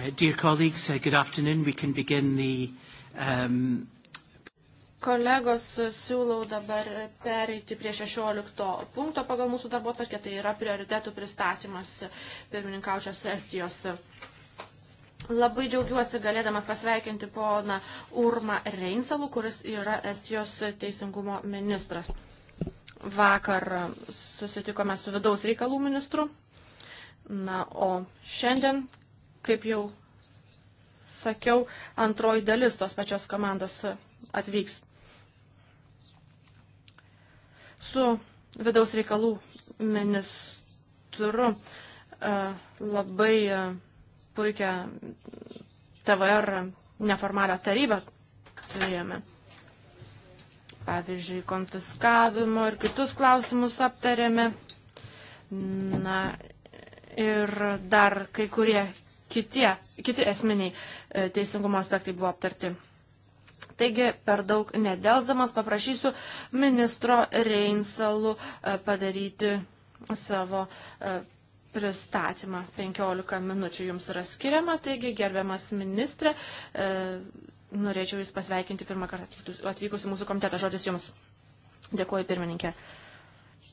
Uh, dear colleagues, uh, good afternoon. We can begin the. Um... Kolegos, siūlau dabar pereiti prie 16 punkto pagal mūsų darbo tvarkė, tai yra prioritetų pristatymas pirmininkaučios Estijos. Labai džiaugiuosi galėdamas pasveikinti poną Urmą Reinsalų, kuris yra Estijos teisingumo ministras. Vakar susitikome su vidaus reikalų ministru. Na, o šiandien kaip jau sakiau, antroji dalis tos pačios komandos atvyks. Su vidaus reikalų ministru e, labai e, puikia TVR neformalią tarybą turėjome. Pavyzdžiui, konfiskavimo ir kitus klausimus aptarėme. Na ir dar kai kurie kitie, kiti esminiai e, teisingumo aspektai buvo aptarti. Taigi, per daug nedelsdamas paprašysiu ministro Reinsalų e, padaryti savo e, pristatymą. 15 minučių jums yra skiriama, taigi, gerbiamas ministrė, norėčiau jūs pasveikinti pirmą kartą atvykus į mūsų komitetą. Žodis jums. Dėkuoju, pirmininkė.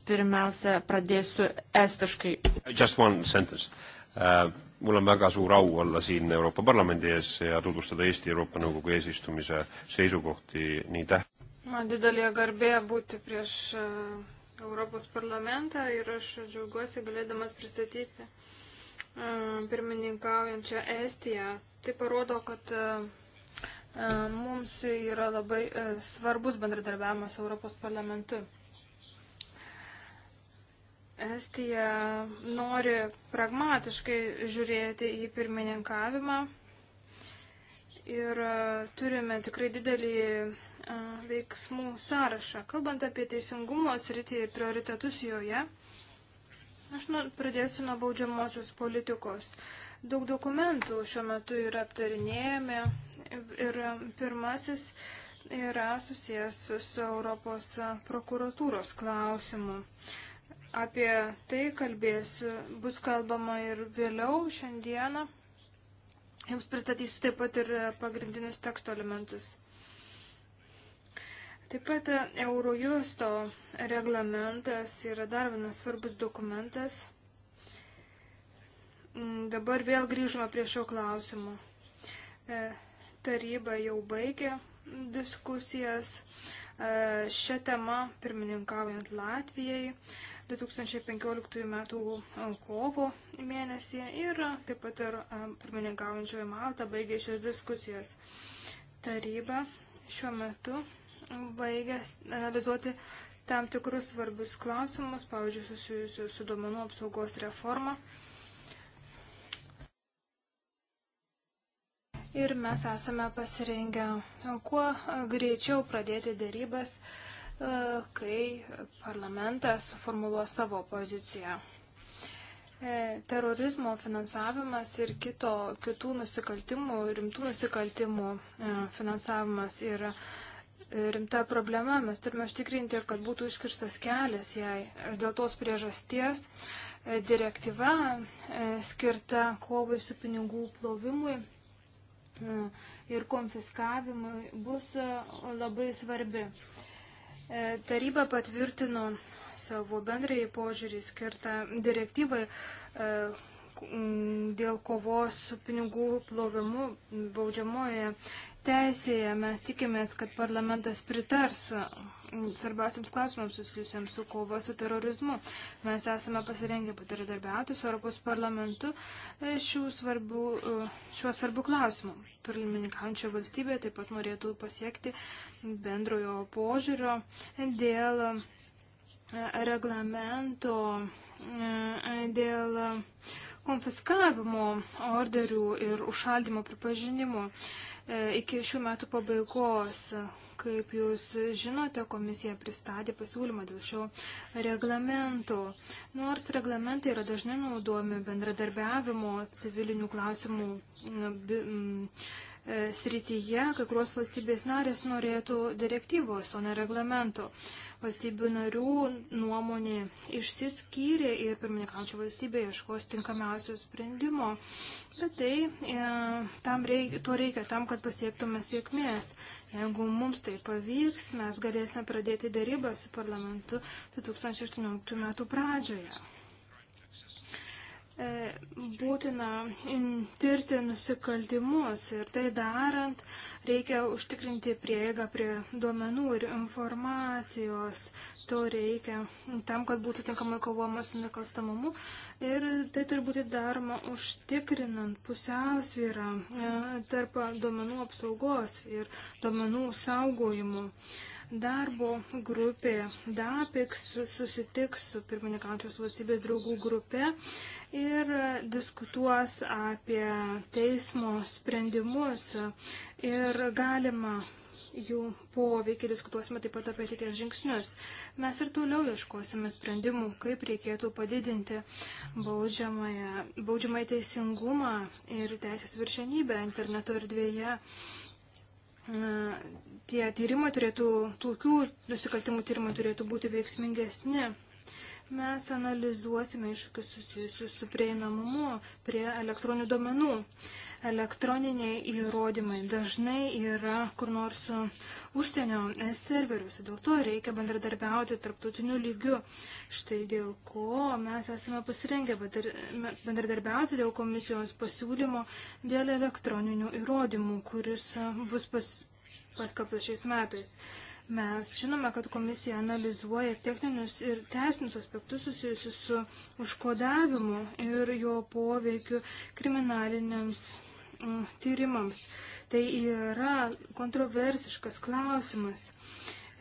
Pirmiausia, pradėsiu estiškai. Just one sentence. Uh mul on väga suur au olla siin Euroopa Parlamendi ees ja tutvustada Eesti Euroopa Nõukogu eesistumise seisukohti nii täht-. man didelė garbė būti prieš äh, Europos parlamentą ir aš džiaugiuosi galėdamas pristatyti äh, pirmininkaujančią Estiją. Tai parodo, kad äh, mums yra labai svarbus bendradarbiavimas Europos parlamentu. Estija nori pragmatiškai žiūrėti į pirmininkavimą ir e, turime tikrai didelį e, veiksmų sąrašą. Kalbant apie teisingumo sritį ir prioritetus joje, aš nu, pradėsiu nuo baudžiamosios politikos. Daug dokumentų šiuo metu yra aptarinėjami ir pirmasis yra susijęs su Europos prokuratūros klausimu. Uh, Apie tai kalbėsiu, bus kalbama ir vėliau šiandieną. Jums pristatysiu taip pat ir pagrindinius teksto elementus. Taip pat Eurojusto reglamentas yra dar vienas svarbus dokumentas. Dabar vėl grįžome prie šio klausimo. E, taryba jau baigė diskusijas e, šią temą pirmininkaujant Latvijai. 2015 m. kovo mėnesį ir taip pat ir e, pirmininkaujančioji Malta baigė šias diskusijas. Taryba šiuo metu baigė analizuoti tam tikrus svarbius klausimus, pavyzdžiui, susijusius su duomenų apsaugos reforma. Ir mes esame pasirengę kuo greičiau pradėti dėrybas E, kai parlamentas formuluos savo poziciją. E, terorizmo finansavimas ir kito, kitų nusikaltimų, rimtų nusikaltimų e, finansavimas yra rimta problema. Mes turime užtikrinti, kad būtų iškirstas kelias jai. Ir dėl tos priežasties direktyva skirta kovai su pinigų plovimui ir konfiskavimui bus labai svarbi. E, taryba patvirtino savo bendrąjį požiūrį skirtą direktyvai e, dėl kovos su pinigų plovimu baudžiamoje teisėje mes tikimės, kad parlamentas pritars mm, svarbiausiams klausimams susijusiems su kova su terorizmu. Mes esame pasirengę patardarbiauti su Europos parlamentu e, svarbių, e, šiuo svarbiu klausimu. Pirmininkaujančio valstybė taip pat norėtų pasiekti bendrojo požiūrio dėl e, reglamento, dėl konfiskavimo orderių ir užšaldimo pripažinimo e, iki šių metų pabaigos. Kaip jūs žinote, komisija pristatė pasiūlymą dėl šio reglamento. Nors reglamentai yra dažnai naudojami bendradarbiavimo civilinių klausimų E, srityje, kai kurios valstybės narės norėtų direktyvos, o ne reglamento. Valstybių narių nuomonė išsiskyrė ir pirmininkaučio valstybė ieškos tinkamiausio sprendimo. Bet tai, e, tam reikia, to reikia tam, kad pasiektume sėkmės. Jeigu mums tai pavyks, mes galėsime pradėti dėrybą su parlamentu 2018 metų pradžioje. E, būtina tirti nusikaltimus ir tai darant reikia užtikrinti prieigą prie duomenų ir informacijos. To reikia tam, kad būtų tinkamai kovoma su nekalstamumu ir tai turi būti daroma užtikrinant pusiausvyrą e, tarp duomenų apsaugos ir duomenų saugojimo. E, Darbo grupė DAPIX susitiks su pirmininkančios valstybės draugų grupė ir diskutuos apie teismo sprendimus ir galima jų poveikį, diskutuosime taip pat apie ateities žingsnius. Mes ir toliau ieškosime sprendimų, kaip reikėtų padidinti baudžiamąją, baudžiamąją teisingumą ir teisės viršenybę interneto erdvėje. Ir tie tyrimai turėtų, tokių nusikaltimų tyrimai turėtų būti veiksmingesni mes analizuosime iššūkius susijusius su prieinamumu prie elektroninių duomenų. Elektroniniai įrodymai dažnai yra kur nors užsienio serveriuose, dėl to reikia bendradarbiauti tarptautiniu lygiu. Štai dėl ko mes esame pasirengę bendradarbiauti dėl komisijos pasiūlymo dėl elektroninių įrodymų, kuris bus pas, paskelbtas šiais metais. Mes žinome, kad komisija analizuoja techninius ir teisinius aspektus susijusius su užkodavimu ir jo poveikiu kriminaliniams mm, tyrimams. Tai yra kontroversiškas klausimas.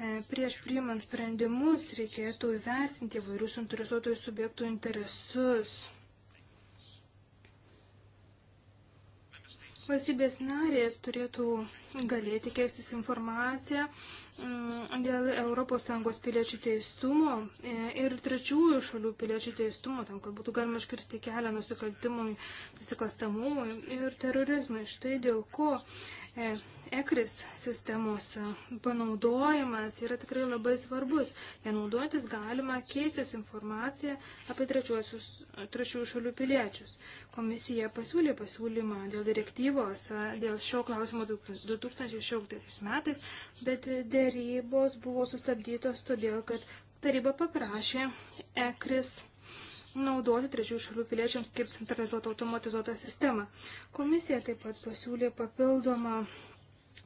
E, prieš priimant sprendimus reikėtų įvertinti vairių suinteresuotojų subjektų interesus. Valstybės narės turėtų galėti keistis informaciją mm, dėl ES piliečių teistumo e, ir trečiųjų šalių piliečių teistumo, tam, kad būtų galima iškirsti kelią nusikaltimui, nusikalstamumui ir terorizmui. Štai dėl ko e, ekris sistemos panaudojimas yra tikrai labai svarbus. Ja naudotis galima keistis informaciją apie trečiųjų šalių piliečius. Komisija pasiūlė pasiūlymą dėl direktyvos, dėl šio klausimo 2000. 2016 metais, bet dėrybos buvo sustabdytos todėl, kad taryba paprašė ECRIS naudoti trečių šalių piliečiams kaip centralizuotą automatizuotą sistemą. Komisija taip pat pasiūlė papildomą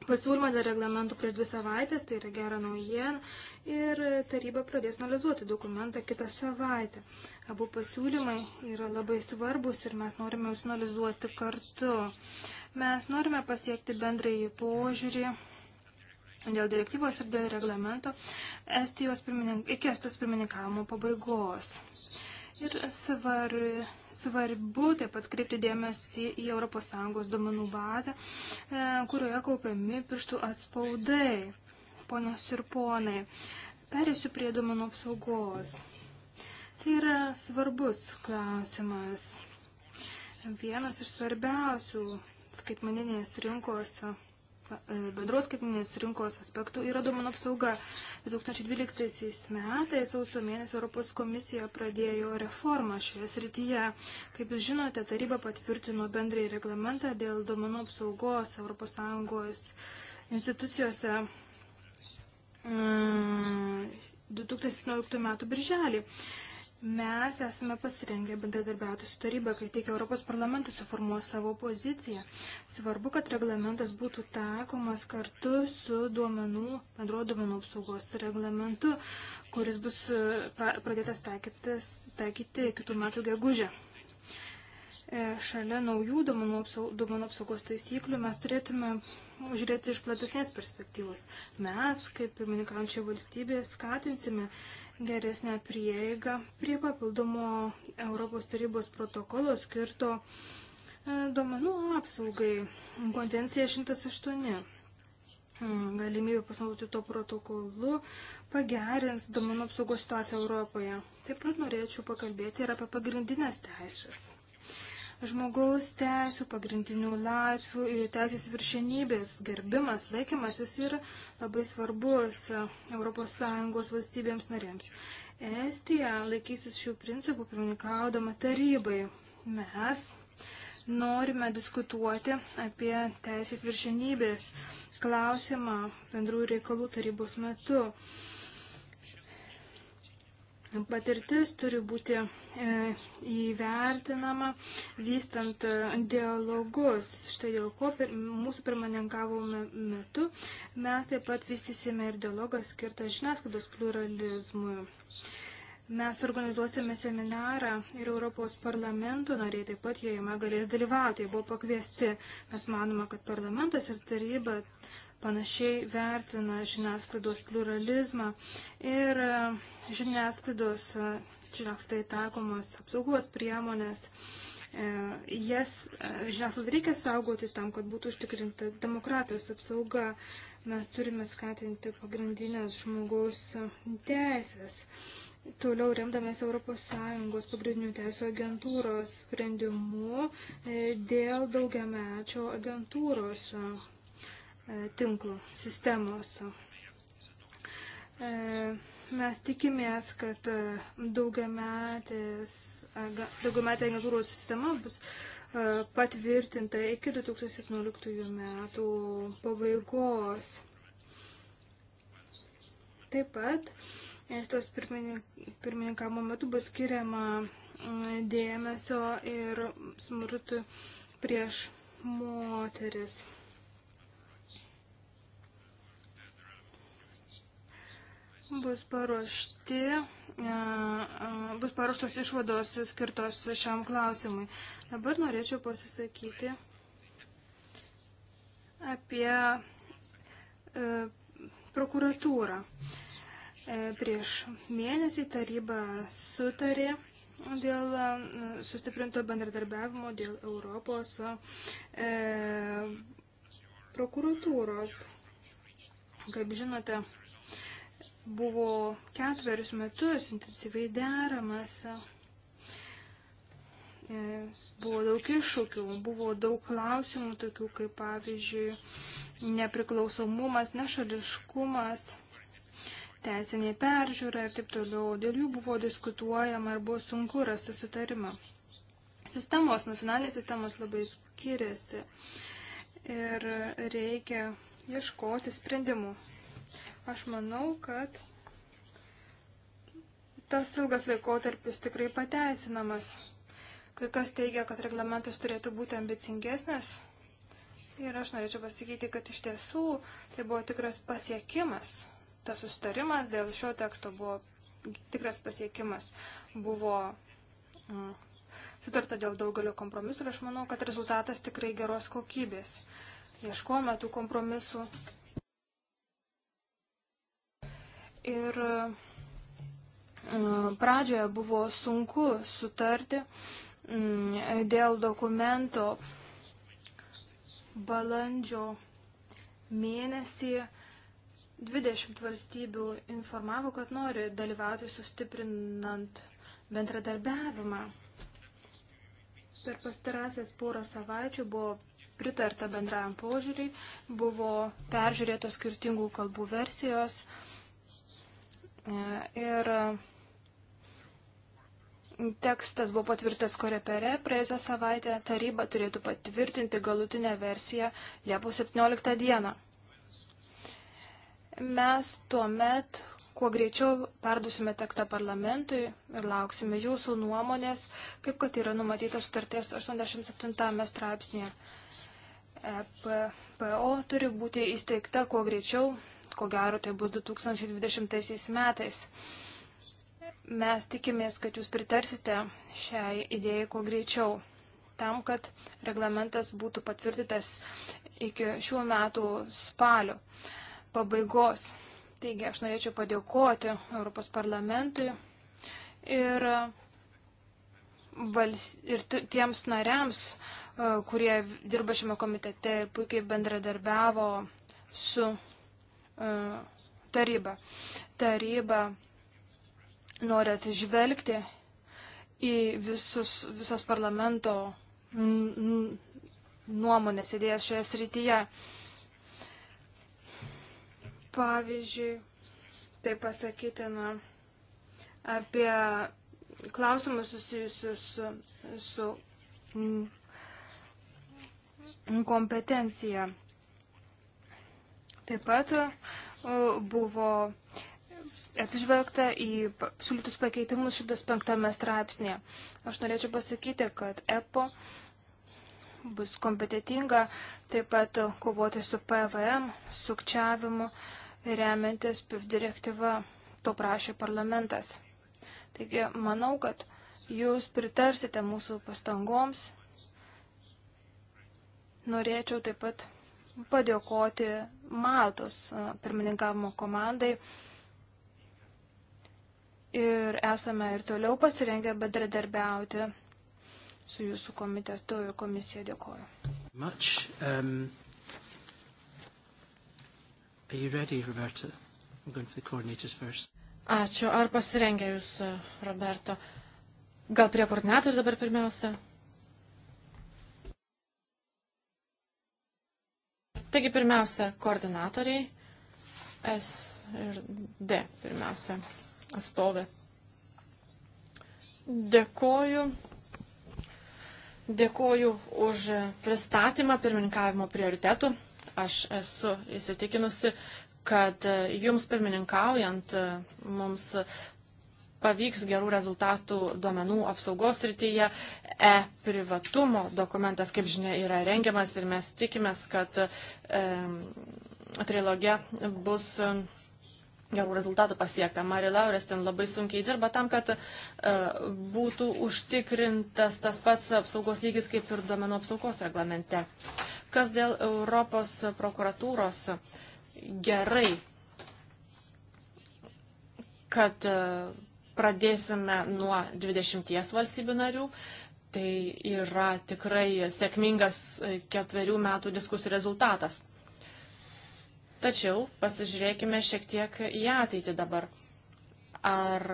pasiūlymą dėl reglamentų prieš dvi savaitės, tai yra gera naujiena, ir taryba pradės analizuoti dokumentą kitą savaitę. Abu pasiūlymai yra labai svarbus ir mes norime jūs analizuoti kartu. Mes norime pasiekti bendrąjį požiūrį. Dėl direktyvos ir dėl reglamento Estijos pirmininka, iki Estijos pirmininkavimo pabaigos. Uh, Ir svar, svarbu taip pat kreipti dėmesį į ES duomenų bazę, e, kurioje kaupiami pirštų atspaudai. Ponios ir ponai, perėsiu prie duomenų apsaugos. Tai yra svarbus klausimas. Vienas iš svarbiausių skaitmeninės rinkos E, bendros skaitminės rinkos aspektų yra duomenų apsauga. 2012 metais sausio mėnesį Europos komisija pradėjo reformą šioje srityje. Kaip jūs žinote, taryba patvirtino bendrąjį reglamentą dėl duomenų apsaugos ES institucijose. 2017 mm, m. birželį. Mes esame pasirengę bendradarbiauti su taryba, kai tik Europos parlamentas suformuos savo poziciją. Svarbu, kad reglamentas būtų taikomas kartu su duomenų, bendro duomenų apsaugos reglamentu, kuris bus e, pradėtas taikytis, taikyti kitų metų gegužę. E, šalia naujų duomenų, apsaug, duomenų apsaugos taisyklių mes turėtume žiūrėti iš platesnės perspektyvos. Mes, kaip pirmininkaujančia valstybė, skatinsime geresnę prieigą prie papildomo Europos tarybos protokolo skirto e, duomenų apsaugai. Konvencija 108. Hmm, galimybė pasinaudoti to protokolu pagerins duomenų apsaugos situaciją Europoje. Taip pat norėčiau pakalbėti ir apie pagrindinės teisės. Žmogaus teisų, pagrindinių laisvių, teisės viršenybės gerbimas, laikymasis yra labai svarbus ES valstybėms narėms. Estija laikysis šių principų pirmininkaudama tarybai. Mes norime diskutuoti apie teisės viršenybės klausimą bendrųjų reikalų tarybos metu patirtis turi būti e, įvertinama vystant e, dialogus. Štai dėl ko mūsų pirmaninkavome metu mes taip pat vystysime ir dialogą skirtą žiniasklaidos pluralizmui. Mes organizuosime seminarą ir Europos parlamento nariai taip pat jame galės dalyvauti. Jie buvo pakviesti. Mes manome, kad parlamentas ir taryba panašiai vertina žiniasklaidos pluralizmą ir e, žiniasklaidos, e, žiniasklaidai taikomos apsaugos priemonės. E, jas žiniasklaidai reikia saugoti tam, kad būtų užtikrinta demokratijos apsauga. Mes turime skatinti pagrindinės žmogaus teisės. Toliau remdamės ES pagrindinių teisų agentūros sprendimu dėl daugiamečio agentūros E, tinklo sistemos. E, mes tikimės, kad e, daugiametės agentūros sistema bus patvirtinta iki 2017 metų pabaigos. Taip pat Estos pirmininkamo metu bus skiriama dėmesio ir smurtui prieš moteris. bus paruošti, e, e, bus paruoštos išvados skirtos šiam klausimui. Dabar norėčiau pasisakyti apie e, prokuratūrą. Prieš mėnesį taryba sutarė dėl sustiprinto bendradarbiavimo dėl Europos prokuratūros. Kaip žinote, buvo ketverius metus intensyviai deramas. E, buvo daug iššūkių, buvo daug klausimų, tokių kaip pavyzdžiui nepriklausomumas, nešališkumas, teisinė peržiūra ir taip toliau. Dėl jų buvo diskutuojama ir buvo sunku rasti sutarimą. Sistemos, nacionalinės sistemos labai skiriasi ir reikia ieškoti sprendimų Aš manau, kad tas ilgas laikotarpis tikrai pateisinamas. Kai kas teigia, kad reglamentas turėtų būti ambicingesnis. Ir aš norėčiau pasakyti, kad iš tiesų tai buvo tikras pasiekimas. Tas sustarimas dėl šio teksto buvo tikras pasiekimas. Buvo mm, sutarta dėl daugelio kompromisų ir aš manau, kad rezultatas tikrai geros kokybės. Ieškome tų kompromisų ir e, pradžioje buvo sunku sutarti mm, dėl dokumento balandžio mėnesį 20 valstybių informavo, kad nori dalyvauti sustiprinant bendradarbiavimą. Per pastarąsias porą savaičių buvo pritarta bendrajam požiūriui, buvo peržiūrėtos skirtingų kalbų versijos. Um, Ir tekstas buvo patvirtas korepere, praėjusią savaitę taryba turėtų patvirtinti galutinę versiją Liepos 17 dieną. Mes tuomet kuo greičiau perdusime tekstą parlamentui ir lauksime jūsų nuomonės, kaip kad yra numatyta sutarties 87 straipsnėje. EPPO turi būti įsteigta kuo greičiau ko gero tai bus 2020 metais. Mes tikimės, kad jūs pritarsite šiai idėjai kuo greičiau, tam, kad reglamentas būtų patvirtytas iki šių metų spalio pabaigos. Taigi aš norėčiau padėkoti Europos parlamentui ir, vals, ir tiems nariams, e, kurie dirba šiame komitete ir puikiai bendradarbiavo su E, taryba. Taryba nori atsižvelgti į visus, visas parlamento nuomonės idėjas šioje srityje. Pavyzdžiui, tai pasakytina apie klausimus susijusius su, su kompetencija. Taip pat e, buvo atsižvelgta į siūlytus pakeitimus 105 straipsnėje. Aš norėčiau pasakyti, kad EPO bus kompetitinga taip pat kovoti su PVM, sukčiavimu, remiantis PIF direktyva. To prašė parlamentas. Taigi, manau, kad jūs pritarsite mūsų pastangoms. Norėčiau taip pat padėkoti Maltos pirmininkavimo komandai. Ir esame ir toliau pasirengę bedradarbiauti su jūsų komitetu ir komisija dėkoju. Much. Um, are you ready, Roberta? I'm going for the coordinators first. Ačiū. Ar pasirengę jūs, Roberto? Gal prie koordinatorių dabar pirmiausia? Taigi pirmiausia, koordinatoriai S ir D pirmiausia atstovė. Dėkoju. Dėkoju už pristatymą pirmininkavimo prioritetų. Aš esu įsitikinusi, kad jums pirmininkaujant mums pavyks gerų rezultatų duomenų apsaugos srityje. E-privatumo dokumentas, kaip žinia, yra rengiamas ir mes tikimės, kad e, trilogė bus gerų rezultatų pasiekta. Mari Laurės ten labai sunkiai dirba tam, kad e, būtų užtikrintas tas pats apsaugos lygis kaip ir duomenų apsaugos reglamente. Kas dėl Europos prokuratūros gerai, kad e, Pradėsime nuo 20 valstybių narių. Tai yra tikrai sėkmingas e, ketverių metų diskusijų rezultatas. Tačiau pasižiūrėkime šiek tiek į ateitį dabar. Ar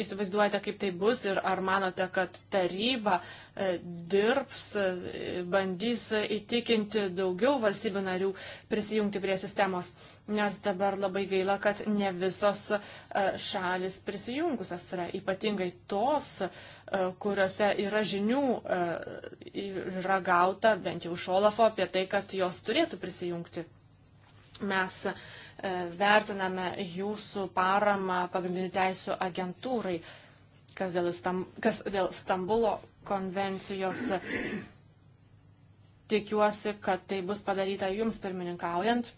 įsivaizduojate, kaip tai bus ir ar manote, kad taryba e, dirbs, e, bandys įtikinti daugiau valstybių narių prisijungti prie sistemos, nes dabar labai gaila, kad ne visos e, šalis prisijungusios yra, ypatingai tos, kuriuose yra žinių, yra gauta bent jau šolafo apie tai, kad jos turėtų prisijungti. Mes uh, E, vertiname jūsų paramą pagrindinių teisų agentūrai, kas dėl, Istam, kas dėl Stambulo konvencijos. Tikiuosi, kad tai bus padaryta jums pirmininkaujant,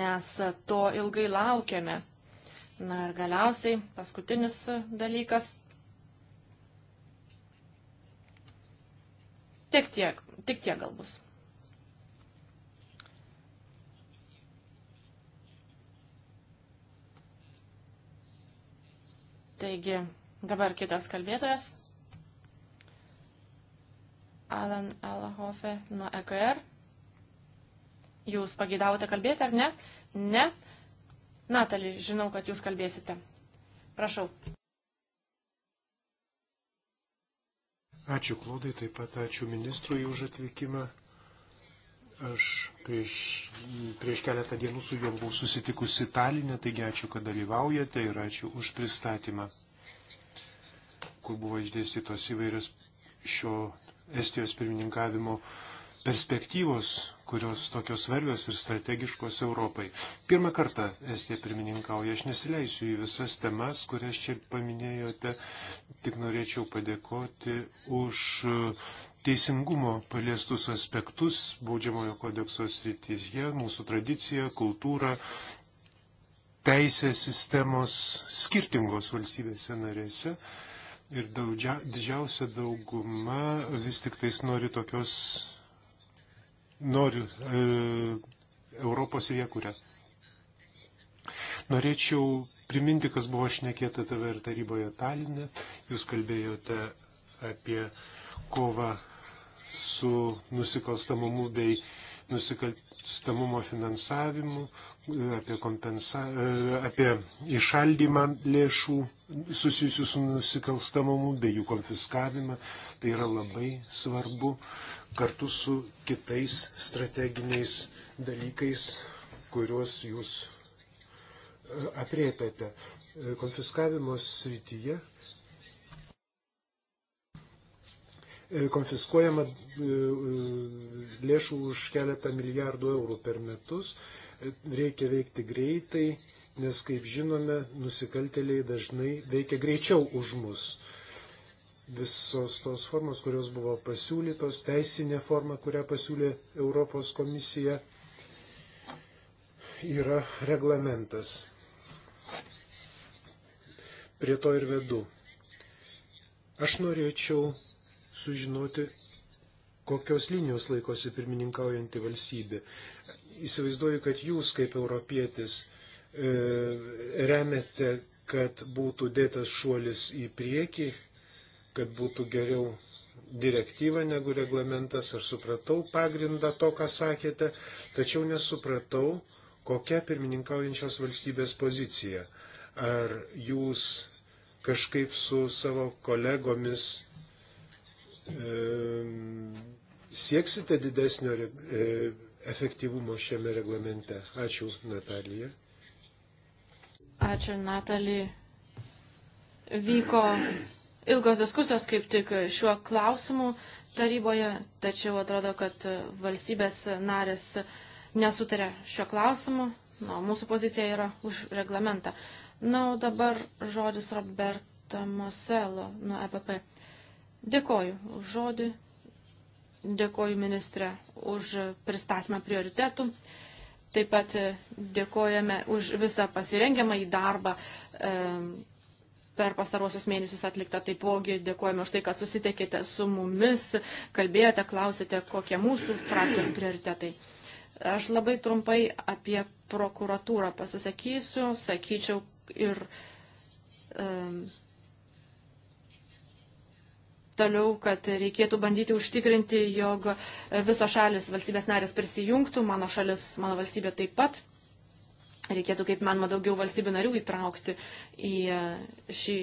nes to ilgai laukiame. Na ir galiausiai paskutinis dalykas. Tik tiek, tik tiek gal bus. Taigi, dabar kitas kalbėtojas. Alan Alahofe nuo EKR. Jūs pageidavote kalbėti, ar ne? Ne. Natalį, žinau, kad jūs kalbėsite. Prašau. Ačiū Klodai, taip pat ačiū ministrui už atvykimą. Aš prieš, prieš keletą dienų su juo buvau susitikusi Talinė, taigi ačiū, kad dalyvaujate ir ačiū už pristatymą, kur buvo išdėstytos įvairios šio Estijos pirmininkavimo perspektyvos, kurios tokios svarbios ir strategiškos Europai. Pirmą kartą Estija pirmininkauja, aš nesileisiu į visas temas, kurias čia paminėjote, tik norėčiau padėkoti už teisingumo paliestus aspektus baudžiamojo kodekso srityje, mūsų tradiciją, kultūrą, teisės sistemos skirtingos valstybėse narėse. Ir daudžia, didžiausia dauguma vis tik tais nori tokios, nori e, Europos ir jie kuria. Norėčiau priminti, kas buvo šnekėta TV ir taryboje Talinė. Jūs kalbėjote apie kovą su nusikalstamumu bei nusikalstamumo finansavimu, apie, kompensa, apie išaldymą lėšų susijusių su nusikalstamumu bei jų konfiskavimą. Tai yra labai svarbu kartu su kitais strateginiais dalykais, kuriuos jūs e, apriepėte. E, konfiskavimo srityje E, konfiskuojama e, e, lėšų už keletą milijardų eurų per metus. Reikia veikti greitai, nes, kaip žinome, nusikaltėliai dažnai veikia greičiau už mus. Visos tos formos, kurios buvo pasiūlytos, teisinė forma, kurią pasiūlė Europos komisija, yra reglamentas. Prie to ir vedu. Aš norėčiau sužinoti, kokios linijos laikosi pirmininkaujanti valstybė. Įsivaizduoju, kad jūs kaip europietis e, remiate, kad būtų dėtas šuolis į priekį, kad būtų geriau direktyva negu reglamentas. Aš supratau pagrindą to, ką sakėte, tačiau nesupratau, kokia pirmininkaujančios valstybės pozicija. Ar jūs kažkaip su savo kolegomis sieksite didesnio e, efektyvumo šiame reglamente? Ačiū, Natalija. Ačiū, Natalija. Vyko ilgos diskusijos kaip tik šiuo klausimu taryboje, tačiau atrodo, kad valstybės narės nesutarė šiuo klausimu. Na, mūsų pozicija yra už reglamentą. Na, o dabar žodis Roberta Moselo nuo EPP. Dėkoju už žodį, dėkoju ministrė už pristatymą prioritetų. Taip pat e, dėkojame už visą pasirengiamą į darbą e, per pastarosius mėnesius atliktą. Taipogi dėkojame už tai, kad susitekėte su mumis, kalbėjote, klausėte, kokie mūsų frakcijos prioritetai. Aš labai trumpai apie prokuratūrą pasisakysiu, sakyčiau ir um, e, Toliau, kad reikėtų bandyti užtikrinti, jog visos šalis valstybės narės prisijungtų, mano šalis, mano valstybė taip pat. Reikėtų, kaip manoma, daugiau valstybių narių įtraukti į e, šį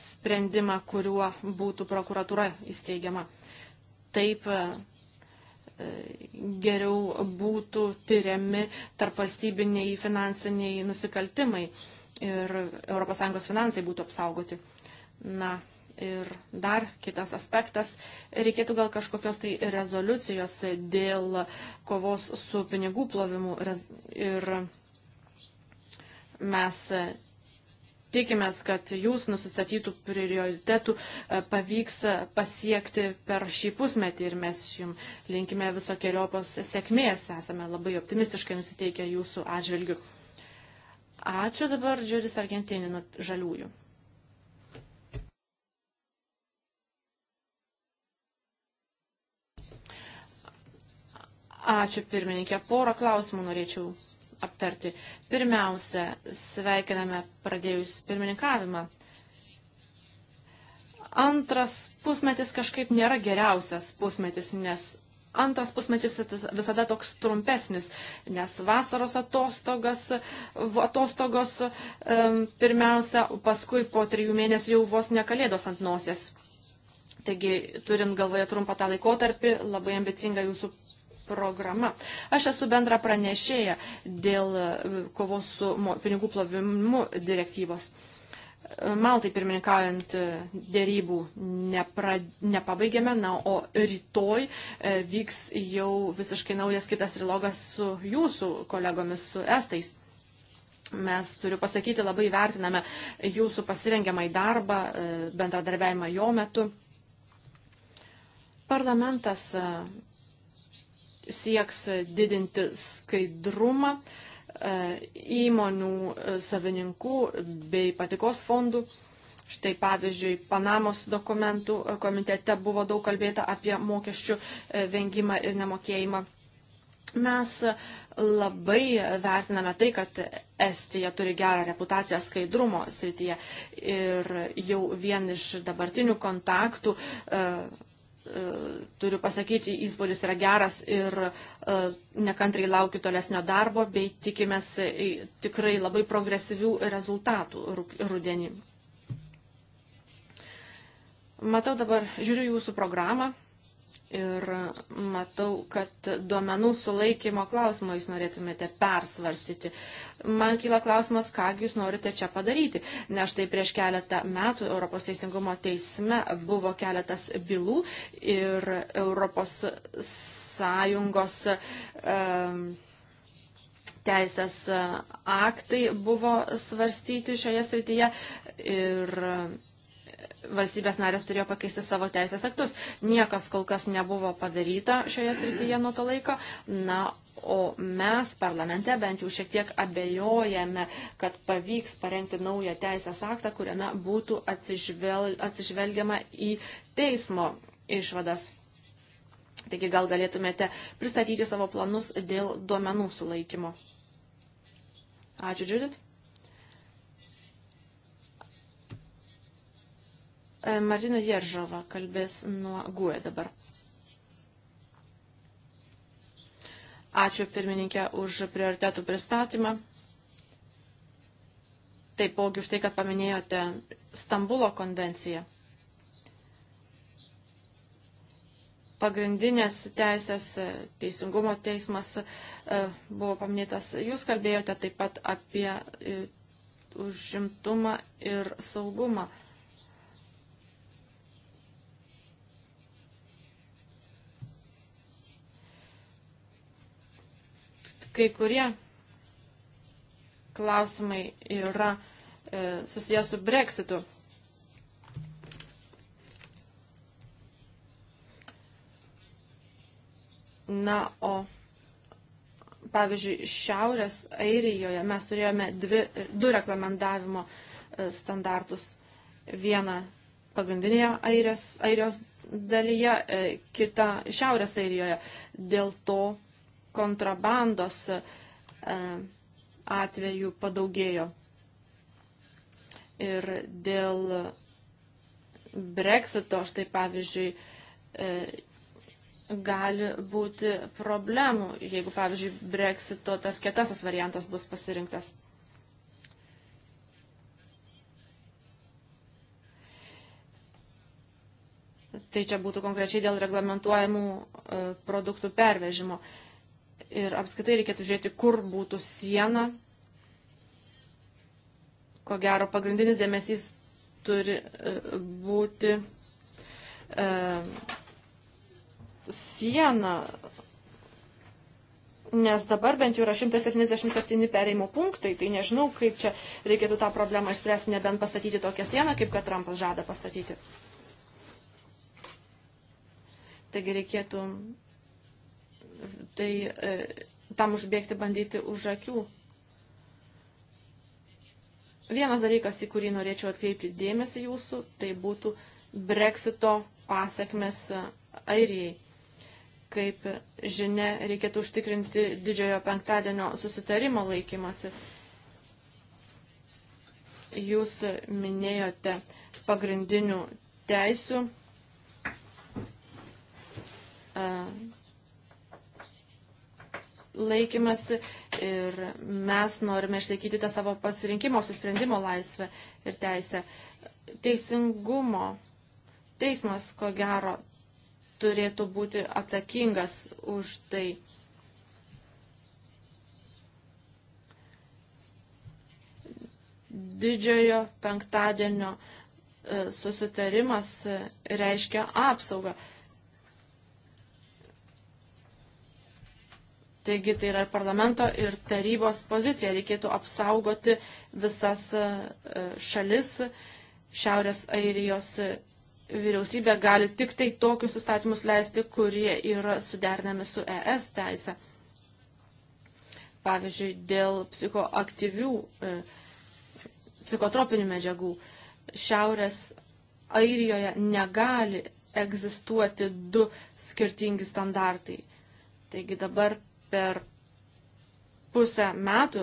sprendimą, kuriuo būtų prokuratūra įsteigiama. Taip e, e, geriau būtų tyriami tarpvalstybiniai finansiniai nusikaltimai ir ES finansai būtų apsaugoti. Na, Ir dar kitas aspektas, reikėtų gal kažkokios tai rezoliucijos dėl kovos su pinigų plovimu. Ir mes tikimės, kad jūs nusistatytų prioritetų e, pavyks pasiekti per šį pusmetį ir mes jums linkime visokiojopos sėkmės. Esame labai optimistiškai nusiteikę jūsų atžvilgių. Ačiū dabar, Džiuris Argentinė, žaliųjų. Ačiū pirmininkė. Porą klausimų norėčiau aptarti. Pirmiausia, sveikiname pradėjus pirmininkavimą. Antras pusmetis kažkaip nėra geriausias pusmetis, nes antras pusmetis visada toks trumpesnis, nes vasaros atostogas, atostogos pirmiausia, paskui po trijų mėnesių jau vos nekalėdos ant nosies. Taigi, turint galvoje trumpą tą laikotarpį, labai ambicinga jūsų programa. Aš esu bendra pranešėja dėl e, kovos su pinigų plovimu direktyvos. E, Maltai pirmininkaujant e, dėrybų nepra, nepabaigėme, na, o rytoj vyks jau visiškai naujas kitas trilogas su jūsų kolegomis, su estais. Mes, turiu pasakyti, labai vertiname jūsų pasirengiamą į darbą, bendradarbiavimą jo metu. Parlamentas sieks didinti skaidrumą e, įmonių e, savininkų bei patikos fondų. Štai pavyzdžiui, Panamos dokumentų e, komitete buvo daug kalbėta apie mokesčių vengimą ir nemokėjimą. Mes labai vertiname tai, kad Estija turi gerą reputaciją skaidrumo srityje ir jau vien iš dabartinių kontaktų uh, E, turiu pasakyti, įspūdis yra geras ir e, nekantrai laukiu tolesnio darbo, bei tikimės e, tikrai labai progresyvių rezultatų rudenį. Matau dabar, žiūriu jūsų programą Ir matau, kad duomenų sulaikymo klausimą jūs norėtumėte persvarstyti. Man kyla klausimas, ką jūs norite čia padaryti. Nes štai prieš keletą metų Europos Teisingumo teisme buvo keletas bylų ir Europos Sąjungos. Um, Teisės aktai buvo svarstyti šioje srityje ir valstybės narės turėjo pakeisti savo teisės aktus. Niekas kol kas nebuvo padaryta šioje srityje nuo to laiko. Na, o mes parlamente bent jau šiek tiek abejojame, kad pavyks parengti naują teisės aktą, kuriame būtų atsižvel, atsižvelgiama į teismo išvadas. Taigi gal galėtumėte pristatyti savo planus dėl duomenų sulaikymo. Ačiū, Judith. E, Martina Jeržova kalbės nuo GUE dabar. Ačiū pirmininkė už prioritetų pristatymą. Taipogi už tai, kad paminėjote Stambulo konvenciją. Pagrindinės teisės teisingumo teismas e, buvo paminėtas. Jūs kalbėjote taip pat apie e, užimtumą ir saugumą. Kai kurie klausimai yra e, susijęs su breksitu. Na, o pavyzdžiui, Šiaurės Airijoje mes turėjome dvi, du reklamendavimo e, standartus. Vieną pagrindinėje Airės, Airijos dalyje, e, kitą Šiaurės Airijoje. Dėl to kontrabandos e, atvejų padaugėjo. Ir dėl breksito, štai pavyzdžiui, e, gali būti problemų, jeigu, pavyzdžiui, breksito tas kietasis variantas bus pasirinktas. Tai čia būtų konkrečiai dėl reglamentuojamų e, produktų pervežimo. E, ir apskaitai reikėtų žiūrėti, kur būtų siena. Ko gero, pagrindinis dėmesys turi e, būti e, siena, nes dabar bent jau yra 177 pereimo punktai, tai nežinau, kaip čia reikėtų tą problemą išspręsti, nebent pastatyti tokią sieną, kaip kad Trumpas žada pastatyti. Taigi reikėtų tai e, tam užbėgti bandyti už akių. Vienas dalykas, į kurį norėčiau atkreipti dėmesį jūsų, tai būtų breksito pasiekmes Airijai. Kaip žinia, reikėtų užtikrinti didžiojo penktadienio susitarimo laikymasi. Jūs minėjote pagrindinių teisių e, laikymasi ir mes norime išlaikyti tą savo pasirinkimo, apsisprendimo laisvę ir teisę. Teisingumo teismas, ko gero, turėtų būti atsakingas už tai. Didžiojo penktadienio e, susitarimas e, reiškia apsaugą. Taigi tai yra ir parlamento, ir tarybos pozicija. Reikėtų apsaugoti visas e, šalis. Šiaurės Airijos vyriausybė gali tik tai tokius įstatymus leisti, kurie yra sudernami su ES teise. Pavyzdžiui, dėl psichoaktyvių, e, psichotropinių medžiagų Šiaurės Airijoje negali egzistuoti du skirtingi standartai. Taigi dabar per pusę metų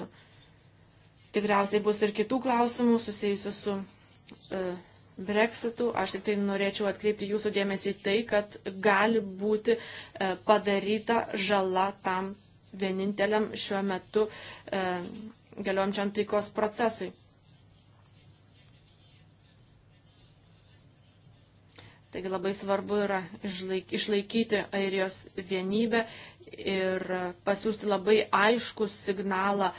tikriausiai bus ir kitų klausimų susijusių su uh, Brexitu. Aš tik tai norėčiau atkreipti jūsų dėmesį į tai, kad gali būti uh, padaryta žala tam vieninteliam šiuo metu uh, e, galiojančiam taikos procesui. Taigi labai svarbu yra išlaikyti Airijos vienybę ir pasiūsti labai aiškų signalą e,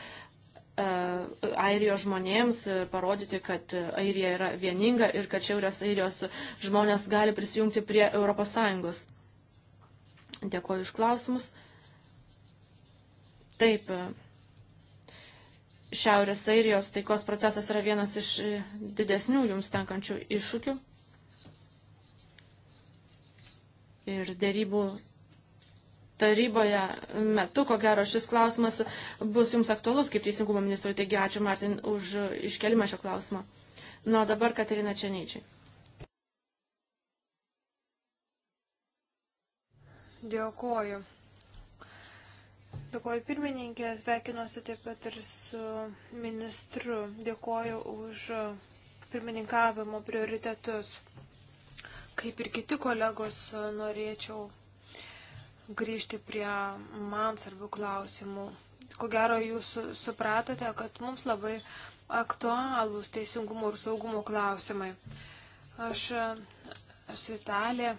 Airijos žmonėms, parodyti, kad Airija yra vieninga ir kad Šiaurės Airijos žmonės gali prisijungti prie ES. Dėkuoju iš klausimus. Taip, Šiaurės Airijos taikos procesas yra vienas iš didesnių jums tenkančių iššūkių. ir dėrybų taryboje metu, ko gero, šis klausimas bus jums aktualus kaip teisingumo ministrui. Taigi ačiū, Martin, už iškelimą šio klausimo. Na, o dabar Katarina Čenyčiai. Dėkoju. Dėkoju pirmininkė, sveikinuosi taip pat ir su ministru. Dėkoju už pirmininkavimo prioritetus. Kaip ir kiti kolegos, norėčiau grįžti prie man svarbių klausimų. Ko gero, jūs supratote, kad mums labai aktualūs teisingumo ir saugumo klausimai. Aš esu Italija,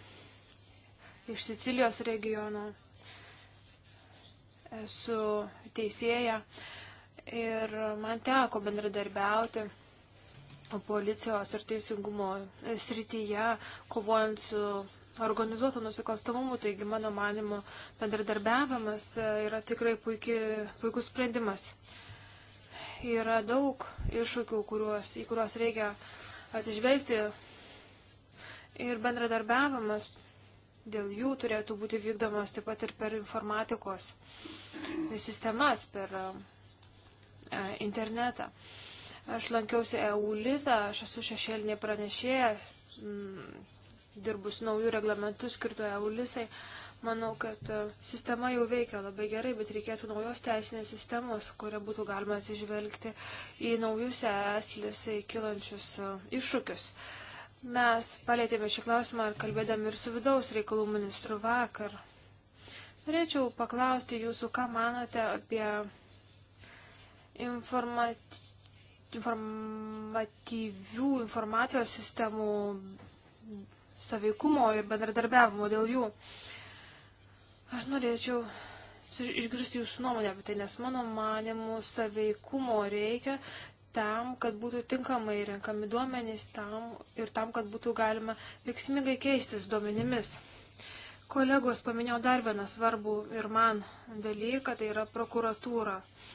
iš Sicilijos regiono, esu teisėja ir man teko bendradarbiauti policijos ir teisingumo srityje, kovojant su organizuotų nusikalstamumų, taigi mano manimo bendradarbiavimas e, yra tikrai puikiai, puikus sprendimas. Yra daug iššūkių, kuriuos, į kuriuos reikia atsižvelgti ir bendradarbiavimas dėl jų turėtų būti vykdomas taip pat ir per informatikos sistemas, per e, internetą. Uh, Aš lankiausi EULISA, aš esu šešėlinė pranešėja, mm, dirbus naujų reglamentų skirtų EULISai. Manau, kad e, sistema jau veikia labai gerai, bet reikėtų naujos teisinės sistemos, kuria būtų galima atsižvelgti į naujus ESLISai kilančius e, iššūkius. Mes palėtėme šį klausimą ir kalbėdami ir su vidaus reikalų ministru vakar. Norėčiau paklausti jūsų, ką manote apie informati informatyvių informacijos sistemų saveikumo ir bendradarbiavimo dėl jų. Aš norėčiau išgirsti jūsų nuomonę apie tai, nes mano manimu saveikumo reikia tam, kad būtų tinkamai renkami duomenys tam ir tam, kad būtų galima veiksmingai keistis duomenimis. Kolegos paminėjo dar vieną svarbų ir man dalyką, tai yra prokuratūra. Uh,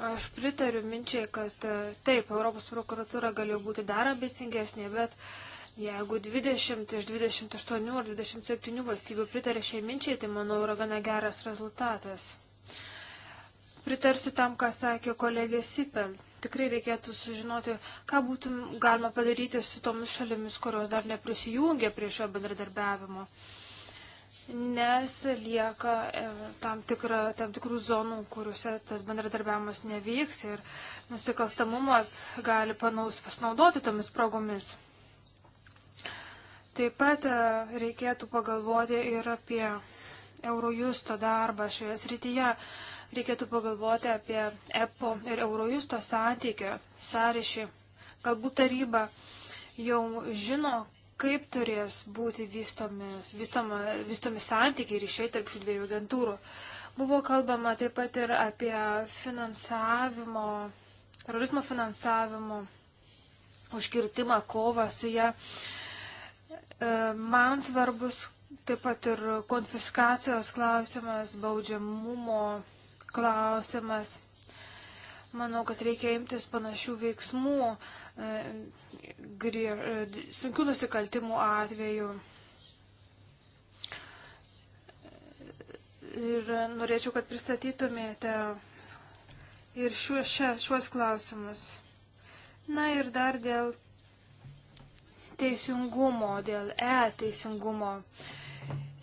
Aš pritariu minčiai, kad e, taip, Europos prokuratūra galėjo būti dar abecingesnė, bet jeigu 20 iš 28 ar 27 valstybių pritarė šiai minčiai, tai manau yra gana geras rezultatas. Pritarsiu tam, ką sakė kolegė Sipel. Tikrai reikėtų sužinoti, ką būtų galima padaryti su tomis šalimis, kurios dar neprisijungė prie šio bendradarbiavimo. Uh, nes lieka e, tam, tikra, tam tikrų zonų, kuriuose tas bendradarbiavimas nevyks ir nusikalstamumas gali panaus pasinaudoti tomis progomis. Taip pat e, reikėtų pagalvoti ir apie Eurojusto darbą šioje srityje. Reikėtų pagalvoti apie EPO ir Eurojusto santykio sąryšį. Galbūt taryba jau žino, kaip turės būti vystomi, vystoma, vystomi santykiai ir išėjai tarp šių dviejų agentūrų. Buvo kalbama taip pat ir apie finansavimo, terorizmo finansavimo užkirtimą, kovą su ją. E, man svarbus taip pat ir konfiskacijos klausimas, baudžiamumo klausimas. Manau, kad reikia imtis panašių veiksmų e, grie, e, sunkių nusikaltimų atveju. Ir norėčiau, kad pristatytumėte ir šiuos, šiuos klausimus. Na ir dar dėl teisingumo, dėl e-teisingumo.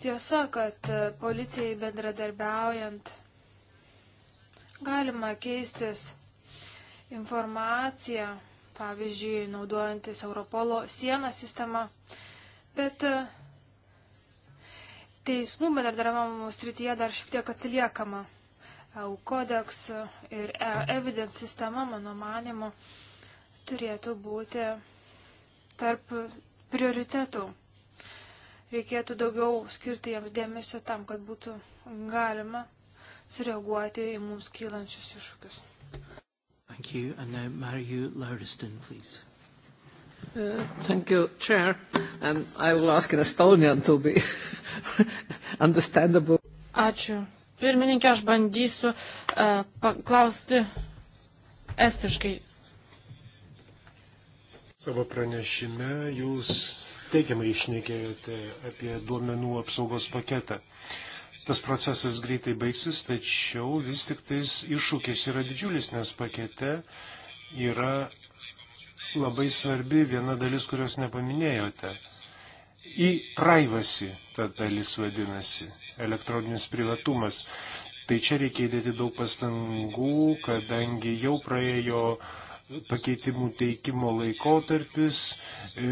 Tiesa, kad policijai bendradarbiaujant galima keistis informaciją pavyzdžiui, naudojantis Europolo sieną sistemą, bet e, teismų bendradarbiavimo srityje dar šiek tiek atsiliekama. EU kodeks ir e evidence sistema, mano manimu, turėtų būti tarp prioritetų. Reikėtų daugiau skirti jiems dėmesio tam, kad būtų galima sureaguoti į mums kylančius iššūkius. Thank you. And now Mariu Lauriston, please. Uh, thank you, Chair. And um, I will ask in Estonian to be understandable. Ačiū. Pirmininkė, aš bandysiu uh, paklausti estiškai. Savo pranešime jūs teigiamai išnekėjote apie duomenų apsaugos paketą. Uh, tas procesas greitai baigsis, tačiau vis tik tais iššūkis yra didžiulis, nes pakete yra labai svarbi viena dalis, kurios nepaminėjote. Į privacy ta dalis vadinasi, elektroninis privatumas. Tai čia reikia įdėti daug pastangų, kadangi jau praėjo uh, pakeitimų teikimo laikotarpis, e,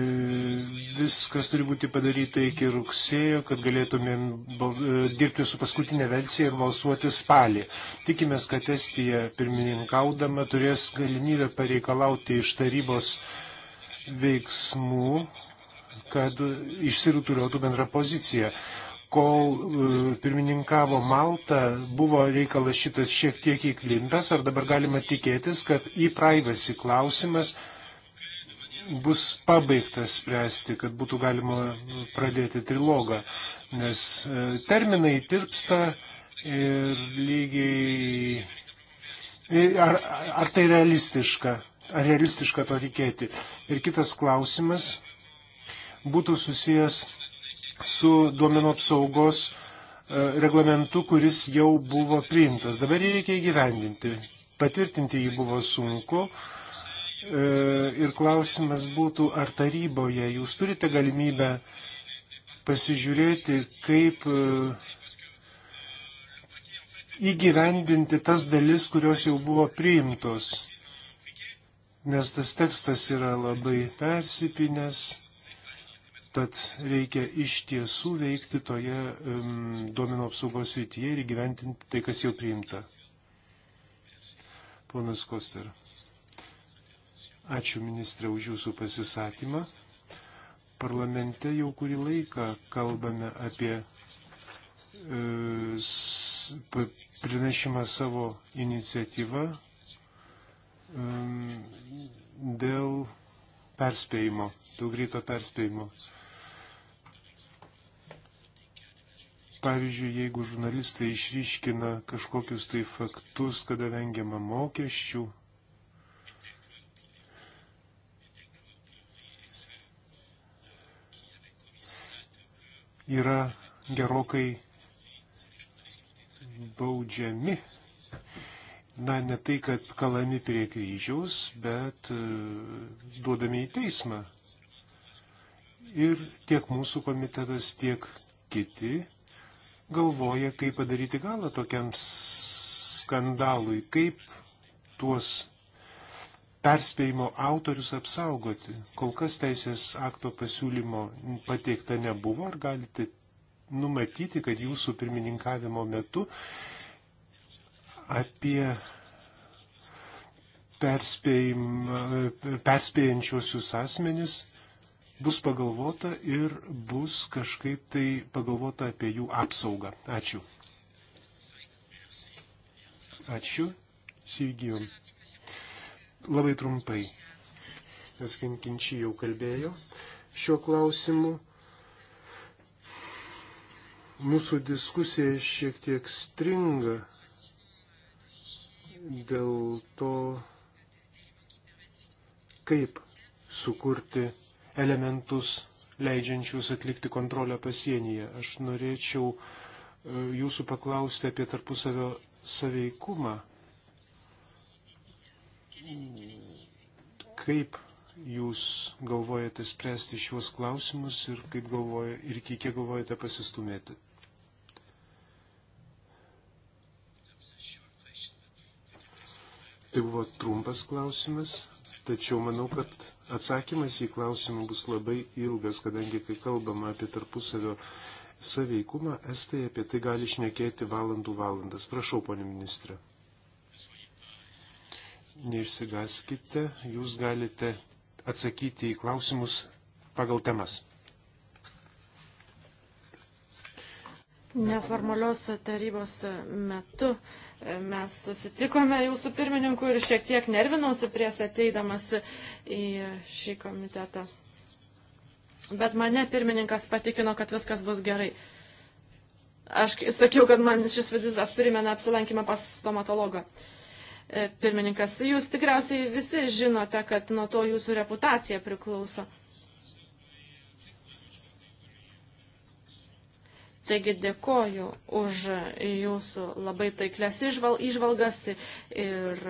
viskas turi būti padaryta iki rugsėjo, kad galėtumėm e, dirbti su paskutinė versija ir balsuoti spalį. Tikimės, kad Estija pirmininkaudama turės galimybę pareikalauti iš tarybos veiksmų, kad išsirutuliotų bendrą poziciją kol e, pirmininkavo Malta, buvo reikalas šitas šiek tiek įklimpęs, ar dabar galima tikėtis, kad į e privacy klausimas bus pabaigtas spręsti, kad būtų galima pradėti trilogą, nes e, terminai tirpsta ir lygiai. Ar, ar tai realistiška? Ar realistiška to tikėti? Ir kitas klausimas būtų susijęs su duomenų apsaugos e, reglamentu, kuris jau buvo priimtas. Dabar jį reikia įgyvendinti. Patvirtinti jį buvo sunku. E, ir klausimas būtų, ar taryboje jūs turite galimybę pasižiūrėti, kaip e, įgyvendinti tas dalis, kurios jau buvo priimtos. Nes tas tekstas yra labai persipinęs Tad reikia iš tiesų veikti toje um, duomenų apsaugos srityje ir gyventinti tai, kas jau priimta. Ponas Koster, ačiū ministrė už jūsų pasisakymą. Parlamente jau kurį laiką kalbame apie e, pranešimą savo iniciatyvą e, dėl perspėjimo, dėl greito perspėjimo. E, Pavyzdžiui, jeigu žurnalistai išryškina kažkokius tai faktus, kada vengiama mokesčių, yra gerokai baudžiami. Na, ne tai, kad kalami prie kryžiaus, bet e, duodami į teismą. Ir tiek mūsų komitetas, tiek kiti galvoja, kaip padaryti galą tokiam skandalui, kaip tuos perspėjimo autorius apsaugoti. Kol kas teisės akto pasiūlymo pateikta nebuvo, ar galite numatyti, kad jūsų pirmininkavimo metu apie perspėjančiuosius asmenis bus pagalvota ir bus kažkaip tai pagalvota apie jų apsaugą. Ačiū. Ačiū. Sivygijom. Labai trumpai, nes Kinkinčiai jau kalbėjo šiuo klausimu. Mūsų diskusija šiek tiek stringa dėl to, kaip sukurti elementus leidžiančius atlikti kontrolę pasienyje. Aš norėčiau e, jūsų paklausti apie tarpusavio saveikumą. Kaip jūs galvojate spręsti šiuos klausimus ir kaip galvoja, ir iki kiek galvojate pasistumėti? Tai buvo trumpas klausimas. Tačiau manau, kad atsakymas į klausimą bus labai ilgas, kadangi kai kalbama apie tarpusavio saveikumą, estai apie tai gali šnekėti valandų valandas. Prašau, ponė ministrė. Neišsigaskite, jūs galite atsakyti į klausimus pagal temas. Neformalios tarybos metu uh, mes susitikome jau su pirmininku ir šiek tiek nervinausi prieš ateidamas į šį komitetą. Bet mane pirmininkas patikino, kad viskas bus gerai. Aš sakiau, kad man šis vizitas primena apsilankymą pas stomatologą. E, pirmininkas, jūs tikriausiai visi žinote, kad nuo to jūsų reputacija priklauso. Taigi dėkoju už jūsų labai taiklės išval, išvalgas ir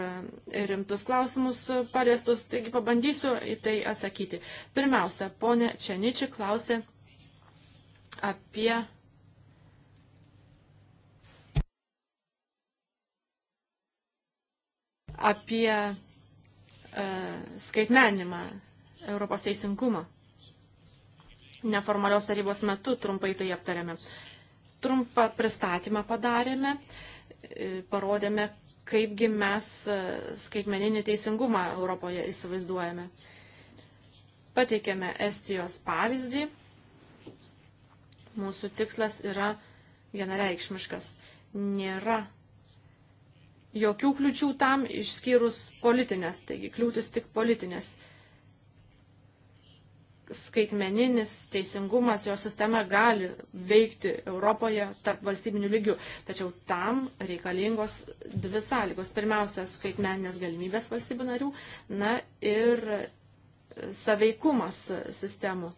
rimtus klausimus paliestus, taigi pabandysiu į tai atsakyti. Pirmiausia, ponė Čeniči klausė apie apie e, skaitmenimą, Europos teisingumą neformalios tarybos metu trumpai tai aptarėme. Trumpą pristatymą padarėme, e, parodėme, kaipgi mes e, skaitmeninį teisingumą Europoje įsivaizduojame. Pateikėme Estijos pavyzdį. Mūsų tikslas yra vienareikšmiškas. Nėra jokių kliučių tam išskyrus politinės, taigi kliūtis tik politinės. Uh, skaitmeninis teisingumas, jo sistema gali veikti Europoje tarp valstybinių lygių. Tačiau tam reikalingos dvi sąlygos. Pirmiausia, skaitmeninės galimybės valstybių narių, na ir saveikumas sistemų.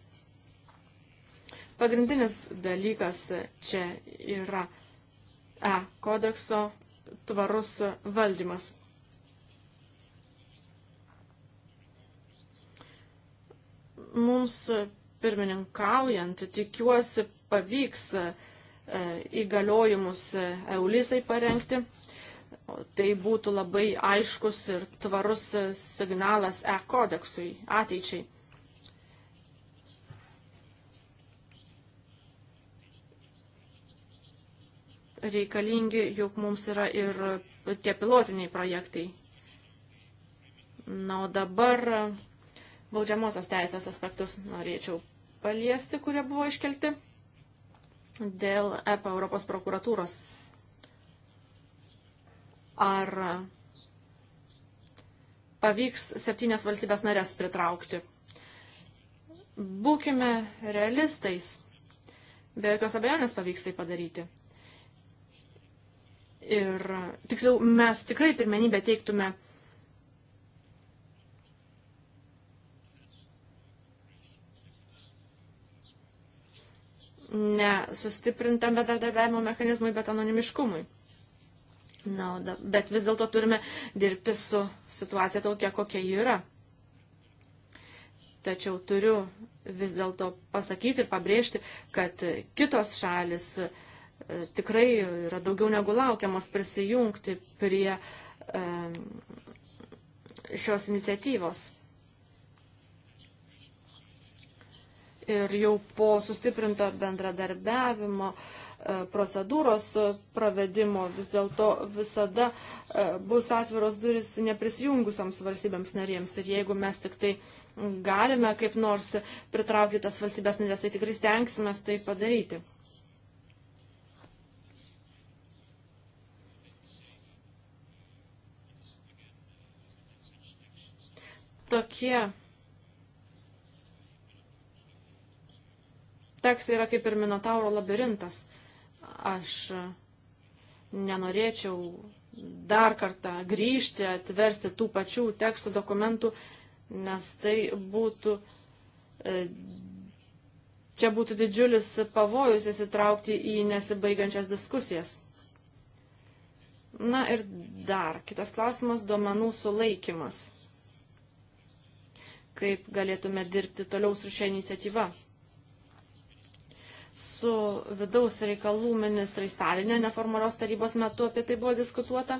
Pagrindinis dalykas čia yra E kodekso tvarus valdymas. Mums pirmininkaujant, tikiuosi, pavyks e, įgaliojimus e, Eulisai parengti. Tai būtų labai aiškus ir tvarus e, signalas e-kodeksui ateičiai. Reikalingi, juk mums yra ir tie pilotiniai projektai. Na, o dabar baudžiamosios teisės aspektus norėčiau paliesti, kurie buvo iškelti dėl EPA Europos prokuratūros. Ar pavyks septynės valstybės narės pritraukti? Būkime realistais. Be jokios abejonės pavyks tai padaryti. Ir tiksliau, mes tikrai pirmenybę teiktume uh, ne sustiprintam bedardarbiavimo mechanizmui, bet anonimiškumui. Na, da, bet vis dėlto turime dirbti su situacija tokia, kokia ji yra. Tačiau turiu vis dėlto pasakyti ir pabrėžti, kad kitos šalis e, tikrai yra daugiau negu laukiamas prisijungti prie e, šios iniciatyvos. ir jau po sustiprinto bendradarbiavimo e, procedūros e, pravedimo vis dėlto visada e, bus atviros duris neprisijungusiams valstybėms narėms. Ir jeigu mes tik tai galime kaip nors pritraukti tas valstybės narės, tai tikrai stengsime tai padaryti. Tokie tekstai yra kaip ir Minotauro labirintas. Aš nenorėčiau dar kartą grįžti, atversti tų pačių tekstų dokumentų, nes tai būtų, e, čia būtų didžiulis pavojus įsitraukti į nesibaigiančias diskusijas. Na ir dar kitas klausimas - duomenų sulaikimas. Kaip galėtume dirbti toliau su šia iniciatyva? su vidaus reikalų ministrais Stalinė neformalios tarybos metu apie tai buvo diskutuota.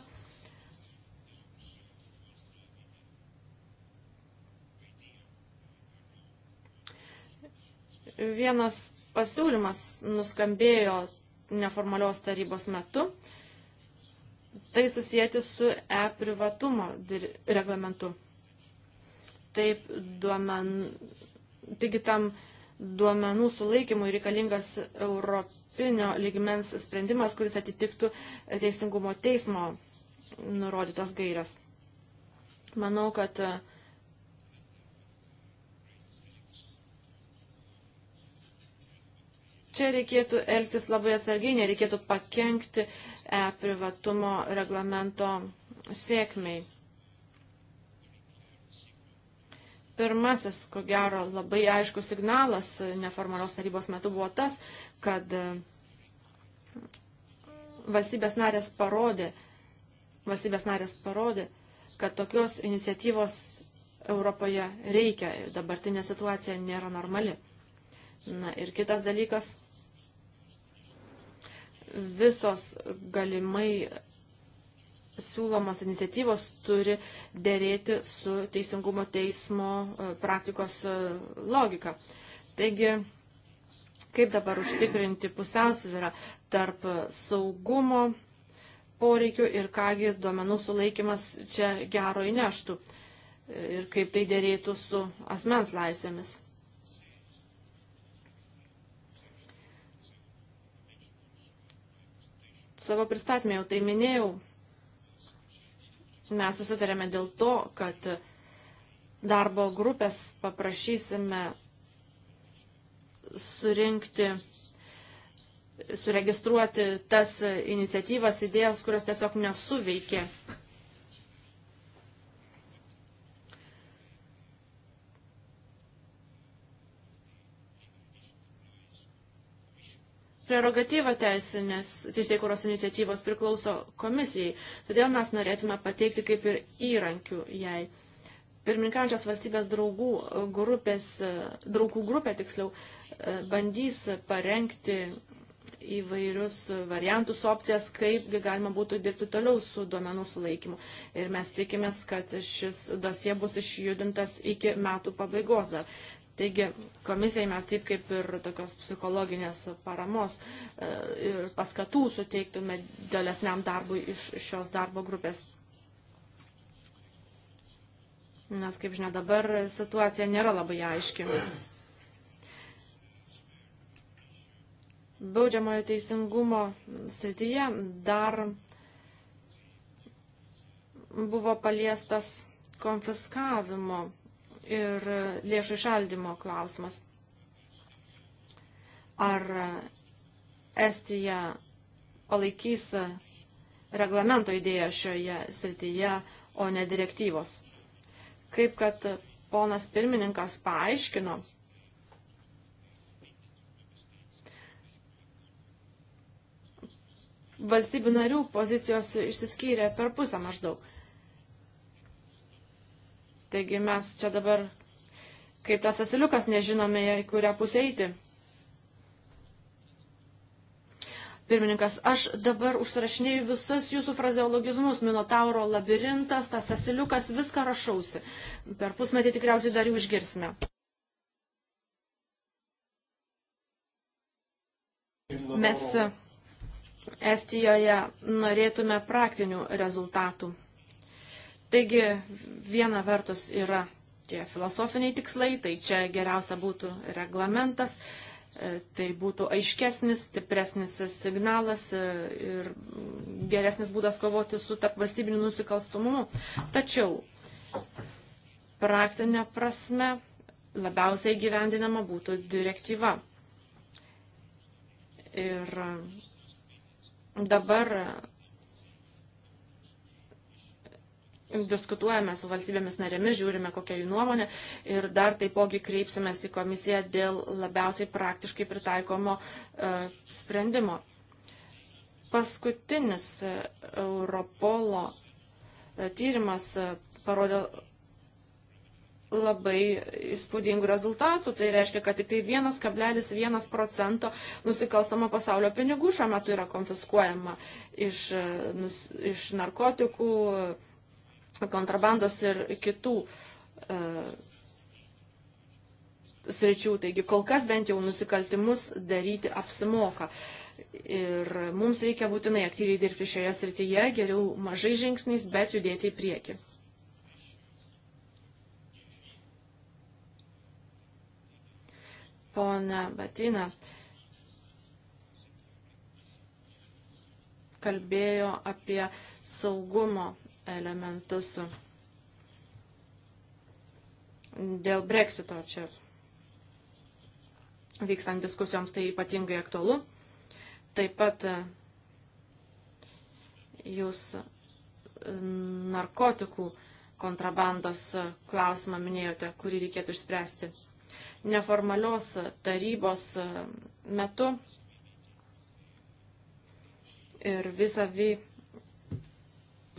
Vienas pasiūlymas nuskambėjo neformalios tarybos metu. Tai susijęti su e-privatumo reglamentu. Taip, duomen, taigi tam duomenų sulaikymui reikalingas europinio lygmens sprendimas, kuris atitiktų Teisingumo teismo nurodytas gairias. Manau, kad e, čia reikėtų elgtis labai atsargiai, nereikėtų pakengti e privatumo reglamento sėkmiai. Pirmasis, ko gero, labai aiškus signalas e, neformalios tarybos metu buvo tas, kad e, valstybės narės parodė, valstybės narės parodė, kad tokios iniciatyvos Europoje reikia ir dabartinė situacija nėra normali. Na ir kitas dalykas, visos galimai siūlomos iniciatyvos turi dėrėti su Teisingumo teismo e, praktikos e, logika. Taigi, kaip dabar užtikrinti pusiausvyrą tarp saugumo poreikių ir kągi duomenų sulaikimas čia gero įneštų ir kaip tai dėrėtų su asmens laisvėmis. Savo pristatymę jau tai minėjau, Mes susitarėme dėl to, kad darbo grupės paprašysime surinkti, suregistruoti tas iniciatyvas, idėjas, kurios tiesiog nesuveikė prerogatyva teisinės teisėkūros iniciatyvos priklauso komisijai, todėl mes norėtume pateikti kaip ir įrankių jai. Pirmininkančios valstybės draugų grupės, draugų grupė tiksliau, bandys parengti įvairius variantus, opcijas, kaipgi galima būtų dirbti toliau su duomenų sulaikymu. Ir mes tikimės, kad šis dosie bus išjudintas iki metų pabaigos dar. Taigi komisijai mes taip kaip ir tokios psichologinės paramos e, ir paskatų suteiktume dėlesniam darbui iš šios darbo grupės. Nes, kaip žinia, dabar situacija nėra labai aiški. Baudžiamojo teisingumo srityje dar buvo paliestas konfiskavimo ir lėšų išaldimo klausimas. Ar Estija palaikys reglamento idėją šioje srityje, o ne direktyvos? Kaip kad ponas pirmininkas paaiškino, valstybių narių pozicijos išsiskyrė per pusę maždaug. Taigi mes čia dabar, kaip tas asiliukas, nežinome, į kurią pusę eiti. Pirmininkas, aš dabar užsirašinėjau visas jūsų frazeologizmus, Minotauro labirintas, tas asiliukas, viską rašausi. Per pusmetį tikriausiai dar jų išgirsime. Mes Estijoje norėtume praktinių rezultatų. Taigi viena vertus yra tie filosofiniai tikslai, tai čia geriausia būtų reglamentas, e, tai būtų aiškesnis, stipresnis signalas e, ir geresnis būdas kovoti su tarp valstybiniu nusikalstumumu. Tačiau praktinė prasme labiausiai gyvendinama būtų direktyva. Ir dabar diskutuojame su valstybėmis narėmis, žiūrime kokią jų nuomonę ir dar taipogi kreipsime į komisiją dėl labiausiai praktiškai pritaikomo uh, sprendimo. Paskutinis e, Europolo e, tyrimas parodė labai įspūdingų rezultatų. Tai reiškia, kad tik tai 1,1 procento nusikalstamo pasaulio pinigų šiuo metu yra konfiskuojama iš, iš narkotikų, uh, kontrabandos ir kitų e, sričių. Taigi kol kas bent jau nusikaltimus daryti apsimoka. Ir mums reikia būtinai aktyviai dirbti šioje srityje, geriau mažai žingsniais, bet judėti į priekį. Pone Batina kalbėjo apie saugumo elementus. Dėl breksito čia vykstant diskusijoms tai ypatingai aktualu. Taip pat e, jūs e, narkotikų kontrabandos klausimą minėjote, kurį reikėtų išspręsti. Neformalios tarybos e, metu ir visą vy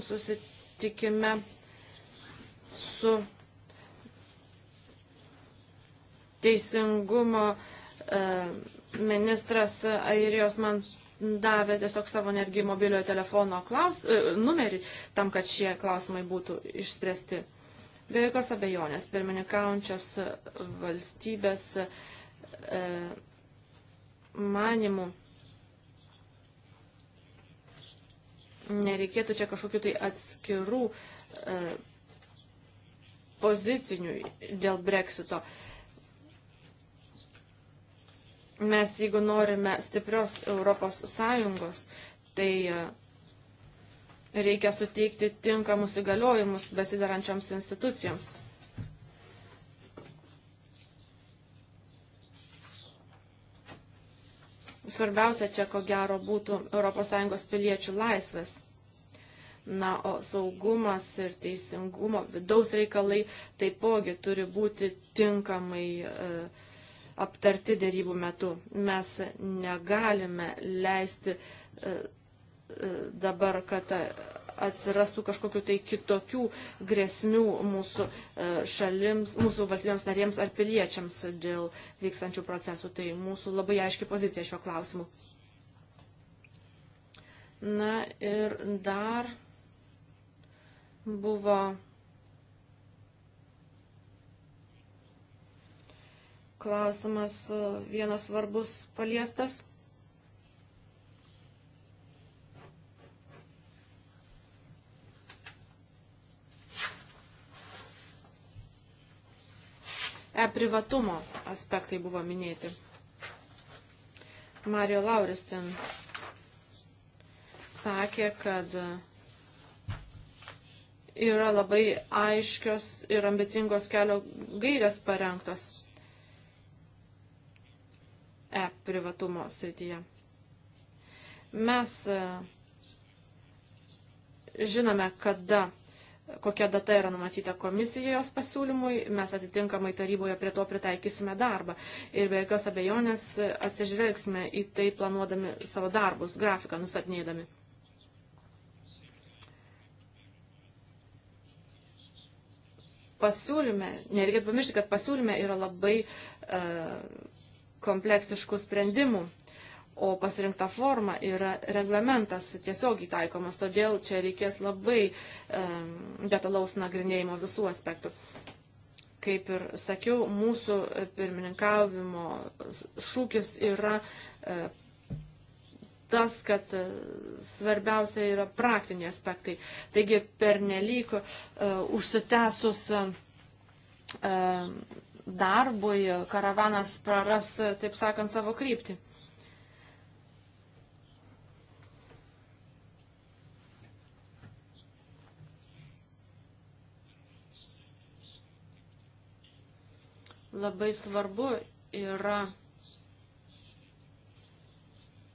susitikimą susitikime su teisingumo e, ministras Airijos man davė tiesiog savo netgi mobiliojo telefono klaus, e, numerį tam, kad šie klausimai būtų išspręsti. Be jokios abejonės, pirmininkaujančios valstybės e, manimų nereikėtų čia kažkokiu tai atskirų e, pozicinių dėl breksito. Mes, jeigu norime stiprios Europos Sąjungos, tai e, reikia suteikti tinkamus įgaliojimus besidarančioms institucijoms. Svarbiausia čia, ko gero, būtų ES piliečių laisvės. Na, o saugumas ir teisingumo vidaus reikalai taipogi turi būti tinkamai e, aptarti dėrybų metu. Mes negalime leisti e, e dabar, kad atsirastų kažkokiu tai kitokių grėsmių mūsų e, šalims, mūsų valstybėms narėms ar piliečiams dėl vykstančių procesų. Tai mūsų labai aiški pozicija šiuo klausimu. Na ir dar buvo klausimas e, vienas svarbus paliestas. E-privatumo aspektai buvo minėti. Mario Lauristin sakė, kad yra labai aiškios ir ambicingos kelio gairės parengtos e-privatumo srityje. Mes e, žinome, kada kokia data yra numatyta komisijos pasiūlymui, mes atitinkamai taryboje prie to pritaikysime darbą. Ir be jokios abejonės atsižvelgsime į tai planuodami savo darbus, grafiką nustatinėdami. Pasiūlyme, nereikėtų pamiršti, kad pasiūlyme yra labai uh, kompleksiškų sprendimų o pasirinkta forma yra reglamentas tiesiogiai taikomas, todėl čia reikės labai um, detalaus nagrinėjimo visų aspektų. Kaip ir sakiau, mūsų pirmininkavimo šūkis yra uh, tas, kad e, svarbiausia yra praktiniai aspektai. Taigi pernelyg uh, užsitęsus uh, darbui karavanas praras, taip sakant, savo kryptį. Labai svarbu yra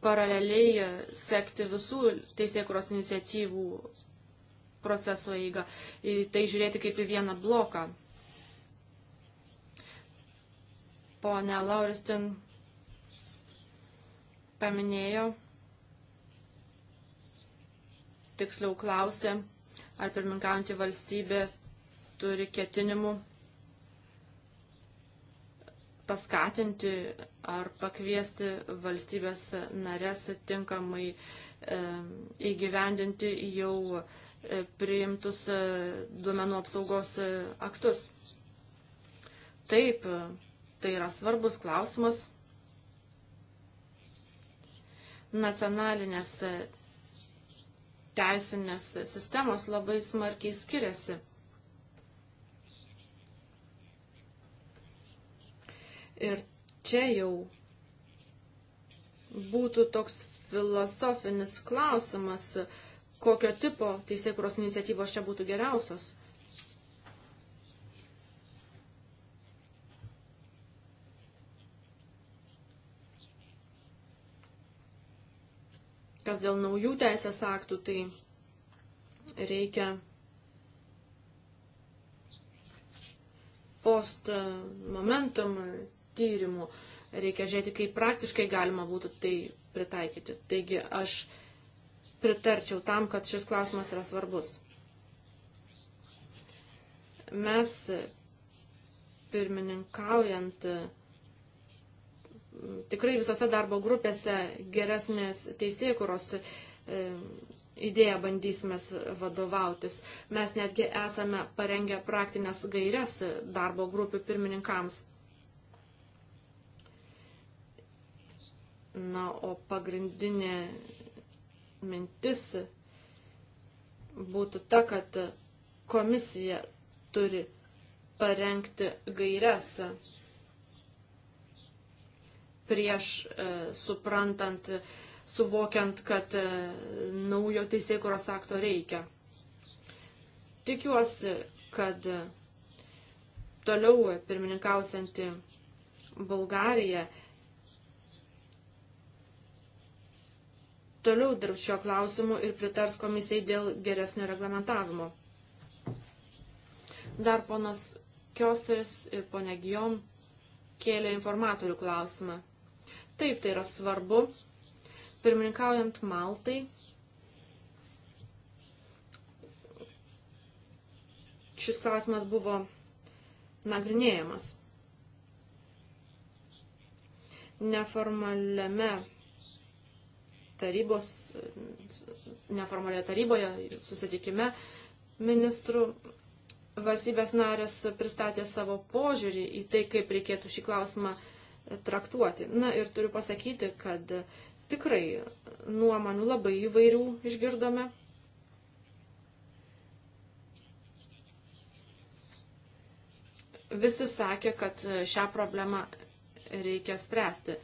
paraleliai sekti visų teisėkuros iniciatyvų proceso eigą, į tai žiūrėti kaip į vieną bloką. Pone Lauristin paminėjo, tiksliau klausė, ar pirminkaujantį valstybę turi ketinimų paskatinti ar pakviesti valstybės narės tinkamai e, įgyvendinti jau e, priimtus e, duomenų apsaugos aktus. Taip, tai yra svarbus klausimas. Nacionalinės teisinės sistemos labai smarkiai skiriasi. Ir čia jau būtų toks filosofinis klausimas, kokio tipo teisėkuros iniciatyvos čia būtų geriausios. Kas dėl naujų teisės aktų, tai reikia post momentum tyrimų. Reikia žiūrėti, kaip praktiškai galima būtų tai pritaikyti. Taigi aš pritarčiau tam, kad šis klausimas yra svarbus. Mes pirmininkaujant tikrai visose darbo grupėse geresnės teisėkuros e, idėją bandysime vadovautis. Mes netgi esame parengę praktinės gairias darbo grupių pirmininkams Na, o pagrindinė mintis būtų ta, kad komisija turi parengti gairias prieš e, suprantant, suvokiant, kad e, naujo teisėkuros akto reikia. Tikiuosi, kad toliau pirmininkausianti Bulgarija e, toliau dirbs šio klausimu ir pritars komisijai dėl geresnio reglamentavimo. Dar ponas Kiosteris ir ponė Gijom kėlė informatorių klausimą. Taip, tai yra svarbu. Pirmininkaujant Maltai, šis klausimas buvo nagrinėjamas. Neformaliame tarybos, neformalioje taryboje susitikime ministrų valstybės narės pristatė savo požiūrį į tai, kaip reikėtų šį klausimą traktuoti. Na ir turiu pasakyti, kad tikrai nuomonių labai įvairių išgirdome. Visi sakė, kad šią problemą reikia spręsti.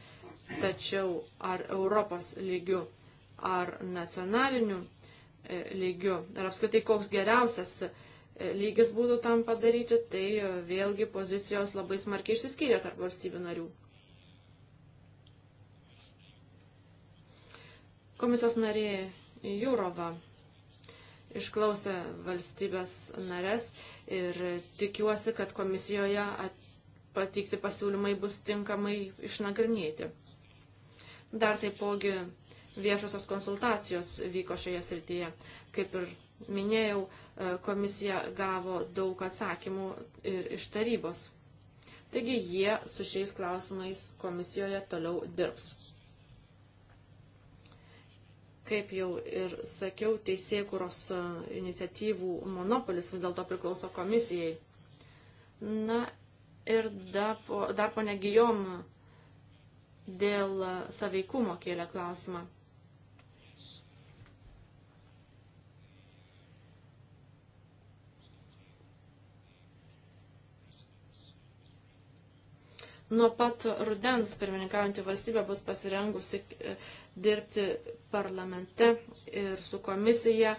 Tačiau ar Europos lygių, ar nacionalinių e, lygių, ar apskritai koks geriausias e, lygis būtų tam padaryti, tai e, vėlgi pozicijos labai smarkiai išsiskyrė tarp valstybių narių. Komisijos narė Jūrova išklausė valstybės narės ir tikiuosi, kad komisijoje pateikti pasiūlymai bus tinkamai išnagrinėti. Dar taipogi viešosios konsultacijos vyko šioje srityje. Kaip ir minėjau, e, komisija gavo daug atsakymų ir iš tarybos. Taigi jie su šiais klausimais komisijoje toliau dirbs. Kaip jau ir sakiau, teisėkuros e, iniciatyvų monopolis vis dėlto priklauso komisijai. Na ir dar, dar ponegijom dėl saveikumo kėlė klausimą. Nuo pat rudens pirmininkaujantį valstybę bus pasirengusi e, dirbti parlamente ir su komisija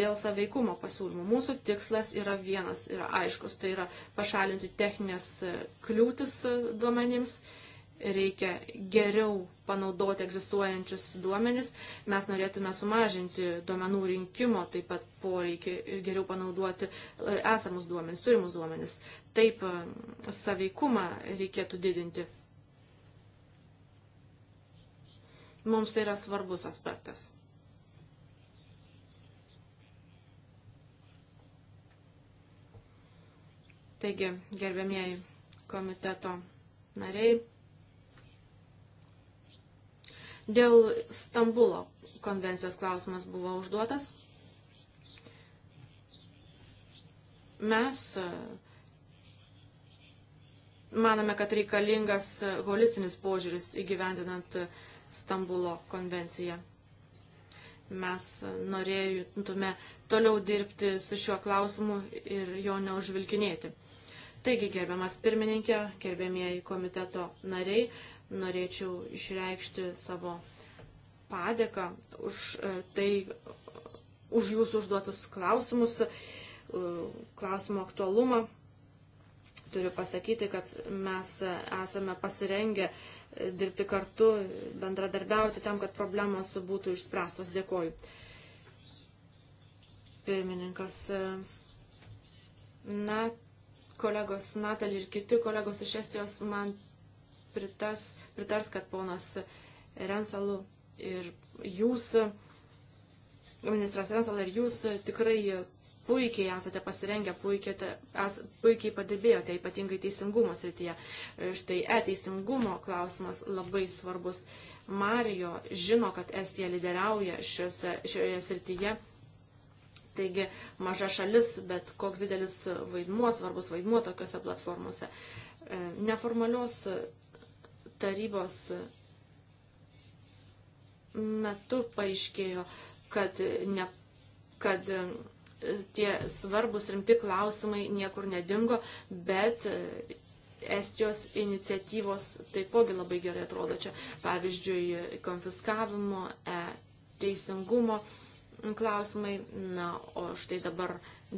dėl saveikumo pasiūlymų. Mūsų tikslas yra vienas ir aiškus, tai yra pašalinti techninės e, kliūtis e, duomenims reikia geriau panaudoti egzistuojančius duomenis. Mes norėtume sumažinti duomenų rinkimo taip pat poreikį ir geriau panaudoti e, esamus duomenis, turimus duomenis. Taip e, saveikumą reikėtų didinti. Mums tai yra svarbus aspektas. Taigi, gerbėmieji komiteto nariai, Dėl Stambulo konvencijos klausimas buvo užduotas. Mes e, manome, kad reikalingas holistinis požiūris įgyvendinant Stambulo konvenciją mes e, norėtume toliau dirbti su šiuo klausimu ir jo neužvilkinėti. Taigi, gerbiamas pirmininkė, gerbėmieji komiteto nariai, norėčiau išreikšti savo padėką už e, tai, už jūsų užduotus klausimus, e, klausimo aktualumą. Turiu pasakyti, kad mes esame pasirengę e, dirbti kartu, bendradarbiauti tam, kad problemos būtų išspręstos. Dėkoju. Pirmininkas. Na, kolegos Natal ir kiti kolegos iš Estijos man pritars, pritars kad ponas Rensalu ir jūs, ministras Rensal ir jūs tikrai puikiai esate pasirengę, puikiai, es, puikiai padirbėjote, ypatingai teisingumo srityje. Štai e-teisingumo klausimas labai svarbus. Marijo žino, kad Estija lyderiauja šiose, šioje srityje. Taigi maža šalis, bet koks didelis vaidmuo, svarbus vaidmuo tokiuose platformose. E, neformalios tarybos metu paaiškėjo, kad, ne, kad e, tie svarbus rimti klausimai niekur nedingo, bet e, Estijos iniciatyvos taipogi labai gerai atrodo čia. Pavyzdžiui, konfiskavimo, e, teisingumo klausimai. Na, o štai dabar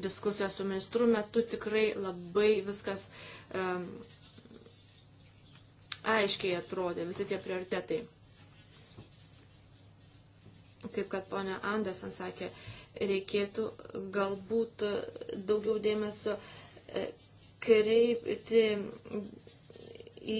diskusijos su ministru metu tikrai labai viskas um, e, aiškiai atrodė visi tie prioritetai. Kaip kad ponia Andersen sakė, reikėtų galbūt daugiau dėmesio e, kreipti į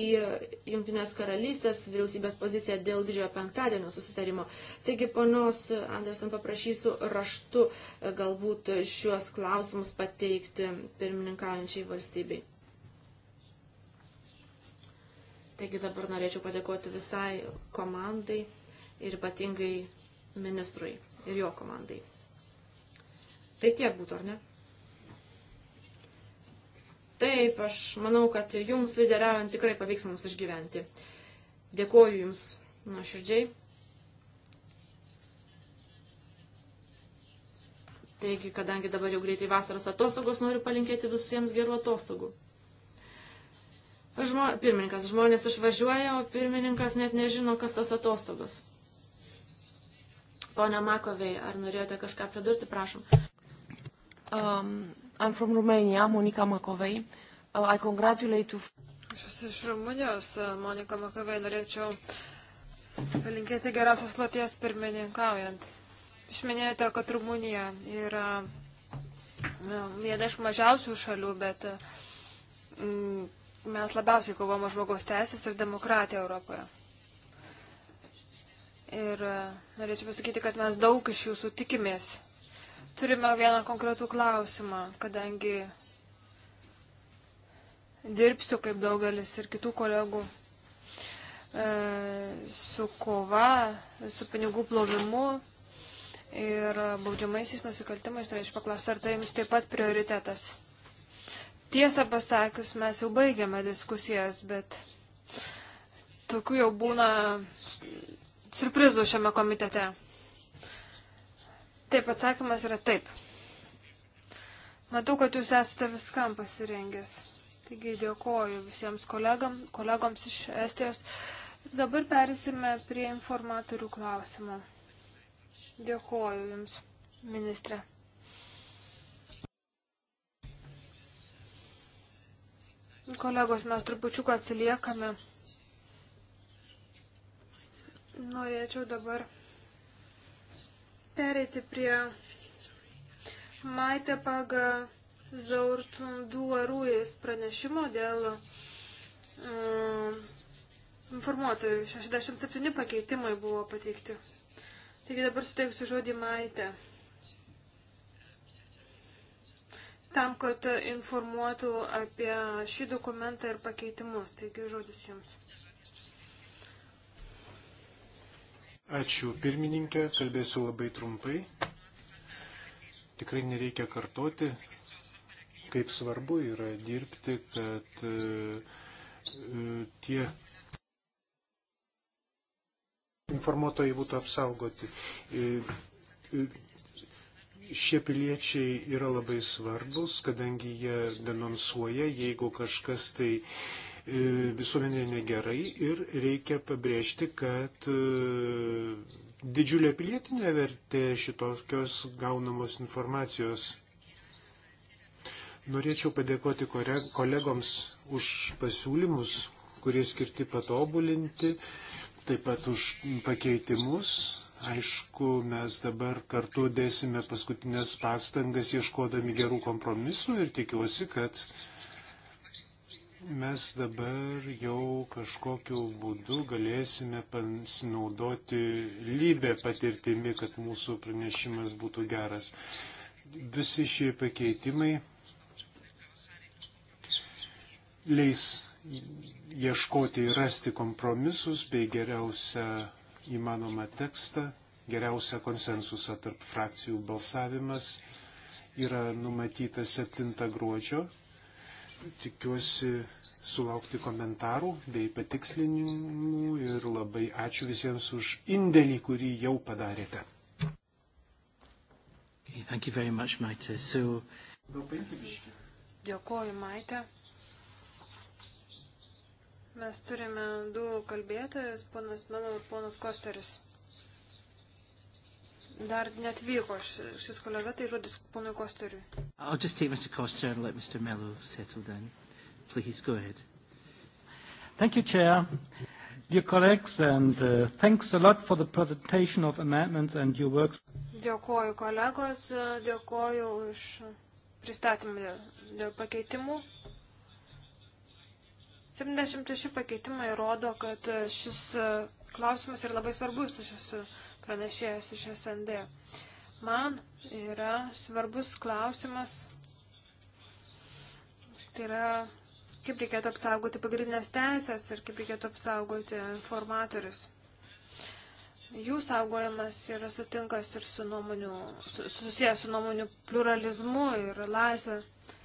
Junktinės karalystės vyriausybės poziciją dėl didžiojo penktadienio susitarimo. Taigi, ponios Andersen, paprašysiu raštu e, galbūt šiuos klausimus pateikti pirmininkaujančiai valstybei. Taigi dabar norėčiau padėkoti visai komandai ir ypatingai ministrui ir jo komandai. Tai tiek būtų, ar ne? Taip, aš manau, kad jums lyderiaujant tikrai pavyks mums išgyventi. Dėkuoju jums nuoširdžiai. Taigi, kadangi dabar jau greitai vasaros atostogos, noriu palinkėti visiems gerų atostogų. Žmo, pirmininkas, žmonės išvažiuoja, o pirmininkas net nežino, kas tas atostogas. Pone Makovei, ar norėjote kažką pridurti, prašom. Um, I'm from Romania, Monika Makovei. Uh, I congratulate you. Aš esu iš Rumunijos, uh, Monika Makovei, norėčiau palinkėti geriausios kloties pirmininkaujant. Išminėjote, kad Rumunija yra uh, viena iš mažiausių šalių, bet mm, mes labiausiai kovojame žmogaus teisės ir demokratiją Europoje. Ir e, norėčiau pasakyti, kad mes daug iš jūsų tikimės. Turime vieną konkretų klausimą, kadangi dirbsiu kaip daugelis ir kitų kolegų e, su kova, su pinigų plovimu ir baudžiamaisiais nusikaltimais. Norėčiau paklausti, ar tai jums taip pat prioritetas? Tiesą pasakius, mes jau baigiame diskusijas, bet tokių jau būna surprizų šiame komitete. Taip, atsakymas yra taip. Matau, kad jūs esate viskam pasirengęs. Taigi dėkoju visiems kolegam, kolegoms iš Estijos. Ir dabar perėsime prie informatorių klausimų. Dėkoju Jums, ministrė. Kolegos, mes trupučiuką atsiliekame. Norėčiau dabar pereiti prie Maite Paga Zaurtundų Arūjas pranešimo dėl um, informuotojų. 67 pakeitimai buvo pateikti. Taigi dabar suteiksiu žodį Maite. tam, kad informuotų apie šį dokumentą ir pakeitimus. Taigi žodis jums. Ačiū pirmininkė, kalbėsiu labai trumpai. Tikrai nereikia kartoti, kaip svarbu yra dirbti, kad e, e, tie informuotojai būtų apsaugoti e, šie piliečiai yra labai svarbus, kadangi jie denonsuoja, jeigu kažkas tai e, visuomenė negerai ir reikia pabrėžti, kad e, didžiulė pilietinė vertė šitokios gaunamos informacijos. Norėčiau padėkoti kolegoms už pasiūlymus, kurie skirti patobulinti, taip pat už pakeitimus Aišku, mes dabar kartu dėsime paskutinės pastangas ieškodami gerų kompromisų ir tikiuosi, kad mes dabar jau kažkokiu būdu galėsime pasinaudoti lybę patirtimi, kad mūsų pranešimas būtų geras. Visi šie pakeitimai leis ieškoti ir rasti kompromisus bei geriausią įmanomą tekstą, geriausią konsensusą tarp frakcijų balsavimas yra numatytas 7 gruodžio. Tikiuosi sulaukti komentarų bei patikslinimų ir labai ačiū visiems už indėlį, kurį jau padarėte. Okay, much, Maite. So... Dėkoju, Maite. Mes turime du kalbėtojus, ponas Melo ir ponas Kosteris. Dar netvyko šis kolega, tai žodis ponui Kosteriui. I'll just take Mr. Koster and let Mr. Mello settle down. Please go ahead. Thank you, Chair. Dear colleagues, and uh, thanks a lot for the presentation of amendments and your work. Dėkoju kolegos, dėkoju už pristatymą dėl pakeitimų. 76 pakeitimai rodo, kad šis e, klausimas yra labai svarbus, aš esu pranešėjęs iš SND. Man yra svarbus klausimas, tai yra, kaip reikėtų apsaugoti pagrindinės teisės ir kaip reikėtų apsaugoti informatorius. Jų saugojimas yra sutinkas ir su nuomonių, susijęs su nuomonių pluralizmu ir laisvė. Uh,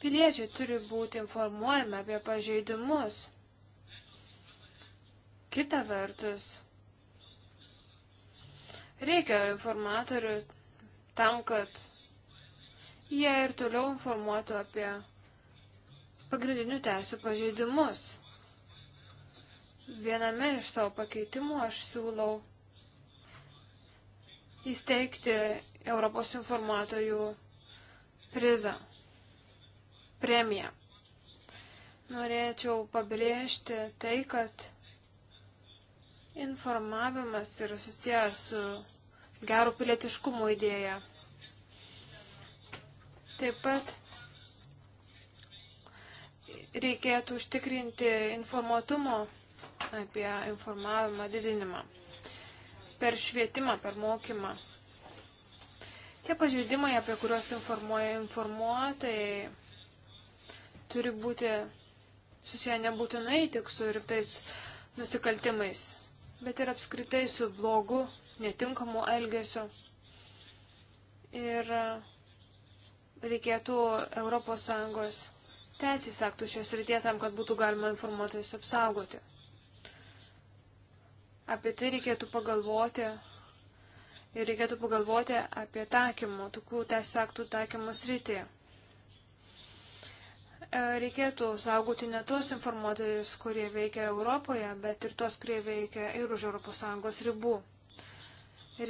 Piliečiai turi būti informuojami apie pažeidimus. Kita vertus, reikia informatorių tam, kad jie ir toliau informuotų apie pagrindinių teisų pažeidimus. Viename iš savo pakeitimų aš siūlau įsteigti Europos informatorių prizą premiją. Norėčiau pabrėžti tai, kad informavimas yra susijęs su gerų pilietiškumo idėja. Taip pat reikėtų užtikrinti informatumo apie informavimą didinimą per švietimą, per mokymą. Tie pažeidimai, apie kuriuos informuoja informuotojai, turi būti susiję nebūtinai tik su rimtais nusikaltimais, bet ir apskritai su blogu, netinkamu elgesiu. Ir e, reikėtų ES teisės aktų šios rytie tam, kad būtų galima informuotojus apsaugoti. Apie tai reikėtų pagalvoti ir reikėtų pagalvoti apie taikymo, tokių teisės aktų taikymo srityje. E, reikėtų saugoti ne tos informuotojus, kurie veikia Europoje, bet ir tos, kurie veikia ir už ES ribų.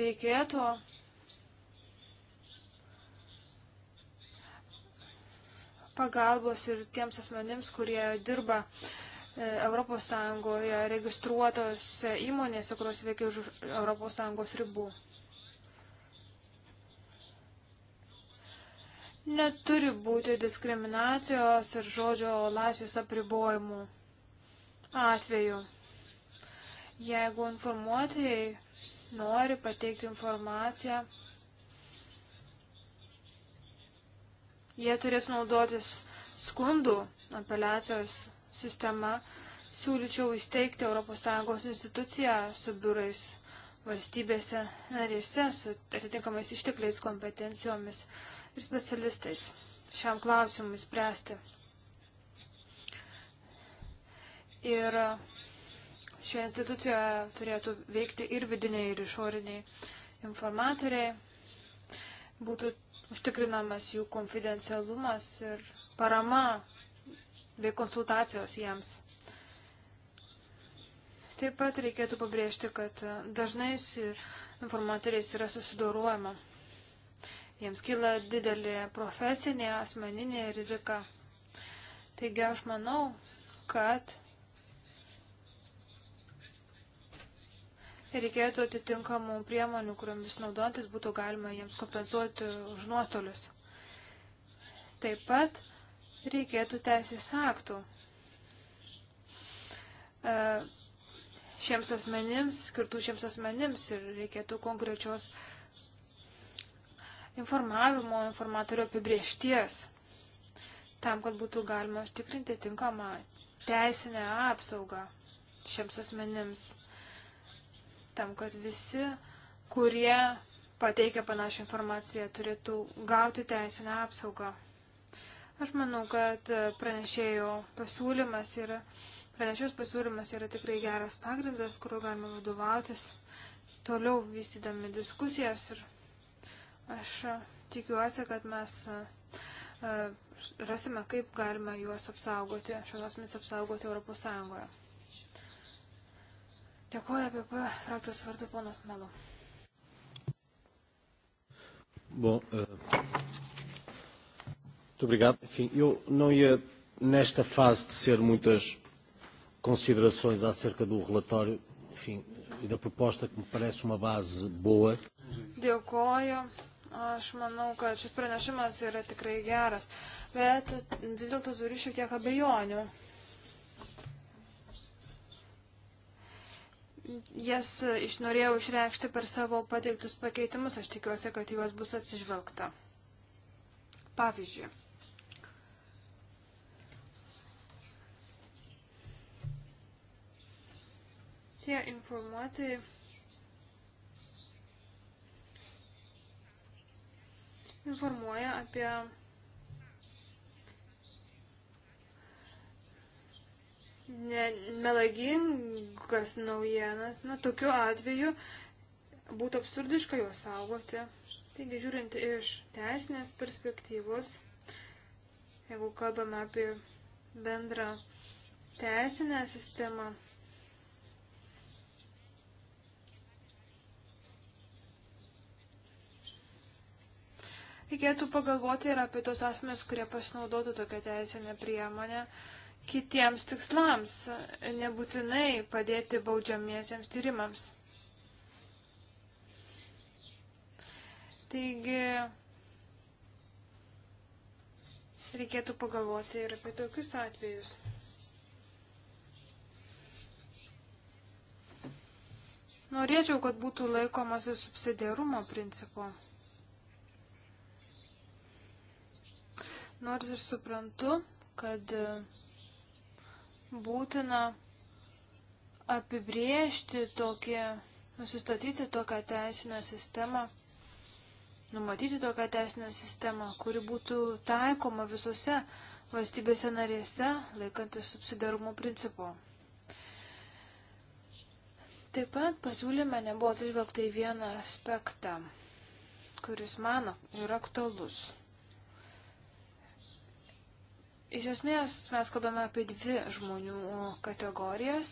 Reikėtų pagalbos ir tiems asmenims, kurie dirba e, ES registruotose įmonėse, kurios veikia už ES ribų. neturi būti diskriminacijos ir žodžio laisvės apribojimų atveju. Jeigu informuotojai nori pateikti informaciją, jie turės naudotis skundų apeliacijos sistema. Siūlyčiau įsteigti ES instituciją su biurais valstybėse narėse su atitinkamais ištekliais, kompetencijomis ir specialistais šiam klausimui spręsti. Ir šioje institucijoje turėtų veikti ir vidiniai, ir išoriniai informatoriai. Būtų užtikrinamas jų konfidencialumas ir parama bei konsultacijos jiems. Taip pat reikėtų pabrėžti, kad dažnai su informatoriais yra susidorojama. Jiems kyla didelė profesinė, asmeninė rizika. Taigi aš manau, kad reikėtų atitinkamų priemonių, kuriomis naudotis būtų galima jiems kompensuoti už nuostolius. Taip pat reikėtų teisės aktų e, šiems asmenims, skirtų šiems asmenims ir reikėtų konkrečios informavimo informatorių apibriešties, tam, kad būtų galima užtikrinti tinkamą teisinę apsaugą šiems asmenims, tam, kad visi, kurie pateikia panašią informaciją, turėtų gauti teisinę apsaugą. Aš manau, kad pranešėjo pasiūlymas yra. Ir Pranešios pasiūlymas yra tikrai geras pagrindas, kuriuo galima vadovautis toliau vystydami diskusijas ir aš e, tikiuosi, kad mes e, e, rasime, kaip galima juos apsaugoti, šios asmenys apsaugoti Europos Sąjungoje. Dėkuoju apie P. frakcijos vardu ponas Melo. Bom, uh, muito obrigado. Enfim, eu não ia, nesta fase de ser muitas considerações acerca do relatório enfim, e da proposta que me parece uma base boa. Dėkoju. Aš manau, kad šis pranešimas yra tikrai geras, bet vis dėlto turiu šiek tiek abejonių. Jas išnorėjau išreikšti per savo pateiktus pakeitimus, aš tikiuosi, kad juos bus atsižvelgta. Pavyzdžiui, komisiją informuoti informuoja apie melagingas naujienas. Na, tokiu atveju būtų absurdiška juos saugoti. Taigi, žiūrint iš teisinės perspektyvos, jeigu kalbame apie bendrą teisinę sistemą, Reikėtų pagalvoti ir apie tos asmenys, kurie pasinaudotų tokią teisinę priemonę kitiems tikslams, nebūtinai padėti baudžiamiesiems tyrimams. Taigi, reikėtų pagalvoti ir apie tokius atvejus. Norėčiau, kad būtų laikomasi subsidiarumo principo. Nors ir suprantu, kad e, būtina apibriežti tokį, nusistatyti tokią teisinę sistemą, numatyti tokią teisinę sistemą, kuri būtų taikoma visose valstybėse narėse, laikantis subsidarumo principo. Taip pat pasiūlyme nebuvo atsižvelgta į vieną aspektą, kuris mano yra aktualus. Iš esmės mes kalbame apie dvi žmonių kategorijas.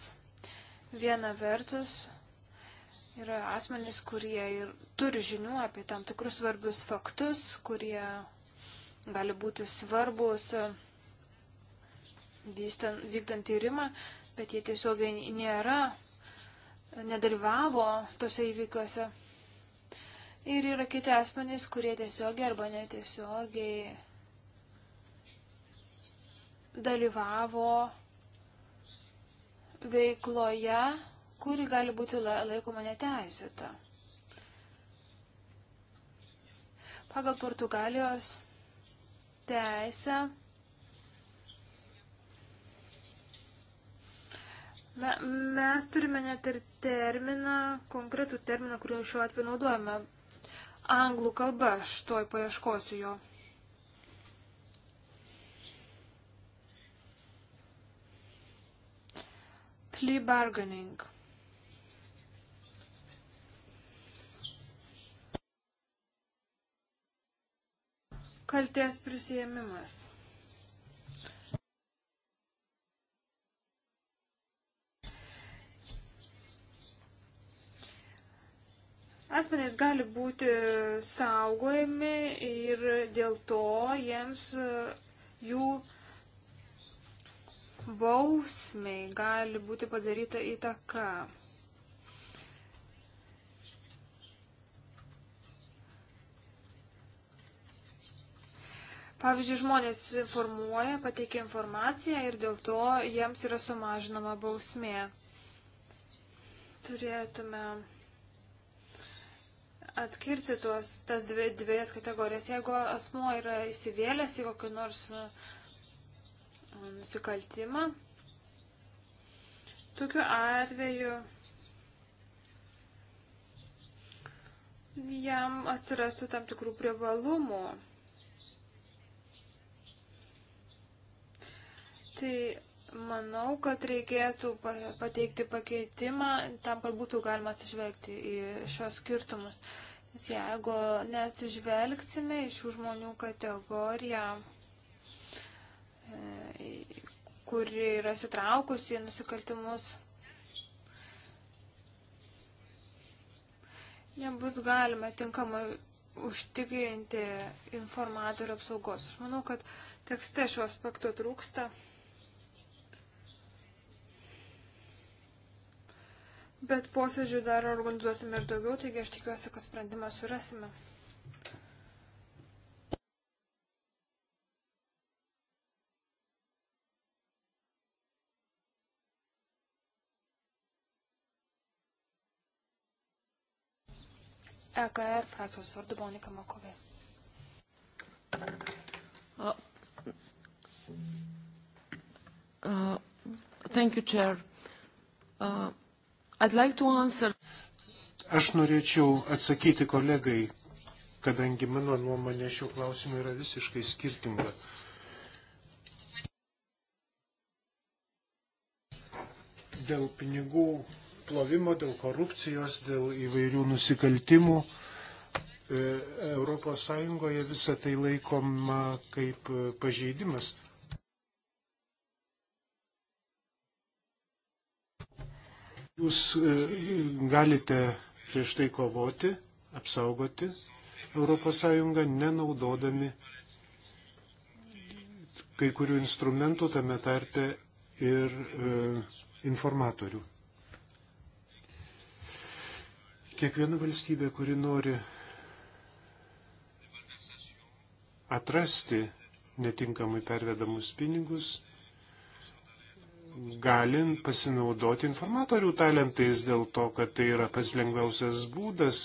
Viena vertus yra asmenys, kurie ir turi žinių apie tam tikrus svarbius faktus, kurie gali būti svarbus e, vystant, vykdant tyrimą, bet jie tiesiog nėra, nedalyvavo tose įvykiuose. Ir yra kiti asmenys, kurie tiesiogiai arba netiesiogiai dalyvavo veikloje, kuri gali būti laikoma neteisėta. Pagal Portugalijos teisę Mes turime net ir terminą, konkretų terminą, kurį šiuo atveju naudojame. Anglų kalba, aš toj paieškosiu jo. Collectively bargaining. Kalties prisėmimas. Asmenys gali būti saugojami ir dėl to jiems jų bausmiai gali būti padaryta įtaka. Pavyzdžiui, žmonės formuoja, pateikia informaciją ir dėl to jiems yra sumažinama bausmė. Turėtume atskirti tuos, tas dvi, dviejas kategorijas. Jeigu asmuo yra įsivėlęs į kokį nors uh, nusikaltimą, tokiu atveju jam atsirastų tam tikrų privalumų. Tai manau, kad reikėtų pateikti pakeitimą tam, kad būtų galima atsižvelgti į šios skirtumus. Nes jeigu neatsižvelgsime į šių žmonių kategoriją, kuri yra sitraukusi į nusikaltimus, nebus galima tinkamai užtikrinti informatorių apsaugos. Aš manau, kad tekste šio aspekto trūksta. Bet posėdžių dar organizuosime ir daugiau, taigi aš tikiuosi, kad sprendimą surasime. EKR frakcijos vardu Monika Makovė. Uh, uh, thank you, Chair. Uh, I'd like to answer. Aš norėčiau atsakyti kolegai, kadangi mano nuomonė šiuo klausimu yra visiškai skirtinga. Dėl pinigų plovimo, dėl korupcijos, dėl įvairių nusikaltimų. E, Europos Sąjungoje visą tai laikoma kaip e, pažeidimas. Jūs e, galite prieš tai kovoti, apsaugoti Europos Sąjungą, nenaudodami kai kurių instrumentų, tame tarpe ir e, informatorių. Kiekviena valstybė, kuri nori atrasti netinkamai pervedamus pinigus, galim pasinaudoti informatorių talentais dėl to, kad tai yra pats lengviausias būdas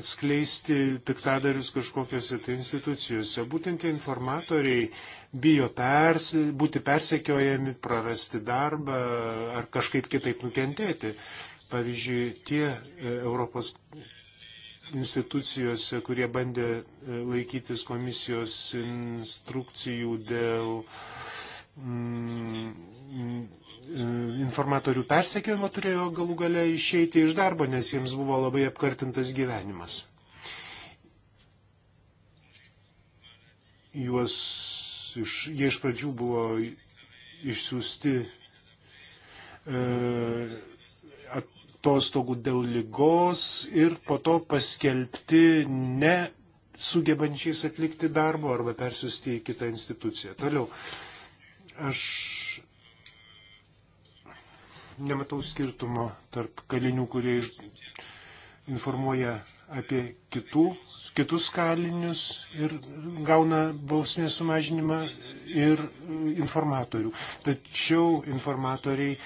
atskleisti piktadarius kažkokiose tai institucijose. Būtent tie informatoriai bijo persi, būti persekiojami, prarasti darbą ar kažkaip kitaip nukentėti. Pavyzdžiui, tie e, Europos institucijose, kurie bandė e, laikytis komisijos instrukcijų dėl mm, mm, informatorių persekiojimo, turėjo galų gale išeiti iš darbo, nes jiems buvo labai apkartintas gyvenimas. Juos iš, jie iš pradžių buvo išsiųsti e, atostogų dėl lygos ir po to paskelbti ne sugebančiais atlikti darbo arba persiusti į kitą instituciją. Toliau, aš nematau skirtumo tarp kalinių, kurie informuoja apie kitų, kitus kalinius ir gauna bausmės sumažinimą ir informatorių. Tačiau informatoriai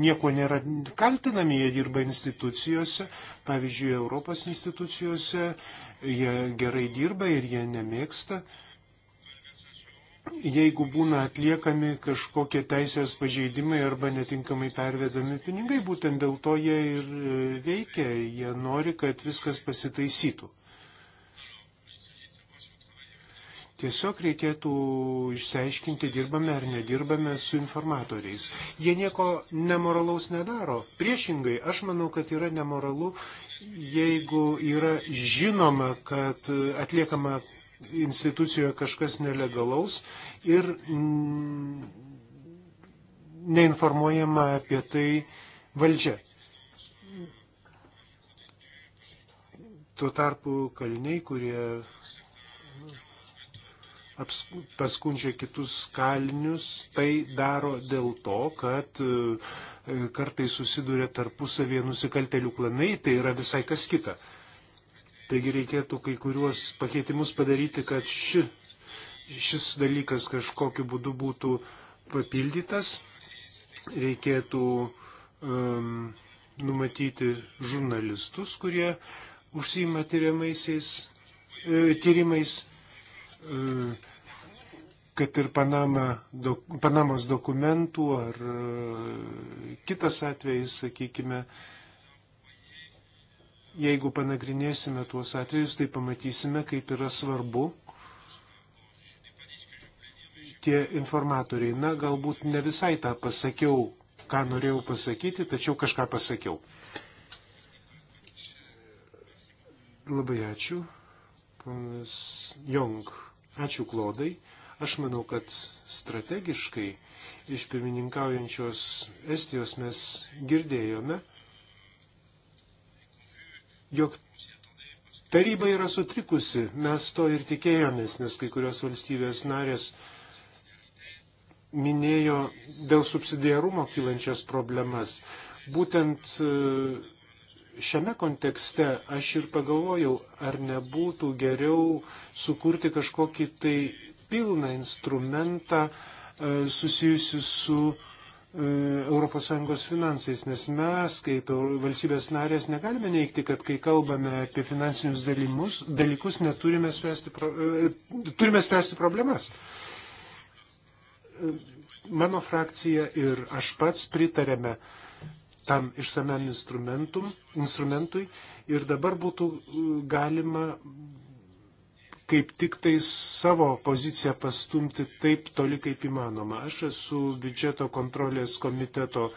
nieko nėra kaltinami, jie dirba institucijose, pavyzdžiui, Europos institucijose, jie gerai dirba ir jie nemėgsta. Jeigu būna atliekami kažkokie teisės pažeidimai arba netinkamai pervedami pinigai, būtent dėl to jie ir veikia, jie nori, kad viskas pasitaisytų. Tiesiog reikėtų išsiaiškinti, dirbame ar nedirbame su informatoriais. Jie nieko nemoralaus nedaro. Priešingai, aš manau, kad yra nemoralu, jeigu yra žinoma, kad atliekama institucijoje kažkas nelegalaus ir neinformuojama apie tai valdžia. Tuo tarpu kaliniai, kurie paskundžia kitus kalinius, tai daro dėl to, kad e, kartai susiduria tarpusavėje nusikaltelių klanai, tai yra visai kas kita. Taigi reikėtų kai kuriuos pakeitimus padaryti, kad ši, šis dalykas kažkokiu būdu būtų papildytas. Reikėtų um, numatyti žurnalistus, kurie užsima tyriamaisiais e, tyrimais E, kad ir Panama, dok, Panamos dokumentų ar e, kitas atvejis, sakykime, jeigu panagrinėsime tuos atvejus, tai pamatysime, kaip yra svarbu tie informatoriai. Na, galbūt ne visai tą pasakiau, ką norėjau pasakyti, tačiau kažką pasakiau. Labai ačiū. Ponas Jong. Ačiū Klodai. Aš manau, kad strategiškai iš pirmininkaujančios Estijos mes girdėjome, jog taryba yra sutrikusi, mes to ir tikėjomės, nes kai kurios valstybės narės minėjo dėl subsidiarumo kylančias problemas. Būtent e, šiame kontekste aš ir pagalvojau, ar nebūtų geriau sukurti kažkokį tai pilną instrumentą e, susijusi su e, ES finansais, nes mes, kaip valstybės narės, negalime neikti, kad kai kalbame apie finansinius dalymus, dalykus, neturime spręsti, pro, e, turime spręsti problemas. Mano frakcija ir aš pats pritarėme uh, tam išsamiam instrumentui ir dabar būtų uh, galima kaip tik tai savo poziciją pastumti taip toli kaip įmanoma. Aš esu biudžeto kontrolės komiteto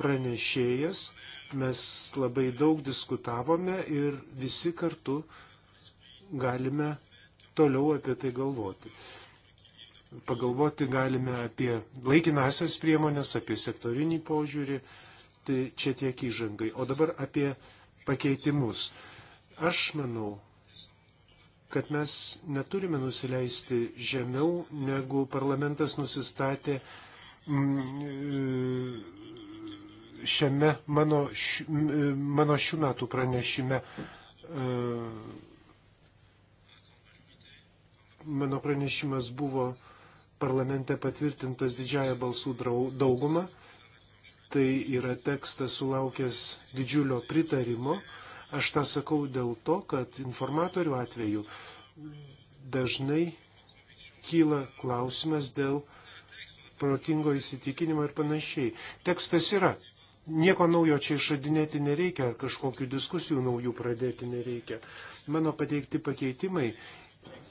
pranešėjas, mes labai daug diskutavome ir visi kartu galime toliau apie tai galvoti. Pagalvoti galime apie laikinasias priemonės, apie sektorinį požiūrį, Tai čia tiek įžangai. O dabar apie pakeitimus. Aš manau, kad mes neturime nusileisti žemiau, negu parlamentas nusistatė mm, e, šiame mano, š, e, mano šių metų pranešime. E, mano pranešimas buvo parlamente patvirtintas didžiaja balsų dauguma. Draug, tai yra tekstas sulaukęs didžiulio pritarimo. Aš tą sakau dėl to, kad informatorių atveju dažnai kyla klausimas dėl protingo įsitikinimo ir panašiai. Tekstas yra. Nieko naujo čia išradinėti nereikia ar kažkokių diskusijų naujų pradėti nereikia. Mano pateikti pakeitimai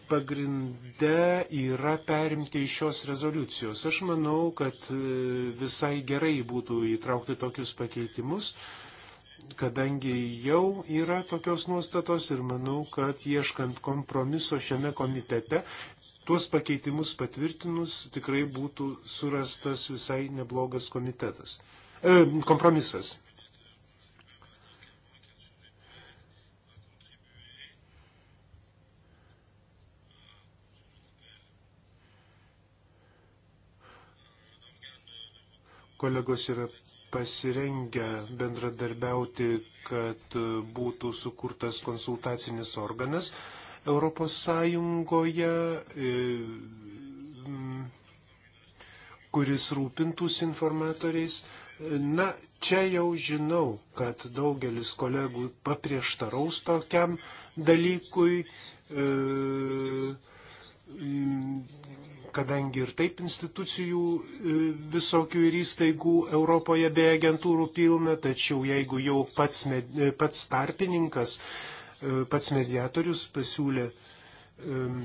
pagrinde yra perimti iš šios rezoliucijos. Aš manau, kad e, visai gerai būtų įtraukti tokius pakeitimus, kadangi jau yra tokios nuostatos ir manau, kad ieškant kompromiso šiame komitete, tuos pakeitimus patvirtinus tikrai būtų surastas visai neblogas komitetas. E, kompromisas. kolegos yra pasirengę bendradarbiauti, kad būtų sukurtas konsultacinis organas Europos Sąjungoje, e, kuris rūpintųsi informatoriais. Na, čia jau žinau, kad daugelis kolegų paprieštaraus tokiam dalykui e, kadangi ir taip institucijų e, visokių ir įstaigų Europoje bei agentūrų pilna, tačiau jeigu jau pats, med, e, pats tarpininkas, e, pats mediatorius pasiūlė um,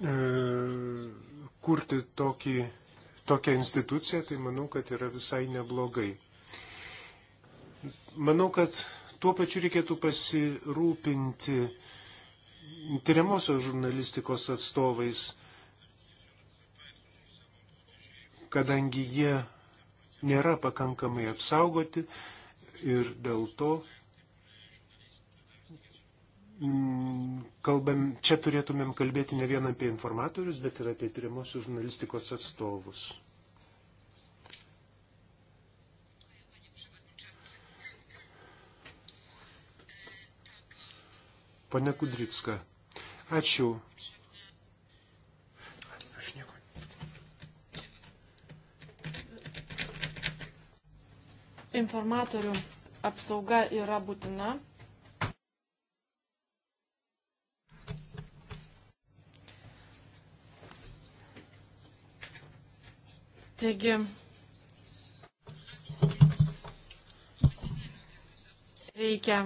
um, kurti tokį, tokią instituciją, tai manau, kad yra visai neblogai. Manau, kad tuo pačiu reikėtų pasirūpinti uh, tyriamosios žurnalistikos atstovais, kadangi jie nėra pakankamai apsaugoti ir dėl to mm, kalbam, čia turėtumėm kalbėti ne vien apie informatorius, bet ir apie tyriamosios žurnalistikos atstovus. Pane Kudricka, ačiū. Aš nieko. Informatorių apsauga yra būtina. Taigi, reikia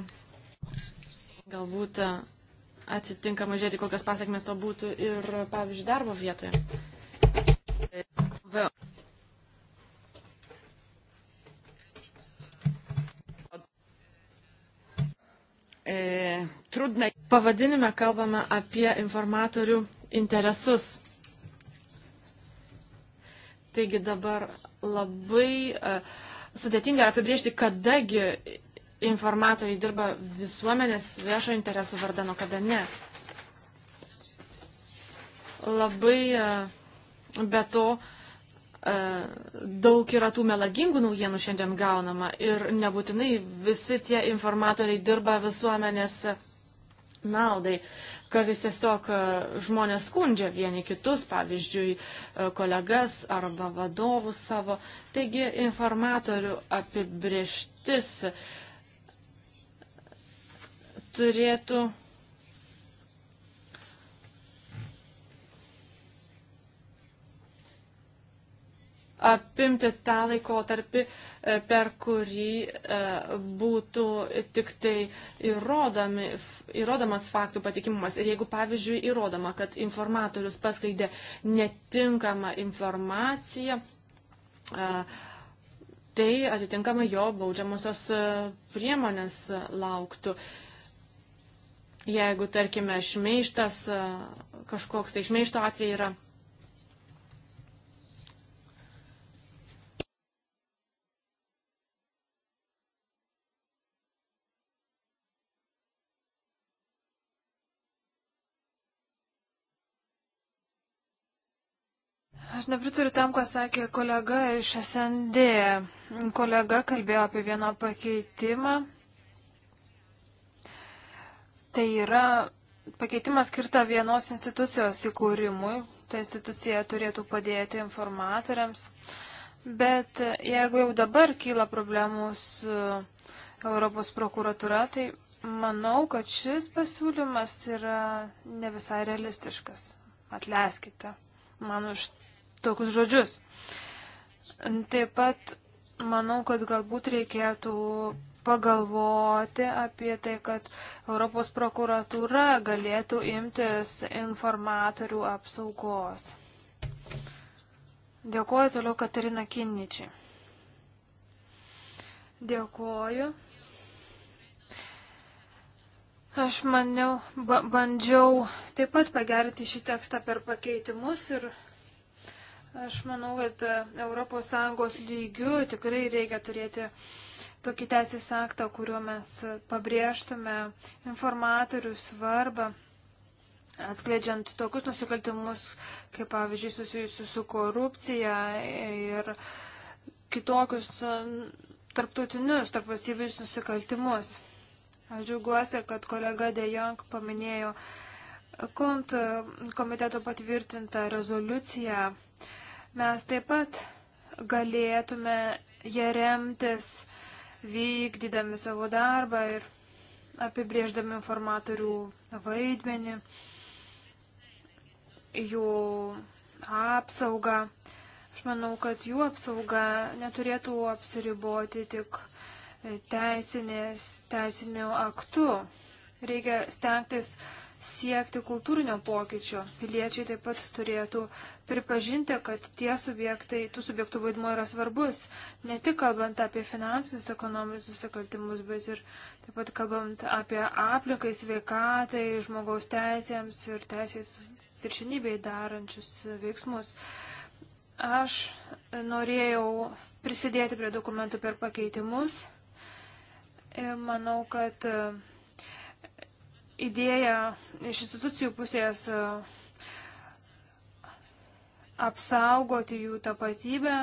Galbūt e, atitinkama žiūrėti, kokias pasiekmes to būtų ir, pavyzdžiui, darbo vietoje. E, Pavadinime kalbame apie informatorių interesus. Taigi dabar labai uh, sudėtinga yra apibriežti, kadagi informatoriai dirba visuomenės viešo interesų vardan, o kada ne. Labai e, be to e, daug yra tų melagingų naujienų šiandien gaunama ir nebūtinai visi tie informatoriai dirba visuomenės naudai. Kartais tiesiog e, žmonės skundžia vieni kitus, pavyzdžiui, kolegas arba vadovus savo. Taigi informatorių apibrieštis turėtų apimti tą laikotarpį, e, per kurį e, būtų tik tai įrodomi, įrodomas faktų patikimumas. Ir jeigu, pavyzdžiui, įrodoma, kad informatorius paskleidė netinkamą informaciją, e, tai atitinkamai jo baudžiamosios priemonės lauktų jeigu, tarkime, šmeištas, kažkoks tai šmeišto atveju yra. Aš nepritariu tam, ką sakė kolega iš SND. Kolega kalbėjo apie vieną pakeitimą Tai yra pakeitimas skirta vienos institucijos įkūrimui. Ta institucija turėtų padėti informatoriams. Bet jeigu jau dabar kyla problemų su Europos prokuratūra, tai manau, kad šis pasiūlymas yra ne visai realistiškas. Atleiskite man už tokius žodžius. Taip pat manau, kad galbūt reikėtų pagalvoti apie tai, kad Europos prokuratūra galėtų imtis informatorių apsaugos. Dėkuoju toliau Katarina Kinničiai. Dėkuoju. Aš maniau, ba bandžiau taip pat pagerinti šį tekstą per pakeitimus ir aš manau, kad ES lygių tikrai reikia turėti uh, tokį teisės aktą, kuriuo mes pabrėžtume informatorių svarbą, atskleidžiant tokius nusikaltimus, kaip pavyzdžiui susijusius su korupcija ir kitokius tarptautinius, tarpvalstybinius nusikaltimus. Aš džiaugiuosi, kad kolega Dejong paminėjo kont komiteto patvirtintą rezoliuciją. Mes taip pat galėtume jie remtis vykdydami savo darbą ir apibrėždami informatorių vaidmenį, jų apsaugą. Aš manau, kad jų apsauga neturėtų apsiriboti tik teisinės, teisiniu aktu. Reikia stengtis uh, siekti kultūrinio pokyčio. Piliečiai taip pat turėtų pripažinti, kad tie subjektai, tų subjektų vaidmuo yra svarbus, ne tik kalbant apie finansinius ekonominius nusikaltimus, bet ir taip pat kalbant apie aplinkai, sveikatai, žmogaus teisėms ir teisės viršinybei darančius veiksmus. Aš norėjau prisidėti prie dokumentų per pakeitimus ir manau, kad idėja iš institucijų pusės e, apsaugoti jų tapatybę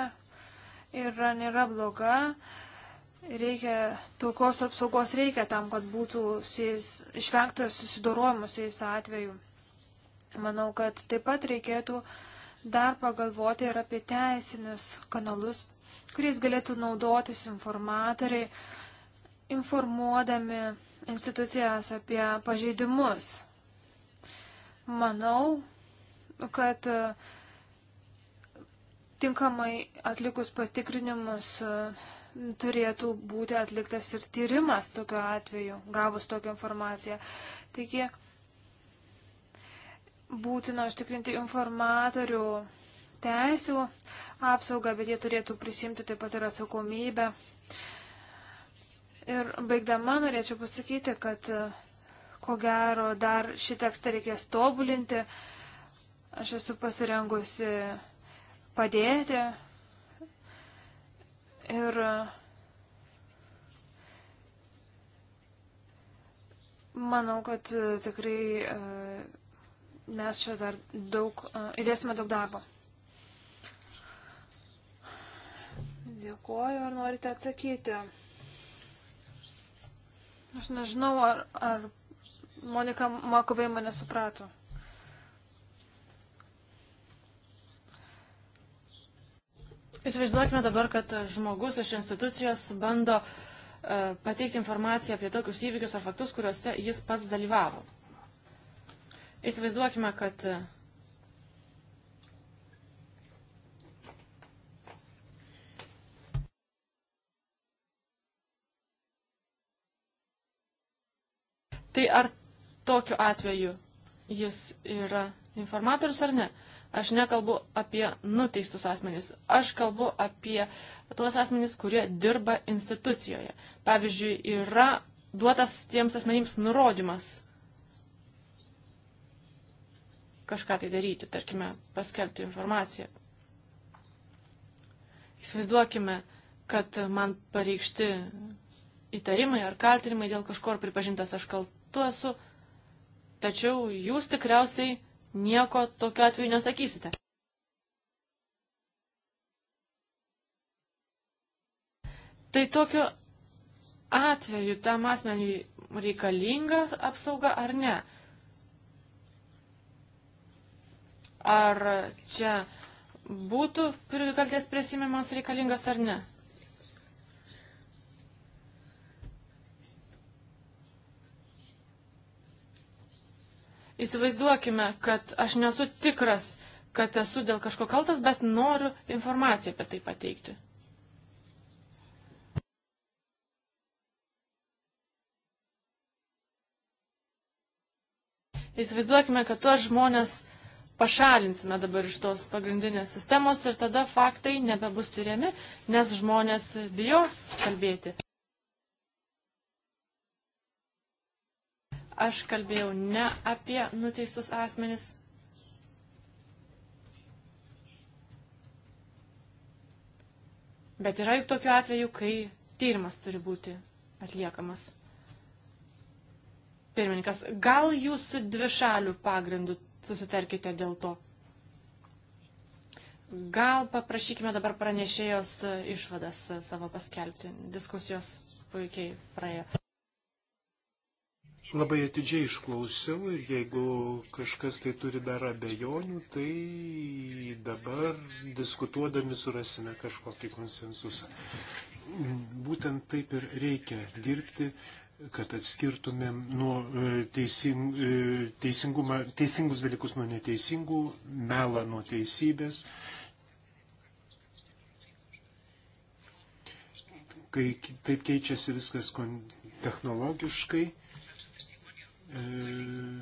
yra nėra bloga. Reikia, tokios apsaugos reikia tam, kad būtų išvengtas susidorojimus jais atveju. Manau, kad taip pat reikėtų dar pagalvoti ir apie teisinius kanalus, kuriais galėtų naudotis informatoriai, informuodami institucijas, apie pažeidimus. Manau, kad e, tinkamai atlikus patikrinimus e, turėtų būti atliktas ir tyrimas tokiu atveju, gavus tokią informaciją. Taigi, būtina užtikrinti informatorių teisų apsaugą, bet jie turėtų prisimti taip pat ir atsakomybę. Uh, Ir baigdama norėčiau pasakyti, kad e, ko gero dar šį tekstą reikės tobulinti. Aš esu pasirengusi padėti. Ir e, manau, kad e, tikrai mes čia dar daug, įdėsime daug darbo. Dėkuoju, ar norite atsakyti? Aš nežinau, ar, ar Monika Makovai mane suprato. Įsivaizduokime dabar, kad žmogus iš institucijos bando uh, pateikti informaciją apie tokius įvykius ar faktus, kuriuose jis pats dalyvavo. Įsivaizduokime, kad uh, Tai ar tokiu atveju jis yra informatorius ar ne? Aš nekalbu apie nuteistus asmenys, aš kalbu apie tuos asmenys, kurie dirba institucijoje. Pavyzdžiui, yra duotas tiems asmenims nurodymas kažką tai daryti, tarkime, paskelbti informaciją. Įsivaizduokime, kad man pareikšti įtarimai ar kaltinimai dėl kažko ir pripažintas aš kalt, kartu esu, tačiau jūs tikriausiai nieko tokiu atveju nesakysite. Tai tokiu atveju tam asmeniui reikalinga apsauga ar ne? Ar čia būtų kaltės prisimimas reikalingas ar ne? Įsivaizduokime, kad aš nesu tikras, kad esu dėl kažko kaltas, bet noriu informaciją apie tai pateikti. Įsivaizduokime, kad tuos žmonės pašalinsime dabar iš tos pagrindinės sistemos ir tada faktai nebebus tyriami, nes žmonės bijos kalbėti. Aš kalbėjau ne apie nuteistus asmenis. Bet yra juk tokiu atveju, kai tyrimas turi būti atliekamas. Pirmininkas, gal jūs dvišalių pagrindų susitarkite dėl to? Gal paprašykime dabar pranešėjos išvadas savo paskelbti. Diskusijos puikiai praėjo labai atidžiai išklausiau ir jeigu kažkas tai turi dar abejonių, tai dabar diskutuodami surasime kažkokį konsensusą. Būtent taip ir reikia dirbti, kad atskirtumėm nuo e, e, teising, teisingus dalykus nuo neteisingų, melą nuo teisybės. Kai taip keičiasi viskas technologiškai, E,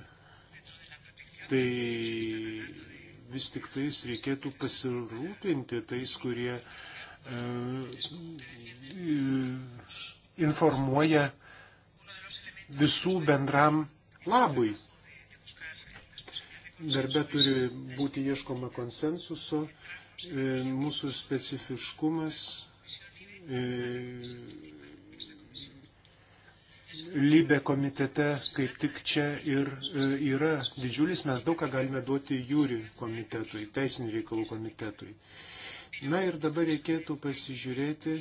tai vis tik tais reikėtų pasirūpinti tais, kurie e, informuoja visų bendram labui. Darbe turi būti ieškoma konsensuso, e, mūsų specifiškumas Lybė komitete kaip tik čia ir e, yra didžiulis, mes daug ką galime duoti jūri komitetui, teisinių reikalų komitetui. Na ir dabar reikėtų pasižiūrėti,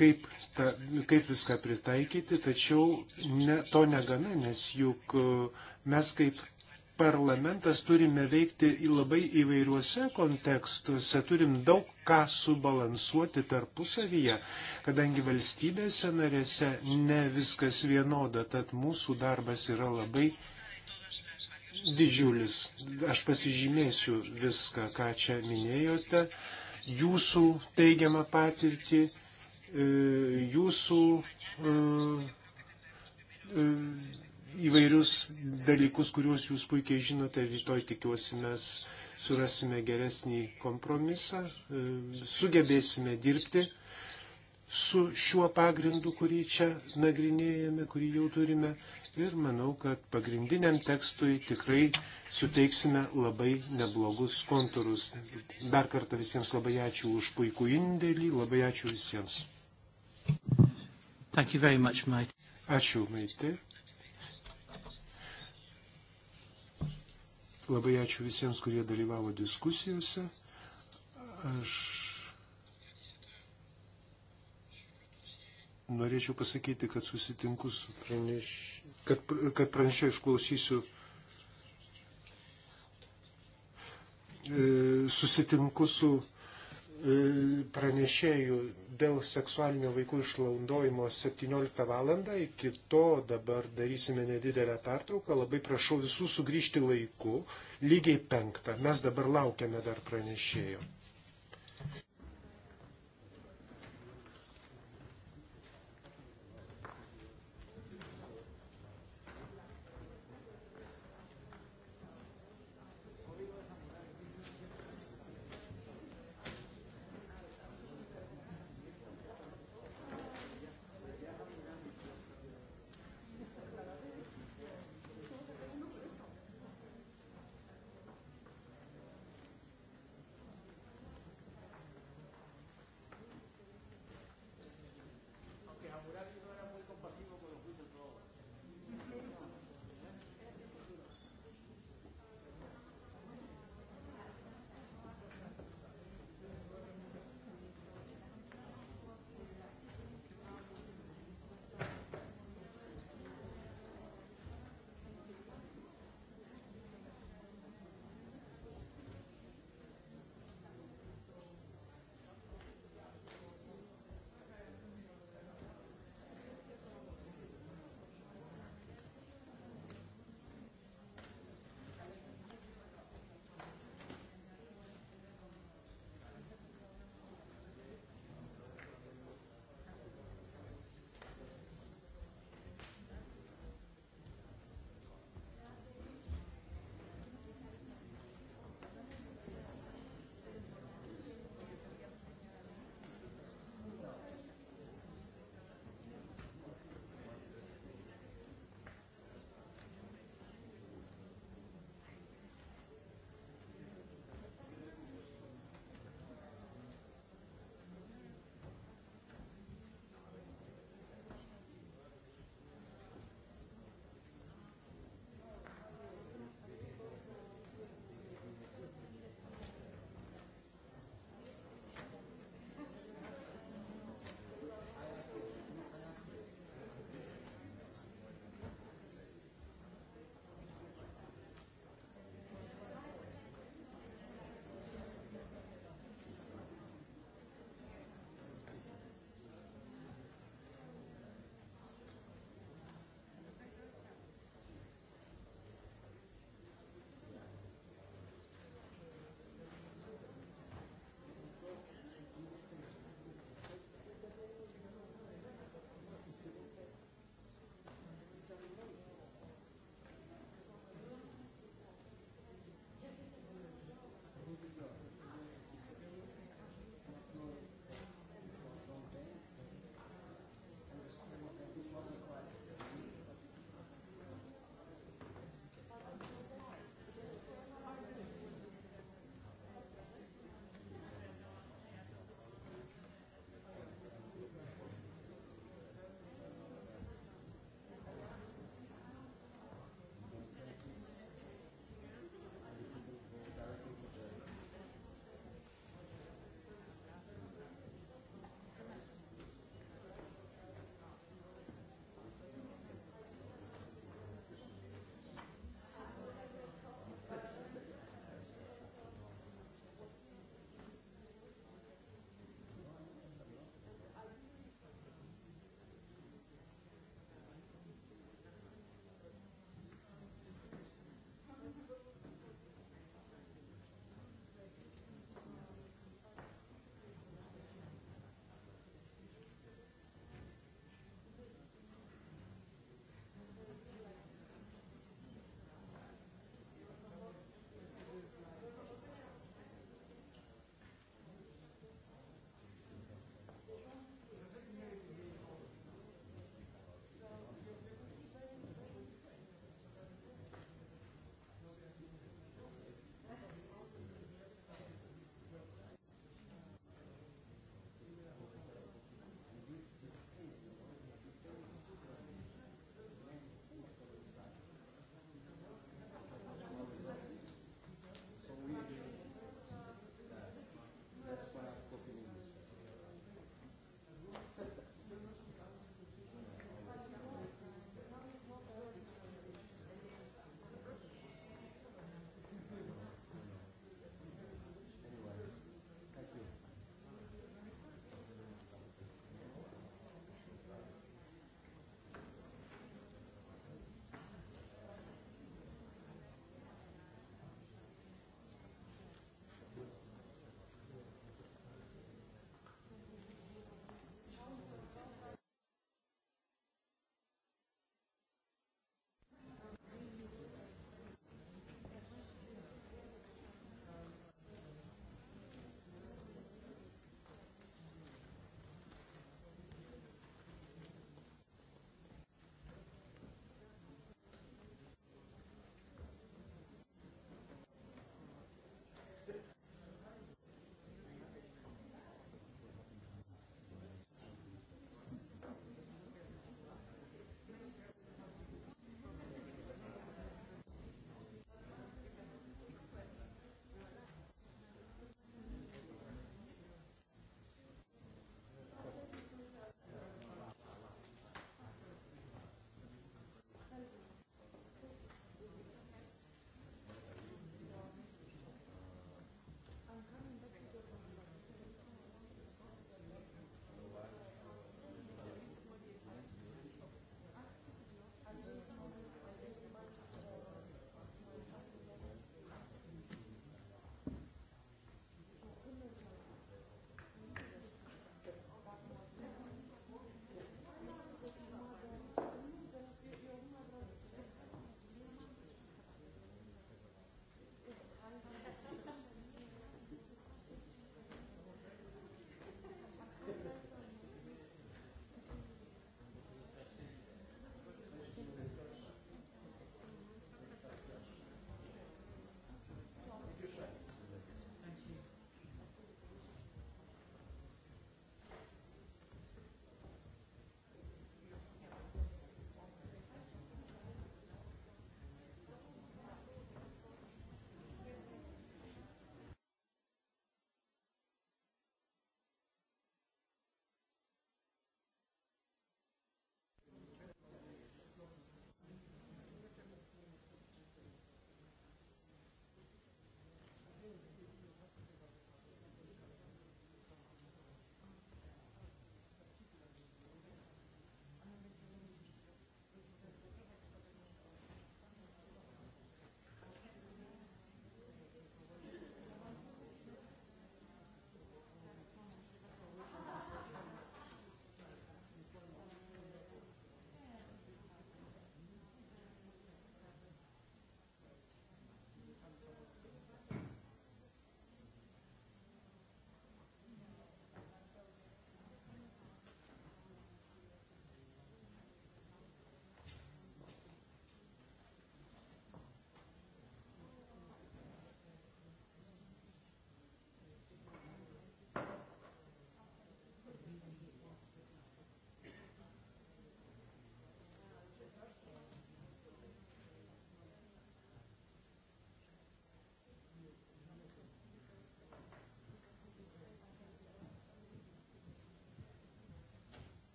kaip, ta, kaip viską pritaikyti, tačiau ne, to negana, nes juk e, mes kaip parlamentas turime veikti į labai įvairiuose kontekstuose, turim daug ką subalansuoti tarpusavyje, kadangi valstybėse narėse ne viskas vienoda, tad mūsų darbas yra labai didžiulis. Aš pasižymėsiu viską, ką čia minėjote, jūsų teigiamą patirtį, e, jūsų e, e, įvairius dalykus, kuriuos jūs puikiai žinote, rytoj tikiuosi mes surasime geresnį kompromisą, e, sugebėsime dirbti su šiuo pagrindu, kurį čia nagrinėjame, kurį jau turime. Ir manau, kad pagrindiniam tekstui tikrai suteiksime labai neblogus kontūrus. Dar kartą visiems labai ačiū už puikų indėlį, labai ačiū visiems. Much, Maite. Ačiū, Maitė. Labai ačiū visiems, kurie dalyvavo diskusijose. Aš norėčiau pasakyti, kad susitinku su praneš... kad, kad pranešę išklausysiu. E, susitinku su E, pranešėjų dėl seksualinio vaikų išlaudojimo 17 val. Iki to dabar darysime nedidelę pertrauką. Labai prašau visų sugrįžti laiku, lygiai penktą. Mes dabar laukiame dar pranešėjų.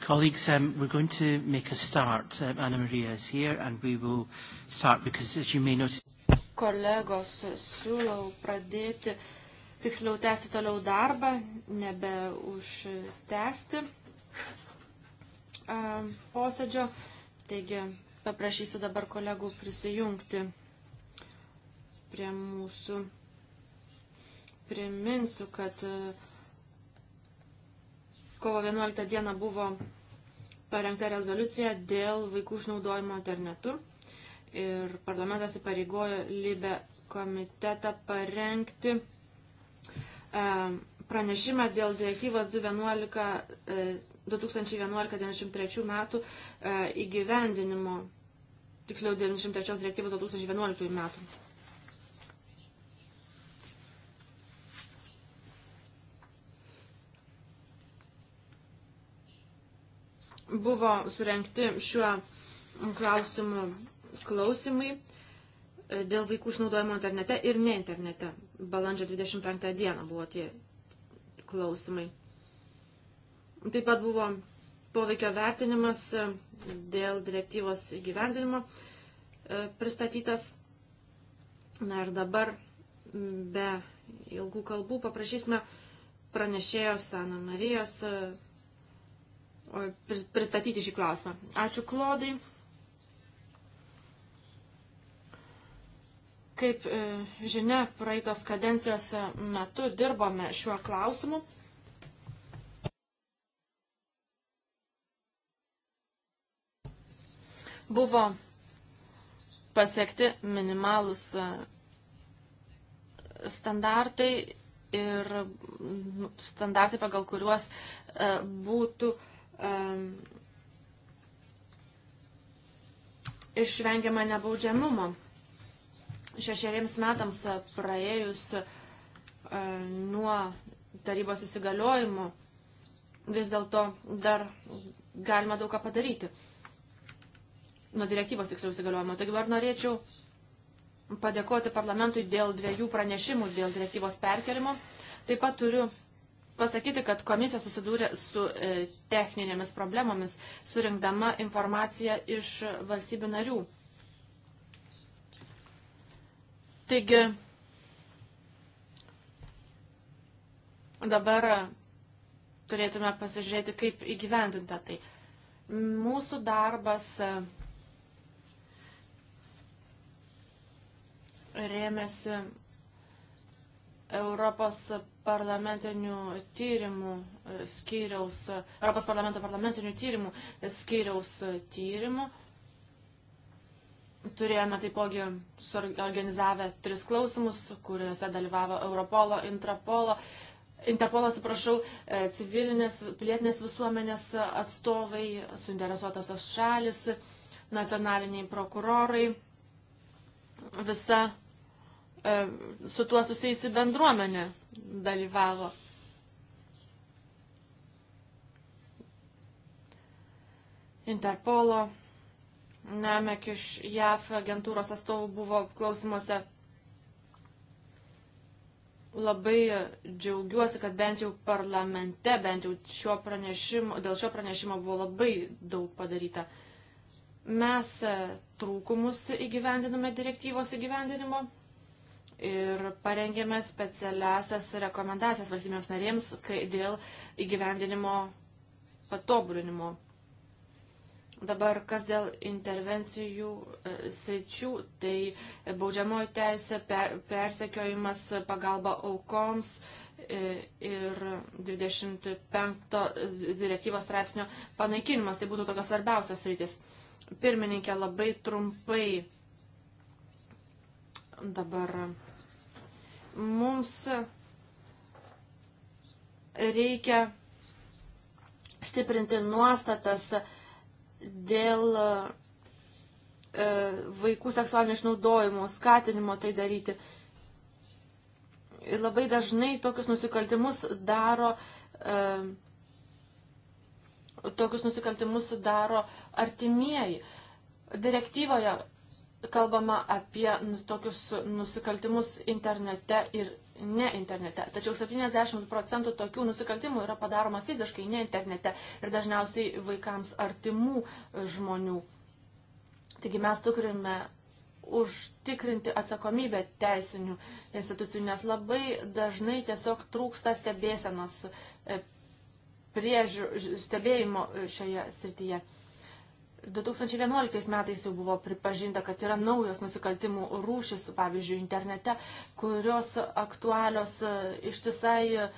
Colleagues, um, we're going to make a start. Um, Anna Maria is here and we will start because as you may notice... Kolegos, siūlau pradėti, tiksliau tęsti toliau darbą, nebe užtęsti um, posėdžio. Taigi, paprašysiu dabar kolegų prisijungti prie mūsų. Priminsiu, kad uh, Kovo 11 dieną buvo parengta rezoliucija dėl vaikų išnaudojimo internetu ir parlamentas įpareigojo Libe komitetą parengti e, pranešimą dėl direktyvos 2011-93 e, metų e, įgyvendinimo, tiksliau 93 direktyvos 2011 metų Buvo surenkti šiuo klausimu klausimai e, dėl vaikų išnaudojimo internete ir ne internete. Balandžio 25 dieną buvo tie klausimai. Taip pat buvo poveikio vertinimas e, dėl direktyvos įgyvendinimo e, pristatytas. Na ir dabar be ilgų kalbų paprašysime pranešėjos Ana Marijos pristatyti šį klausimą. Ačiū Klodai. Kaip e, žinia, praeitos kadencijos metu dirbome šiuo klausimu. Buvo pasiekti minimalus e, standartai ir standartai, pagal kuriuos e, būtų uh, um, išvengiama nebaudžiamumo. Šešeriems metams praėjus um, nuo tarybos įsigaliojimo vis dėlto dar galima daug ką padaryti. Nuo direktyvos tiksliau įsigaliojimo. Taigi dar norėčiau padėkoti parlamentui dėl dviejų pranešimų dėl direktyvos perkelimo. Taip pat turiu pasakyti, kad komisija susidūrė su e, techninėmis problemomis, surinkdama informaciją iš valstybių narių. Taigi, dabar turėtume pasižiūrėti, kaip įgyvendinta tai. Mūsų darbas e, rėmėsi Europos parlamentinių tyrimų e, skyriaus, e, Europos parlamento parlamentinių tyrimų e, skyriaus tyrimų. Turėjome taipogi organizavę tris klausimus, kuriuose dalyvavo Europolo, Intrapolo, Interpolo, atsiprašau, civilinės, pilietinės visuomenės atstovai, suinteresuotosios šalis, nacionaliniai prokurorai, visa E, su tuo susijusi bendruomenė dalyvavo. Interpolo, Namek iš JAF agentūros atstovų buvo klausimuose. Labai džiaugiuosi, kad bent jau parlamente, bent jau šio pranešimo, dėl šio pranešimo buvo labai daug padaryta. Mes e, trūkumus įgyvendiname direktyvos įgyvendinimo ir parengėme specialiasias rekomendacijas valstybėms narėms dėl įgyvendinimo patobulinimo. Dabar kas dėl intervencijų e, sričių, tai baudžiamoji teisė, persekiojimas, pagalba aukoms e, ir 25 direktyvos straipsnio panaikinimas, tai būtų tokios svarbiausios rytis. Pirmininkė labai trumpai dabar mums reikia stiprinti nuostatas dėl e, vaikų seksualinio išnaudojimo, skatinimo tai daryti. Ir labai dažnai tokius nusikaltimus daro e, tokius nusikaltimus daro artimieji. Direktyvoje kalbama apie nu, tokius nusikaltimus internete ir ne internete. Tačiau 70 procentų tokių nusikaltimų yra padaroma fiziškai, ne internete ir dažniausiai vaikams artimų žmonių. Taigi mes turime užtikrinti atsakomybę teisinių institucijų, nes labai dažnai tiesiog trūksta stebėsenos e, priežių, stebėjimo šioje srityje. 2011 metais jau buvo pripažinta, kad yra naujos nusikaltimų rūšis, pavyzdžiui, internete, kurios aktualios e, ištisai e,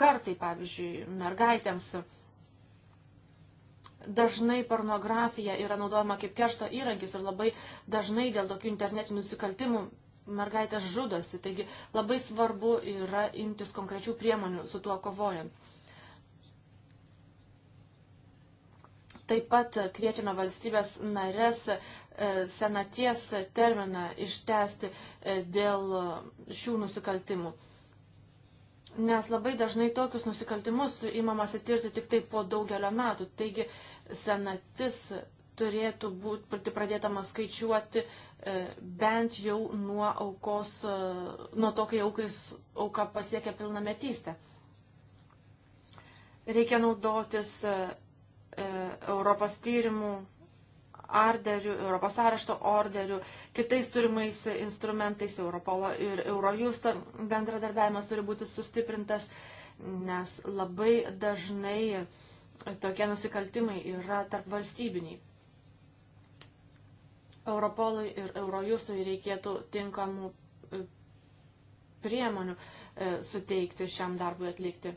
kartai, pavyzdžiui, mergaitėms. Dažnai pornografija yra naudojama kaip keršto įrankis ir labai dažnai dėl tokių internetinių nusikaltimų mergaitės žudosi. Taigi labai svarbu yra imtis konkrečių priemonių su tuo kovojant. Taip pat kviečiame valstybės narės e, senaties terminą ištesti e, dėl šių nusikaltimų. Nes labai dažnai tokius nusikaltimus įmamasi tirti tik tai po daugelio metų. Taigi senatis turėtų būti pradėtama skaičiuoti e, bent jau nuo aukos, nuo to, kai aukais, auka pasiekia pilnametystę. Reikia naudotis E, Europos tyrimų orderių, Europos arešto orderių, kitais turimais instrumentais Europolo ir Eurojusto bendradarbiavimas turi būti sustiprintas, nes labai dažnai tokie nusikaltimai yra tarp valstybiniai. Europolui ir Eurojustui reikėtų tinkamų e, priemonių e, suteikti šiam darbui atlikti.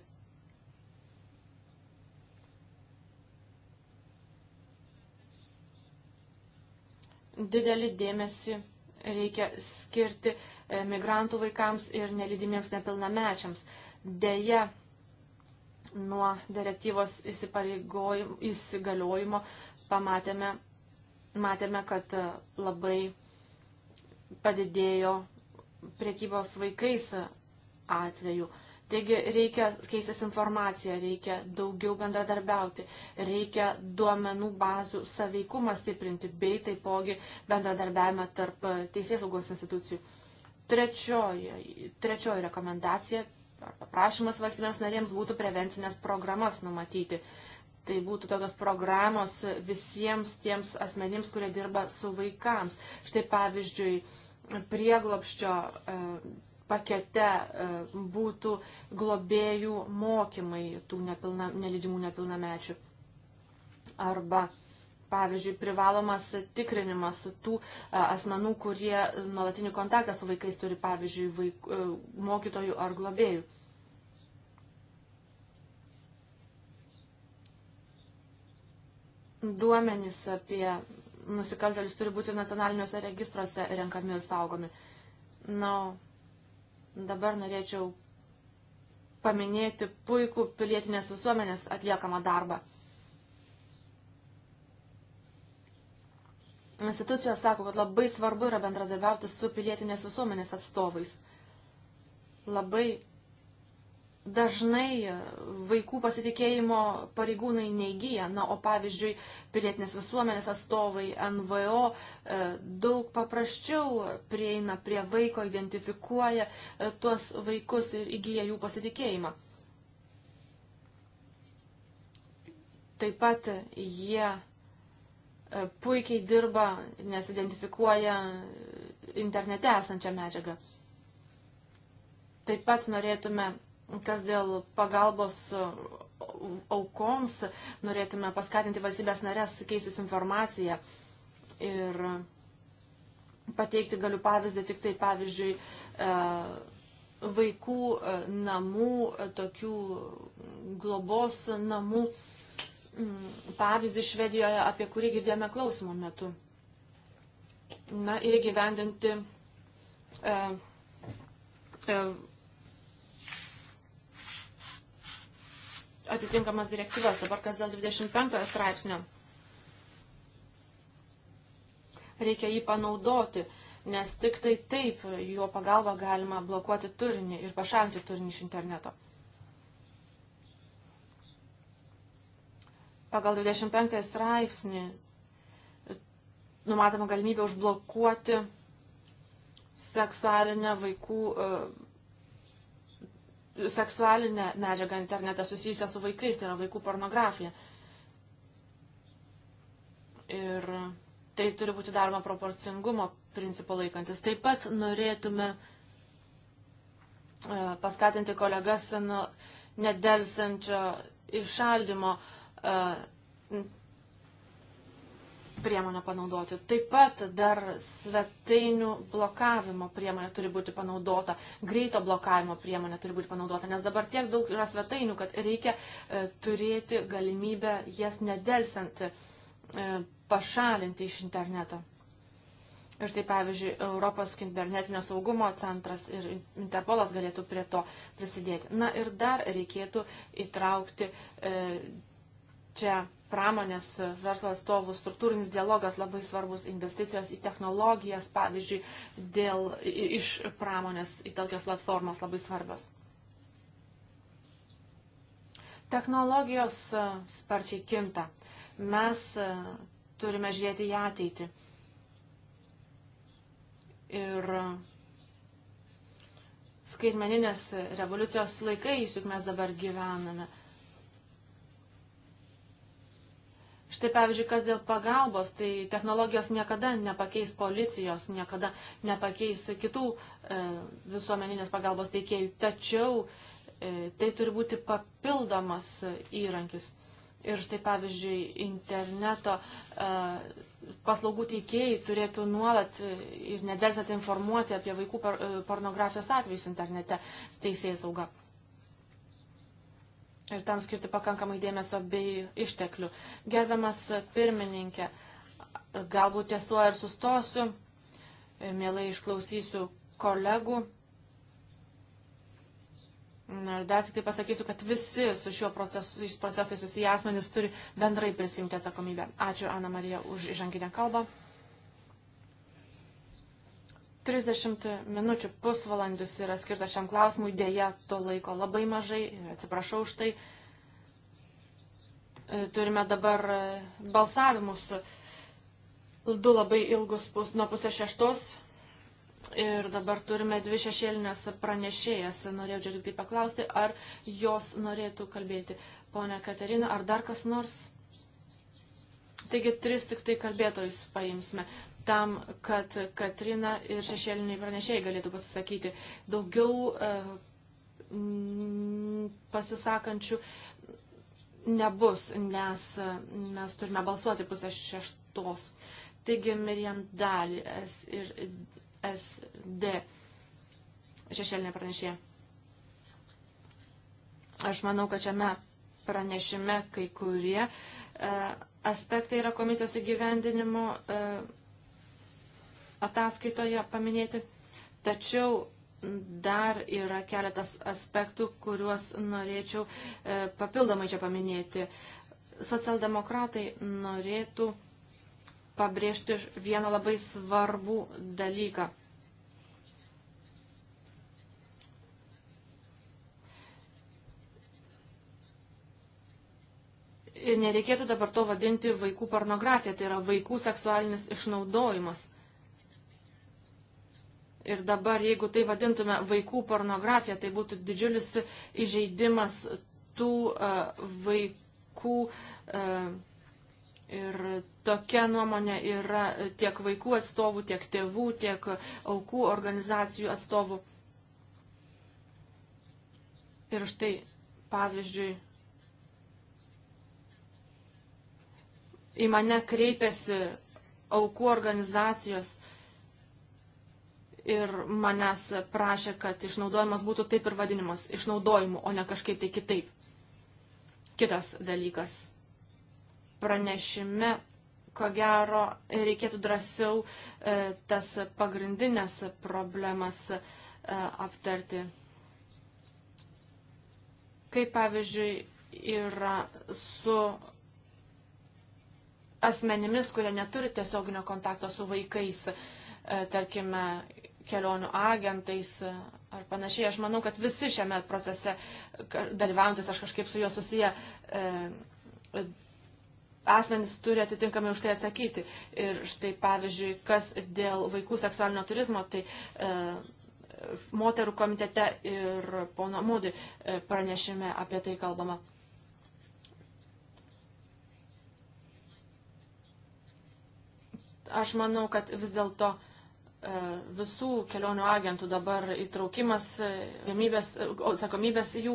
didelį dėmesį reikia skirti e, migrantų vaikams ir nelydimiems nepilnamečiams. Deja, nuo direktyvos įsigaliojimo pamatėme, matėme, kad e, labai padidėjo priekybos vaikais e, atveju. Taigi reikia keistis informaciją, reikia daugiau bendradarbiauti, reikia duomenų bazų saveikumą stiprinti, bei taipogi bendradarbiavimą tarp e, teisėsaugos institucijų. Trečioji, trečioji rekomendacija arba prašymas valstybėms narėms būtų prevencinės programas numatyti. Tai būtų tokios programos visiems tiems asmenims, kurie dirba su vaikams. Štai pavyzdžiui, prieglopščio e, pakete e, būtų globėjų mokymai tų nepilna, nelydimų nepilnamečių. Arba, pavyzdžiui, privalomas tikrinimas tų e, asmenų, kurie nuolatinį kontaktą su vaikais turi, pavyzdžiui, vaik, e, mokytojų ar globėjų. Duomenys apie nusikaltėlius turi būti nacionaliniuose registruose renkami ir saugomi. Na, no Dabar norėčiau paminėti puikų pilietinės visuomenės atliekamą darbą. Institucijos sako, kad labai svarbu yra bendradarbiauti su pilietinės visuomenės atstovais. Labai dažnai vaikų pasitikėjimo pareigūnai neįgyja. Na, o pavyzdžiui, pilietinės visuomenės atstovai NVO e, daug paprasčiau prieina prie vaiko, identifikuoja e, tuos vaikus ir įgyja jų pasitikėjimą. Taip pat jie e, puikiai dirba, nes identifikuoja internete esančią medžiagą. Taip pat norėtume Kas dėl pagalbos aukoms, norėtume paskatinti valstybės narės keistis informaciją ir pateikti galiu pavyzdį tik tai pavyzdžiui e, vaikų e, namų, e, tokių globos namų mm, pavyzdį Švedijoje, apie kurį girdėjome klausimo metu. Na ir įgyvendinti e, e, atitinkamas direktyvas. Dabar kas dėl 25 straipsnio. Reikia jį panaudoti, nes tik tai taip jo pagalba galima blokuoti turinį ir pašalinti turinį iš interneto. Pagal 25 straipsnį numatoma galimybė užblokuoti seksualinę vaikų e, seksualinę medžiagą internete susijusią su vaikais, tai yra vaikų pornografija. Ir tai turi būti daroma proporcingumo principo laikantis. Taip pat norėtume e, paskatinti kolegas nuo nedelsančio išaldimo e, priemonę panaudoti. Taip pat dar svetainių blokavimo priemonė turi būti panaudota, greito blokavimo priemonė turi būti panaudota, nes dabar tiek daug yra svetainių, kad reikia e, turėti galimybę jas nedelsiant e, pašalinti iš interneto. Ir štai pavyzdžiui, Europos kibernetinio saugumo centras ir Interpolas galėtų prie to prisidėti. Na ir dar reikėtų įtraukti. E, čia pramonės verslo atstovų struktūrinis dialogas labai svarbus, investicijos į technologijas, pavyzdžiui, dėl, iš pramonės į tokias platformas labai svarbios. Technologijos e, sparčiai kinta. Mes e, turime žiūrėti į ateitį. Ir e, skaitmeninės revoliucijos laikais, juk mes dabar gyvename. Štai pavyzdžiui, kas dėl pagalbos, tai technologijos niekada nepakeis policijos, niekada nepakeis kitų e, visuomeninės pagalbos teikėjų, tačiau e, tai turi būti papildomas įrankis. Ir štai pavyzdžiui, interneto e, paslaugų teikėjai turėtų nuolat ir nedelsat informuoti apie vaikų par, e, pornografijos atvejus internete teisėjai sauga ir tam skirti pakankamai dėmesio bei išteklių. Gerbiamas pirmininkė, galbūt ties tuo ir sustosiu, mielai išklausysiu kolegų. Na, ir dar tik tai pasakysiu, kad visi su šiuo procesu, procesais susiję asmenys turi bendrai prisimti atsakomybę. Ačiū, Ana Marija, už įžanginę kalbą. 30 minučių pusvalandis yra skirtas šiam klausimui, dėja to laiko labai mažai, atsiprašau už tai. E, turime dabar balsavimus, du labai ilgus pus, nuo pusės šeštos ir dabar turime dvi šešėlinės pranešėjas. Norėjau čia tik tai paklausti, ar jos norėtų kalbėti. Pone Katerina, ar dar kas nors? Taigi tris tik tai kalbėtojus paimsime tam, kad Katrina ir šešėliniai pranešėjai galėtų pasisakyti. Daugiau e, pasisakančių nebus, nes eh, mes turime balsuoti pusę šeštos. Taigi Miriam Dali S ir SD šešėlinė pranešėja. Aš manau, kad šiame pranešime kai kurie e, aspektai yra komisijos įgyvendinimo e, ataskaitoje paminėti. Tačiau dar yra keletas aspektų, kuriuos norėčiau e, papildomai čia paminėti. Socialdemokratai norėtų pabrėžti vieną labai svarbų dalyką. Ir nereikėtų dabar to vadinti vaikų pornografija, tai yra vaikų seksualinis išnaudojimas. Ir dabar, jeigu tai vadintume vaikų pornografija, tai būtų didžiulis įžeidimas tų uh, vaikų. Uh, ir tokia nuomonė yra tiek vaikų atstovų, tiek tėvų, tiek aukų organizacijų atstovų. Ir štai, pavyzdžiui, į mane kreipiasi aukų organizacijos uh, ir manęs prašė, kad išnaudojimas būtų taip ir vadinimas - išnaudojimu, o ne kažkaip tai kitaip. Kitas dalykas. Pranešime, ko gero, reikėtų drąsiau e, tas pagrindinės problemas e, aptarti. Kaip pavyzdžiui yra su asmenimis, kurie neturi tiesioginio kontakto su vaikais, e, tarkime, kelionių agentais e, ar panašiai. Aš manau, kad visi šiame procese dalyvaujantis, aš kažkaip su juo susiję, e, e, asmenys turi atitinkamai už tai atsakyti. Ir štai pavyzdžiui, kas dėl vaikų seksualinio turizmo, tai e, moterų komitete ir pono Mūdi e, pranešime apie tai kalbama. Aš manau, kad vis dėlto e, E, visų kelionių agentų dabar įtraukimas, e, e, atsakomybės jų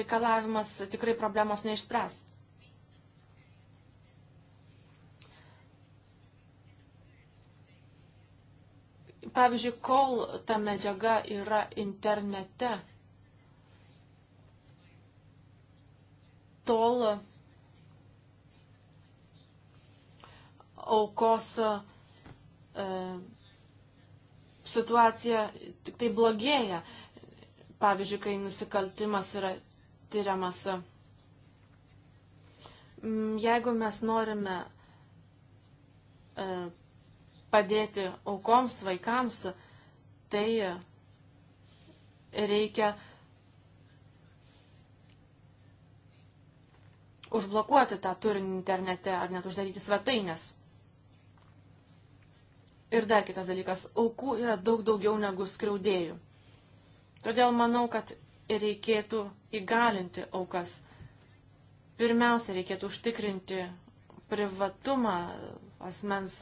reikalavimas tikrai problemos neišspręs. Pavyzdžiui, kol ta medžiaga yra internete, tol aukos e, situacija tik tai blogėja. Pavyzdžiui, kai nusikaltimas yra tyriamas. Mm, jeigu mes norime e, padėti aukoms, vaikams, tai reikia užblokuoti tą turinį internete ar net uždaryti svetainės. Ir dar kitas dalykas, aukų yra daug daugiau negu skriaudėjų. Todėl manau, kad reikėtų įgalinti aukas. Pirmiausia, reikėtų užtikrinti privatumą, asmens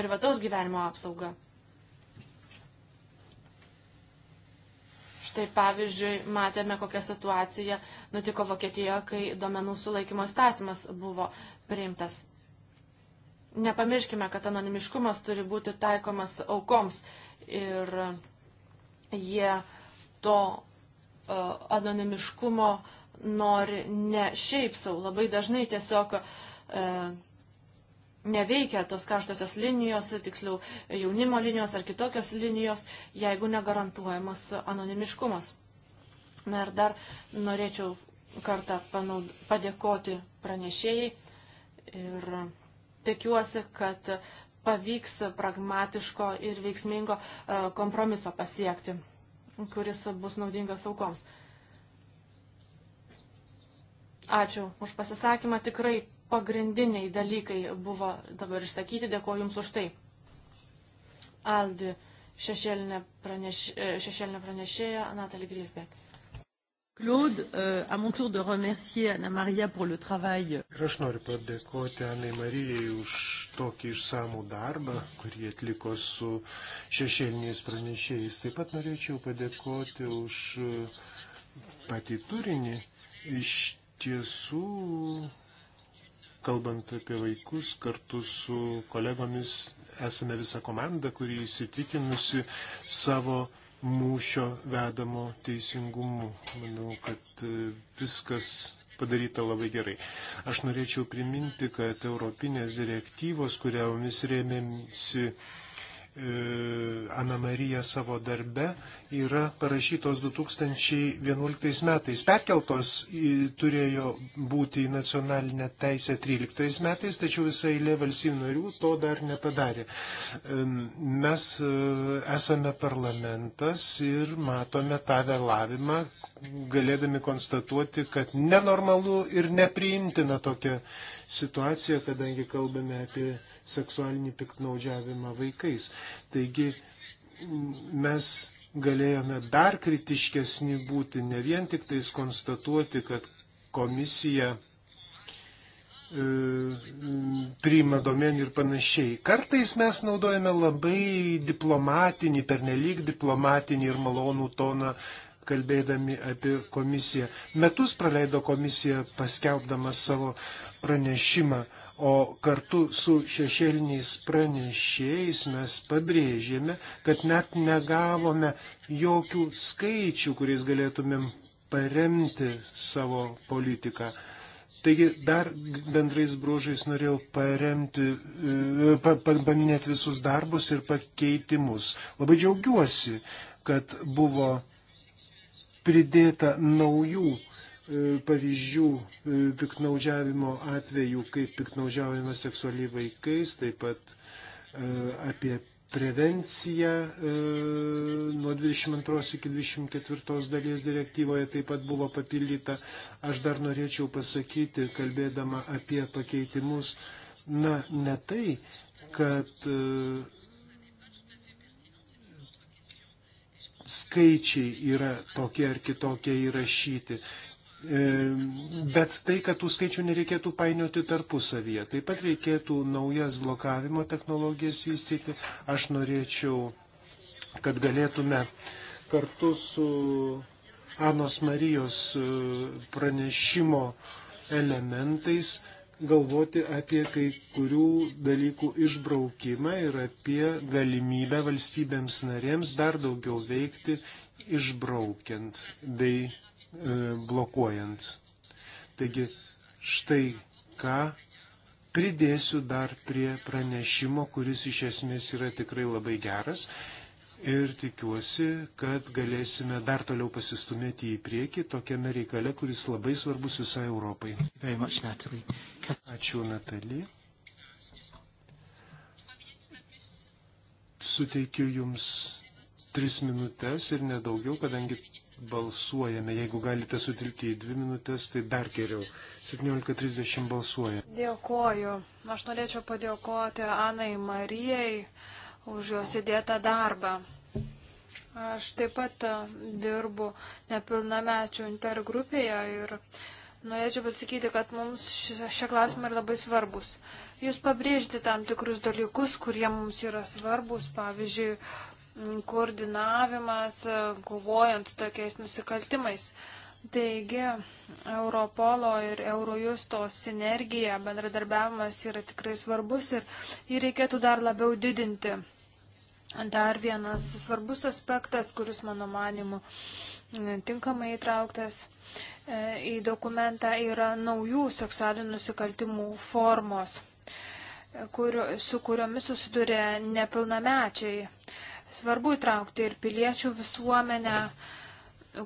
privataus gyvenimo apsaugą. Štai pavyzdžiui, matėme, kokia situacija nutiko Vokietijoje, kai domenų sulaikymo statymas buvo priimtas. Nepamirškime, kad anonimiškumas turi būti taikomas aukoms ir jie to e, anonimiškumo nori ne šiaip savo. Labai dažnai tiesiog e, neveikia tos karštosios linijos, tiksliau jaunimo linijos ar kitokios linijos, jeigu negarantuojamas anonimiškumas. Na ir dar norėčiau kartą panaud... padėkoti pranešėjai ir tikiuosi, kad pavyks pragmatiško ir veiksmingo e, kompromiso pasiekti, kuris bus naudingas aukoms. Ačiū už pasisakymą. Tikrai pagrindiniai dalykai buvo dabar išsakyti. Dėkuoju Jums už tai. Aldi šešėlinė, praneš, e, šešėlinė pranešėja Natalija Grisbek. Claude, euh, à mon tour de remercier Anna Maria pour le travail. Ir aš noriu padėkoti Anai Marijai už tokį išsamų darbą, kurį atliko su šešėliniais pranešėjais. Taip pat norėčiau padėkoti už uh, patį turinį. Iš tiesų, kalbant apie vaikus, kartu su kolegomis esame visa komanda, kuri įsitikinusi savo mūšio vedamo teisingumu. Manau, kad e, viskas padaryta labai gerai. Aš norėčiau priminti, kad Europinės direktyvos, kuriomis rėmėmsi E, Ana Marija savo darbe yra parašytos 2011 metais. Perkeltos turėjo būti į nacionalinę teisę 13 metais, tačiau visa eilė valstybių narių to dar nepadarė. E, mes e, esame parlamentas ir matome tą vėlavimą, galėdami konstatuoti, kad nenormalu ir nepriimtina tokia situacija, kadangi kalbame apie seksualinį piknaudžiavimą vaikais. Taigi mes galėjome dar kritiškesni būti, ne vien tik tais konstatuoti, kad komisija e, priima domenį ir panašiai. Kartais mes naudojame labai diplomatinį, pernelyg diplomatinį ir malonų toną kalbėdami apie komisiją. Metus praleido komisija paskelbdama savo pranešimą, o kartu su šešėliniais pranešėjais mes pabrėžėme, kad net negavome jokių skaičių, kuriais galėtumėm paremti savo politiką. Taigi dar bendrais bruožais norėjau paremti, e, pa, pa, paminėti visus darbus ir pakeitimus. Labai džiaugiuosi, kad buvo pridėta naujų e, pavyzdžių e, piknaudžiavimo atvejų, kaip piknaudžiaujama seksualiai vaikais, taip pat e, apie prevenciją nuo 22 iki 24 dalies direktyvoje taip pat buvo papildyta. Aš dar norėčiau pasakyti, kalbėdama apie pakeitimus, na, ne tai, kad skaičiai yra tokie ar kitokie įrašyti. E, bet tai, kad tų skaičių nereikėtų painioti tarpusavyje. Taip pat reikėtų naujas blokavimo technologijas vystyti. Aš norėčiau, kad galėtume kartu su Anos Marijos e, pranešimo elementais galvoti apie kai kurių dalykų išbraukimą ir apie galimybę valstybėms narėms dar daugiau veikti išbraukiant bei e, blokuojant. Taigi štai ką pridėsiu dar prie pranešimo, kuris iš esmės yra tikrai labai geras ir tikiuosi, kad galėsime dar toliau pasistumėti į priekį tokiame reikale, kuris labai svarbus visai Europai. Much, Natalie. Ačiū, Natalija. Suteikiu Jums tris minutės ir nedaugiau, kadangi balsuojame. Jeigu galite sutilpti į dvi minutės, tai dar geriau. 17.30 balsuoja. Dėkoju. Aš norėčiau padėkoti Anai Marijai už jos įdėtą darbą. Aš taip pat e, dirbu nepilnamečių intergrupėje ir norėčiau pasakyti, kad mums šie klausimai yra labai svarbus. Jūs pabrėžti tam tikrus dalykus, kurie mums yra svarbus, pavyzdžiui, koordinavimas, e, kovojant tokiais nusikaltimais. Uh, Taigi, Europolo ir Eurojusto sinergija, bendradarbiavimas yra tikrai svarbus ir jį reikėtų dar labiau didinti. Dar vienas svarbus aspektas, kuris mano manimu e, tinkamai įtrauktas e, į dokumentą, yra naujų seksualinių nusikaltimų formos, kur, su kuriomis susiduria nepilnamečiai. Svarbu įtraukti ir piliečių visuomenę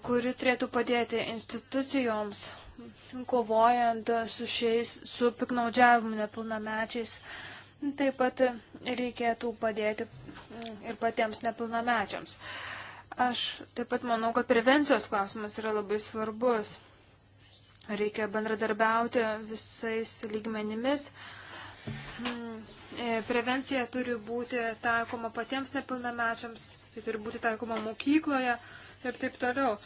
kuri turėtų padėti institucijoms kovojant su šiais, su piknaudžiavimu nepilnamečiais. Taip pat reikėtų padėti ir patiems nepilnamečiams. Aš taip pat manau, kad prevencijos klausimas yra labai svarbus. Reikia bendradarbiauti visais lygmenimis. E, prevencija turi būti taikoma patiems nepilnamečiams, tai turi būti taikoma mokykloje, ir taip toliau.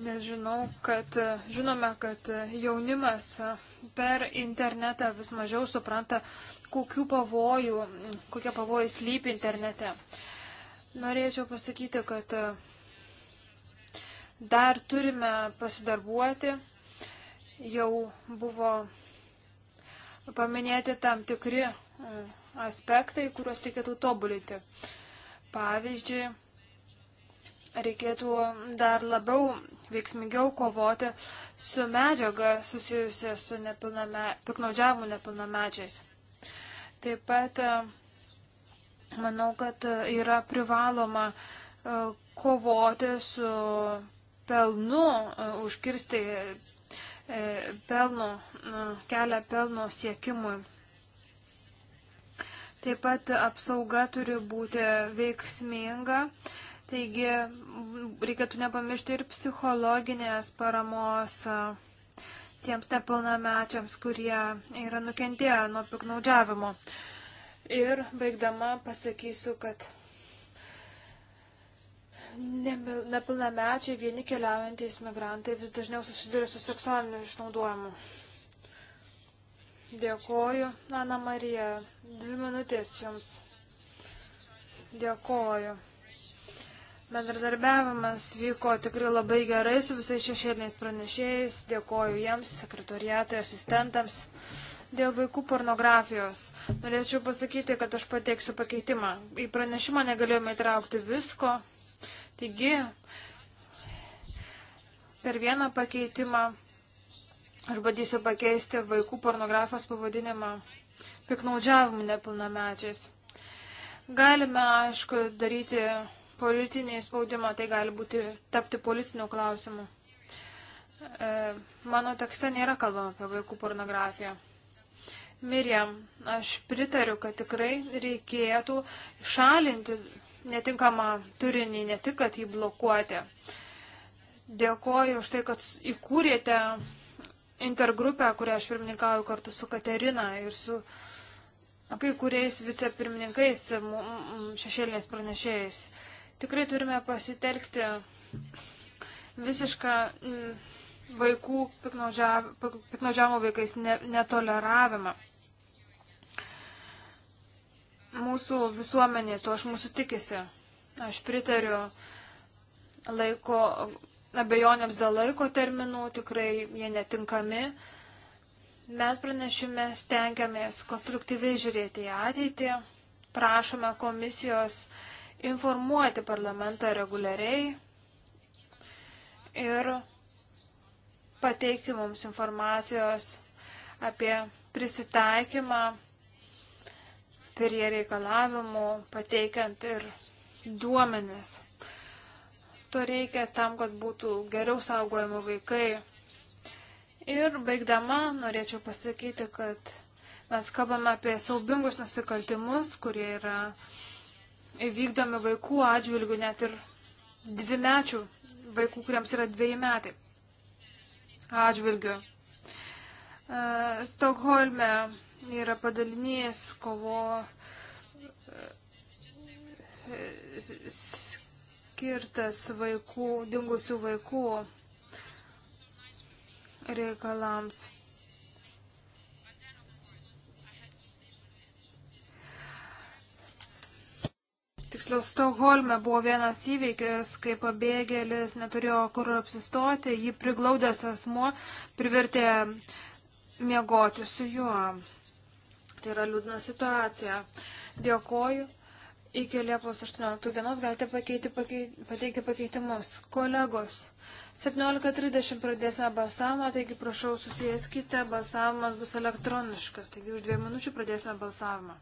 Nes žinau, kad žinome, kad jaunimas per internetą vis mažiau supranta, kokių pavojų, kokie pavojai slypi internete. Norėčiau pasakyti, kad dar turime pasidarbuoti. Jau buvo paminėti tam tikri e, aspektai, kuriuos reikėtų tobulinti. Pavyzdžiui, reikėtų dar labiau veiksmingiau kovoti su medžiaga susijusia su nepilname, piknaudžiavimu nepilnamečiais. Taip pat e, manau, kad e, yra privaloma e, kovoti su pelnu, užkirsti pelno, kelią pelno siekimui. Taip pat apsauga turi būti veiksminga Taigi reikėtų nepamiršti ir psichologinės paramos tiems nepilnamečiams, kurie yra nukentėję nuo piknaudžiavimo. Ir baigdama pasakysiu, kad nepilnamečiai vieni keliaujantys migrantai vis dažniau susiduria su seksualiniu išnaudojimu. Dėkoju, Ana Marija. Dvi minutės jums. Dėkoju. Bendradarbiavimas vyko tikrai labai gerai su visais šešėliniais pranešėjais. Dėkoju jiems, sekretoriatui, asistentams. Dėl vaikų pornografijos. Norėčiau pasakyti, kad aš pateiksiu pakeitimą. Į pranešimą negalėjome įtraukti visko. Taigi, per vieną pakeitimą aš bandysiu pakeisti vaikų pornografijos pavadinimą piknaudžiavimu nepilnamečiais. Galime, aišku, daryti politiniai spaudimo, tai gali būti tapti politiniu klausimu. E, mano tekste nėra kalbama apie vaikų pornografiją. Mirjam, aš pritariu, kad tikrai reikėtų šalinti netinkamą turinį, ne tik, kad jį blokuoti. Dėkoju už tai, kad įkūrėte intergrupę, kurią aš pirmininkauju kartu su Katerina ir su kai kuriais vicepirmininkais, šešėlinės pranešėjais. Tikrai turime pasitelkti visišką mm, vaikų piknaudžiavimo vaikais netoleravimą. Mūsų visuomenė to aš mūsų tikisi. Aš pritariu laiko abejonėms dėl laiko terminų, tikrai jie netinkami. Mes pranešime stengiamės konstruktyviai žiūrėti į ateitį, prašome komisijos uh, informuoti parlamentą reguliariai ir pateikti mums informacijos apie prisitaikymą prie reikalavimų, pateikiant ir duomenis. To reikia tam, kad būtų geriau saugojami vaikai. Ir baigdama norėčiau pasakyti, kad mes kalbame apie saubingus nusikaltimus, kurie yra uh, vykdomi vaikų atžvilgių, net ir dvimečių vaikų, kuriems yra dviejai metai atžvilgių. E, Stokholme yra padalinys kovo e, skirtas vaikų, dingusių vaikų reikalams. tiksliau Stokholme buvo vienas įvykis, kai pabėgėlis neturėjo kur apsistoti, jį priglaudęs asmuo privertė miegoti su juo. Tai yra liūdna situacija. Dėkoju. Iki Liepos 18 dienos galite pakeiti, pakei, pateikti pakeitimus. Kolegos, 17.30 pradėsime balsavimą, taigi prašau susijęskite, balsavimas bus elektroniškas, taigi už dviejų minučių pradėsime balsavimą.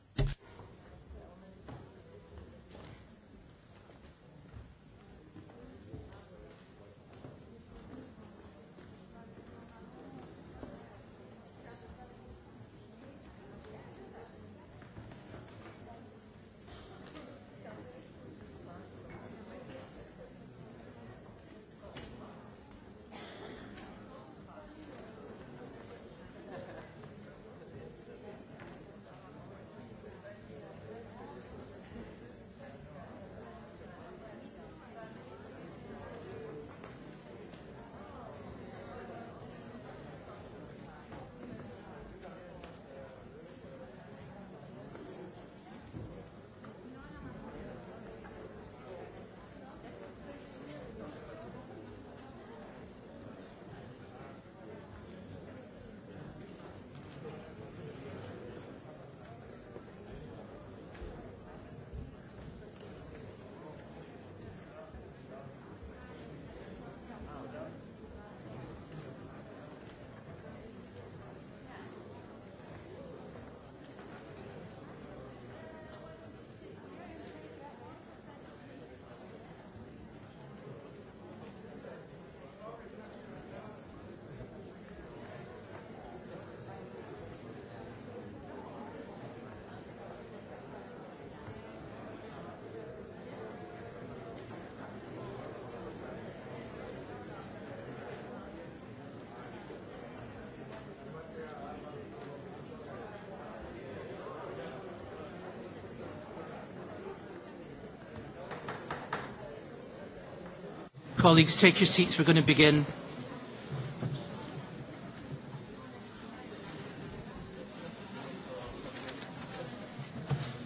Colleagues, take your seats. We're going to begin.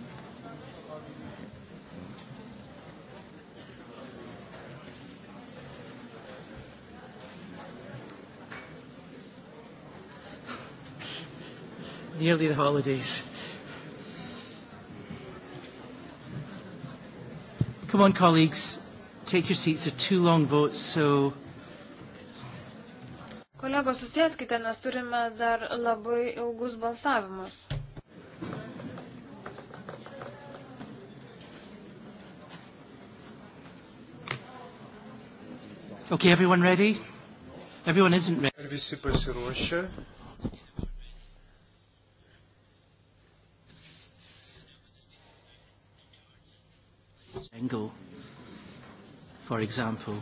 Nearly the holidays. Come on, colleagues. Take your seats, they're two long votes, so... Kolegos, susėskite, nes turime dar labai ilgus balsavimus. Okay, everyone ready? Everyone isn't ready. Ar visi pasiruošę? for example.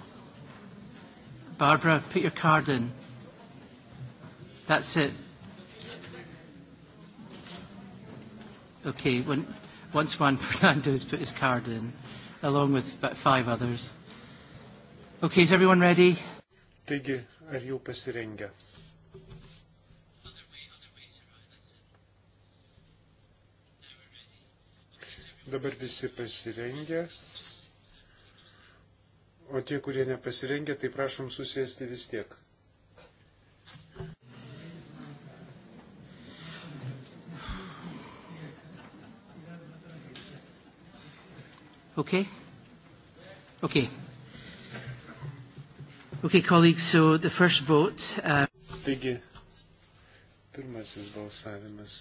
Barbara, put your card in. That's it. Okay, when, once Juan Fernando has put his card in, along with about five others. Okay, is everyone ready? Taigi, ar jau pasirengę? Dabar visi pasirengę o tie, kurie nepasirengė, tai prašom susėsti vis tiek. Okay? Okay. Okay, colleagues, so the first vote. Uh... Taigi, pirmasis balsavimas.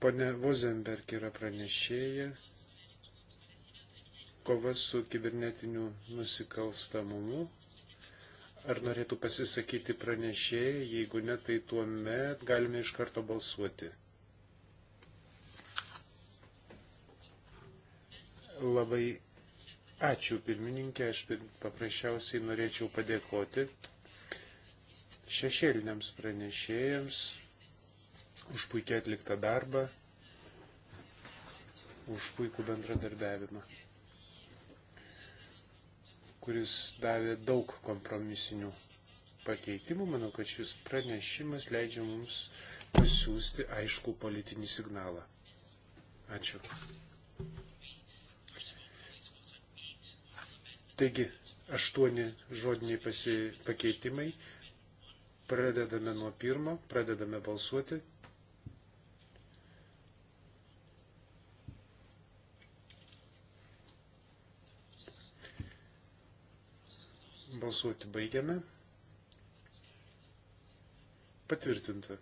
Pane Vozenberg yra pranešėja kova su kibernetiniu nusikalstamumu. Ar norėtų pasisakyti pranešėjai, jeigu ne, tai tuo met galime iš karto balsuoti. Labai ačiū pirmininkė, aš paprasčiausiai norėčiau padėkoti šešėliniams pranešėjams už puikiai atliktą darbą, už puikų bendradarbiavimą kuris davė daug kompromisinių pakeitimų. Manau, kad šis pranešimas leidžia mums pasiūsti aišku politinį signalą. Ačiū. Taigi, aštuoni žodiniai pasi... pakeitimai. Pradedame nuo pirmo, pradedame balsuoti. Balsuoti baigiame. Patvirtinta.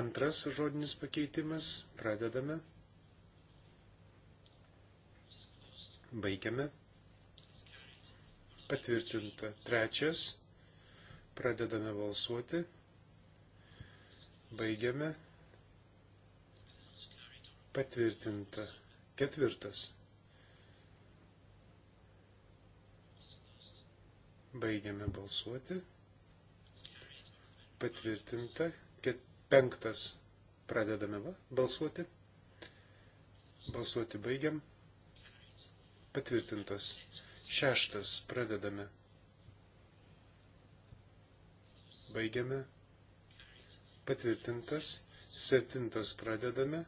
Antras žodinis pakeitimas. Pradedame. Baigiame. Patvirtinta. Trečias. Pradedame balsuoti. Baigiame. Patvirtinta. Ketvirtas. Baigiame balsuoti. Patvirtinta. Ket, penktas. Pradedame va, balsuoti. Balsuoti baigiam. Patvirtintas. Šeštas. Pradedame. Baigiame. Patvirtintas. Septintas pradedame.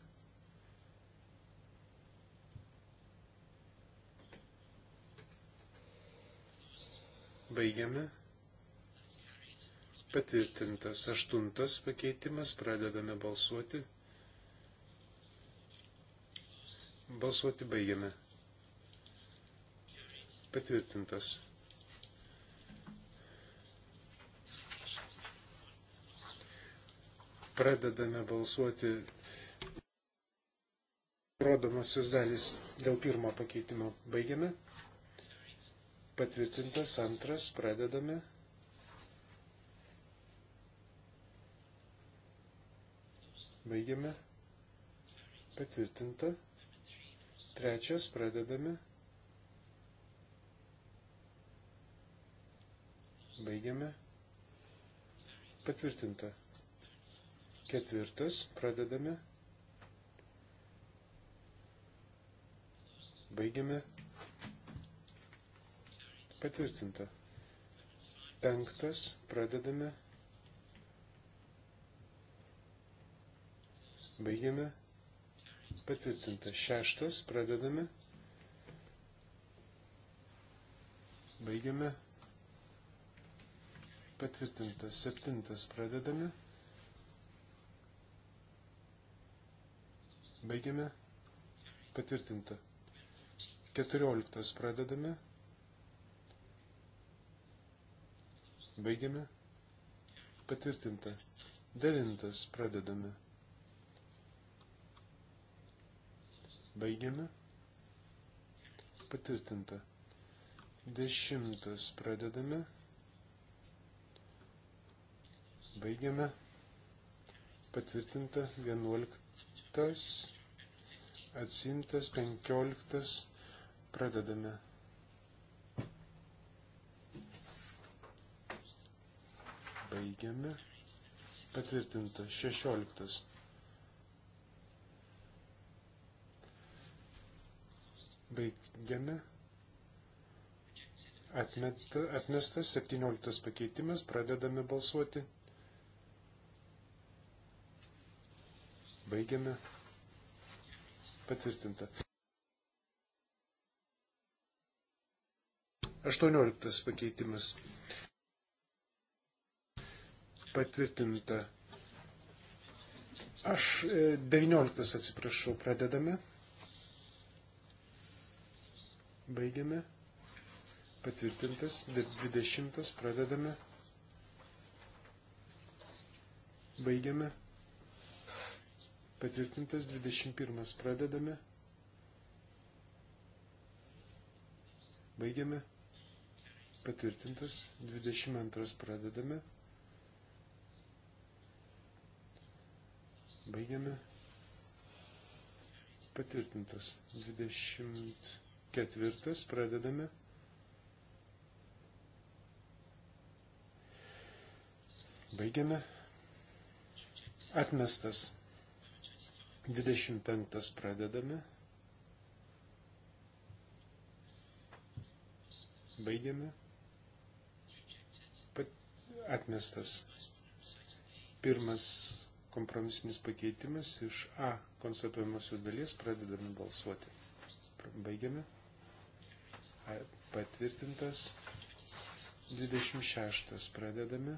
baigiame. Patvirtintas aštuntas pakeitimas, pradedame balsuoti. Balsuoti baigiame. Patvirtintas. Pradedame balsuoti rodomosios dalys dėl pirmo pakeitimo. Baigiame. Patvirtintas antras, pradedame. Baigiame. Patvirtinta. Trečias, pradedame. Baigiame. Patvirtinta. Ketvirtas, pradedame. Baigiame. Patvirtinta. Penktas. Pradedame. Baigiame. Patvirtinta. Šeštas. Pradedame. Baigiame. Patvirtinta. Septintas. Pradedame. Baigiame. Patvirtinta. Keturioliktas. Pradedame. Baigiame. Patvirtinta. Devintas. Pradedame. Baigiame. Patvirtinta. Dešimtas. Pradedame. Baigiame. Patvirtinta. Vienuoliktas. Atsimtas. Penkioliktas. Pradedame. Baigiame. Patvirtinta 16. Baigiame. Atmeta, atmestas 17 pakeitimas, pradedame balsuoti. Baigiame. Patvirtinta. 18 pakeitimas patvirtinta. Aš 19 e, atsiprašau, pradedame. Baigiame. Patvirtintas. 20 pradedame. Baigiame. Patvirtintas 21. Pradedame. Baigiame. Patvirtintas 22. Pradedame. Baigiame. Patvirtintas. 24. Pradedame. Baigiame. Atmestas. 25 pradedame. Baigiame. Pat atmestas. Pirmas kompromisinis pakeitimas iš A konstatuojamosios dalies pradedame balsuoti. Baigiame. A, patvirtintas. 26 pradedame.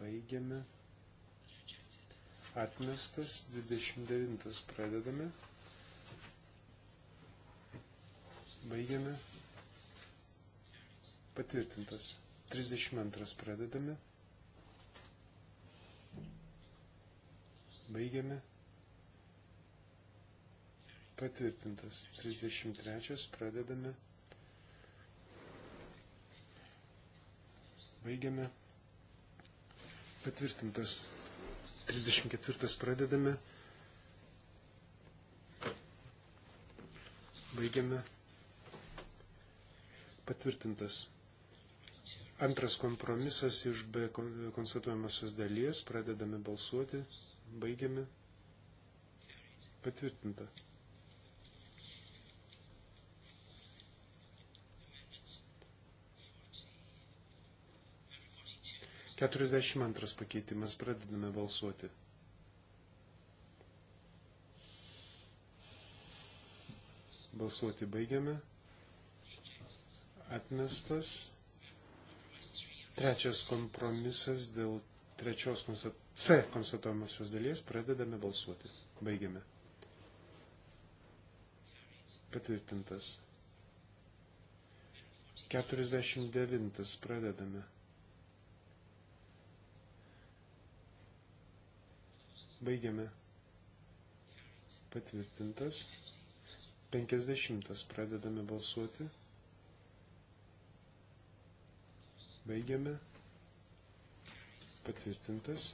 Baigiame. Atmestas. 29 pradedame. Baigiame. Patvirtintas. 32 pradedame. Baigiame. Patvirtintas. 33 pradedame. Baigiame. Patvirtintas. 34 pradedame. Baigiame. Patvirtintas. Antras kompromisas iš B konstatuojamosios dalies. Pradedame balsuoti. Baigiame. Patvirtinta. Keturiasdešimt antras pakeitimas. Pradedame balsuoti. Balsuoti baigiame. Atmestas. Trečias kompromisas dėl trečios konstat... C konstatuojamosios dalies pradedame balsuoti. Baigiame. Patvirtintas. 49 pradedame. Baigiame. Patvirtintas. 50 pradedame balsuoti. Baigiame. Patvirtintas.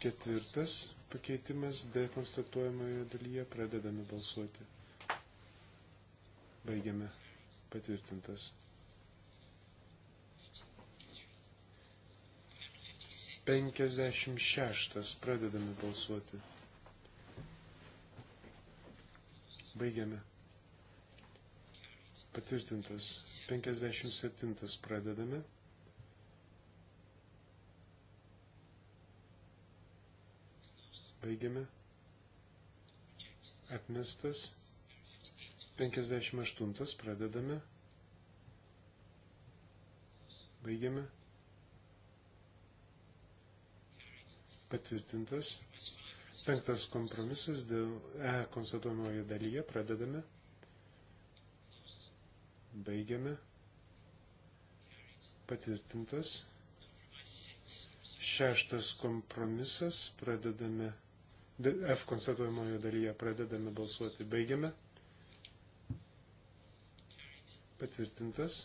Ketvirtas pakeitimas D konstatuojamoje dalyje. Pradedame balsuoti. Baigiame. Patvirtintas. Penkiasdešimt šeštas. Pradedame balsuoti. Baigiame. Patvirtintas. 57 pradedame. Baigiame. Atmestas. 58 pradedame. Baigiame. Patvirtintas. Penktas kompromisas dėl E konstatuojamoje dalyje pradedame. Baigiame. Patvirtintas. Šeštas kompromisas. Pradedame. F konstatuojamojo dalyje pradedame balsuoti. Baigiame. Patvirtintas.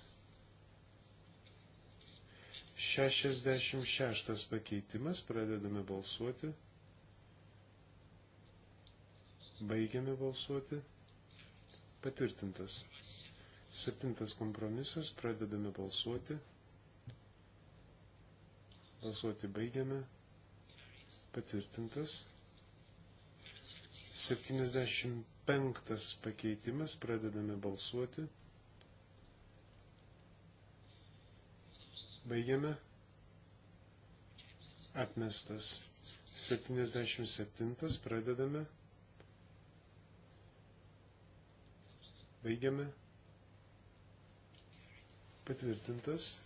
66 pakeitimas, pradedame balsuoti. Baigiame balsuoti. Patvirtintas. Septintas kompromisas, pradedame balsuoti. Balsuoti baigiame. Patvirtintas. 75 pakeitimas, pradedame balsuoti. Baigiame. Atmestas. 77 pradedame. Baigiame patvirtintas.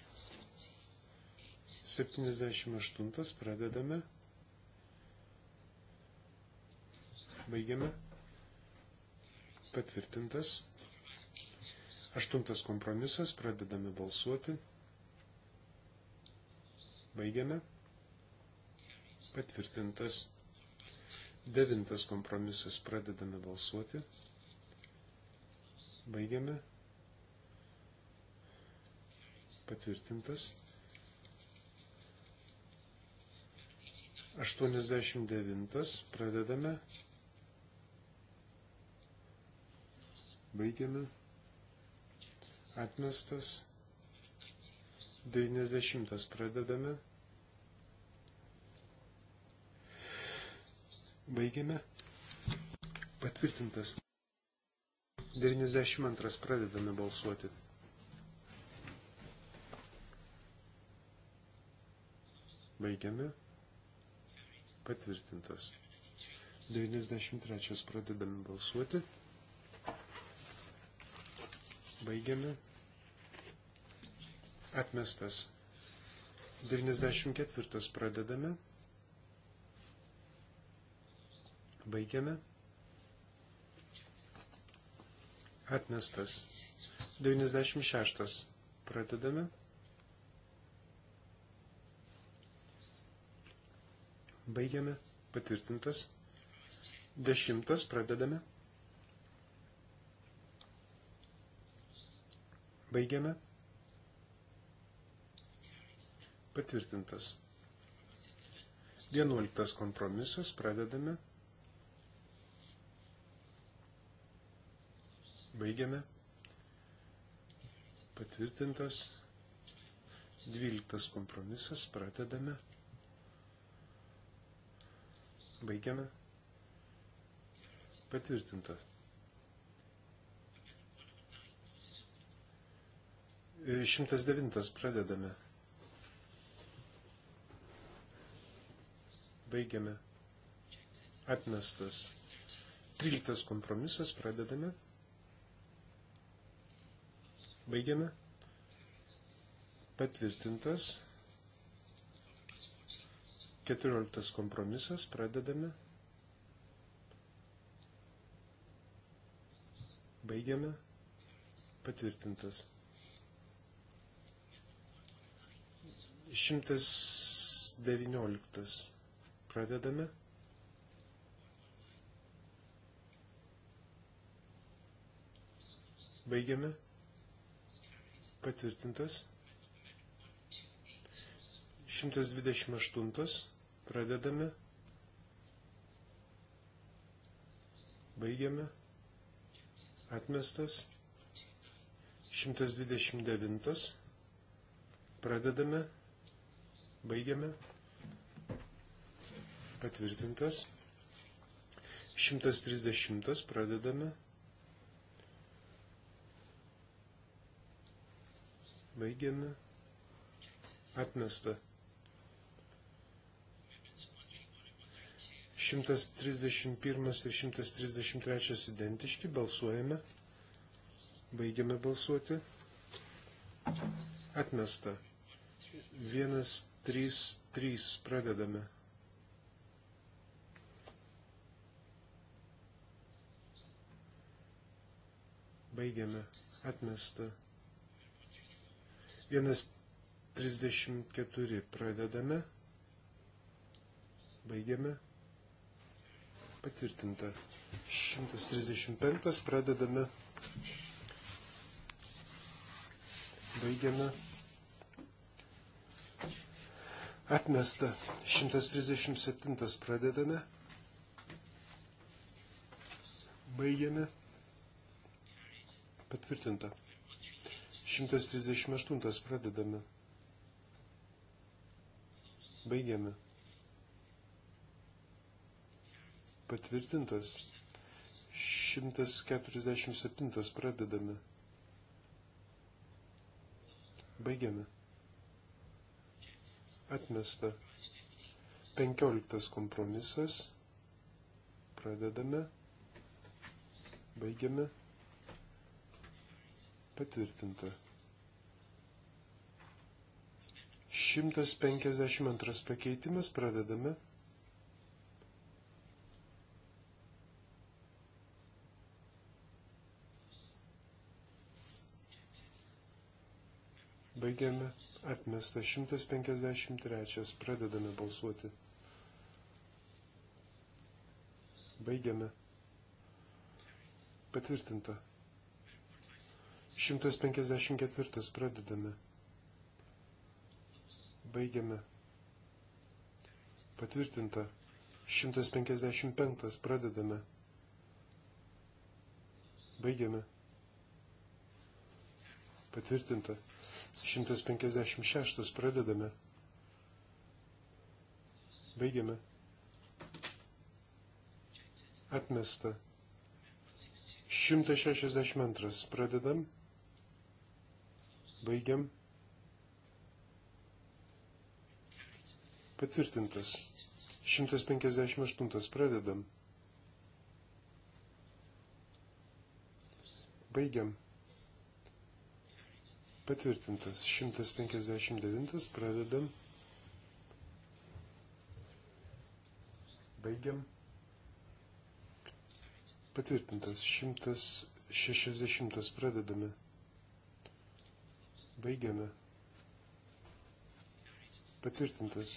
78 pradedame. Baigiame. Patvirtintas. Aštuntas kompromisas. Pradedame balsuoti. Baigiame. Patvirtintas. Devintas kompromisas. Pradedame balsuoti. Baigiame patvirtintas. 89 pradedame. Baigiame. Atmestas. 90 pradedame. Baigiame. Patvirtintas. 92 pradedame balsuoti. Baigiame. Patvirtintas. 93 pradedame balsuoti. Baigiame. Atmestas. 94 pradedame. Baigiame. Atmestas. 96 pradedame. baigiame, patvirtintas. Dešimtas pradedame. Baigiame. Patvirtintas. Vienuoliktas kompromisas pradedame. Baigiame. Patvirtintas. Dvyliktas kompromisas pradedame. Baigiame. Patvirtintas. E, šimtas devintas pradedame. Baigiame. Atmestas. Tryliktas kompromisas pradedame. Baigiame. Patvirtintas. 14 kompromisas, pradedame. Baigiame. Patvirtintas. 119. Pradedame. Baigiame. Patvirtintas. 128. Pradedame. Baigiame. Atmestas. 129. Pradedame. Baigiame. Patvirtintas. 130. Pradedame. Baigiame. Atmesta. 131 ir 133 identiški, balsuojame, baigiame balsuoti. Atmesta. 1, 3, 3 pradedame. Baigiame. Atmesta. 1, 34 pradedame. Baigiame Patvirtinta. 135 pradedame. Baigiame. Atmesta. 137 pradedame. Baigiame. Patvirtinta. 138 pradedame. Baigiame. patvirtintas. 147 pradedame. Baigiame. Atmesta. 15 kompromisas. Pradedame. Baigiame. Patvirtinta. 152 pakeitimas. Pradedame. Baigiame. Atmesta 153. Pradedame balsuoti. Baigiame. Patvirtinta. 154. Pradedame. Baigiame. Patvirtinta. 155. Pradedame. Baigiame. Patvirtinta. 156 pradedame. Baigiame. Atmesta. 162 pradedam. Baigiam. Patvirtintas. 158 pradedam. Baigiam. Patvirtintas 159, pradedam. Baigiam. Patvirtintas 160, pradedame. Baigiame. Patvirtintas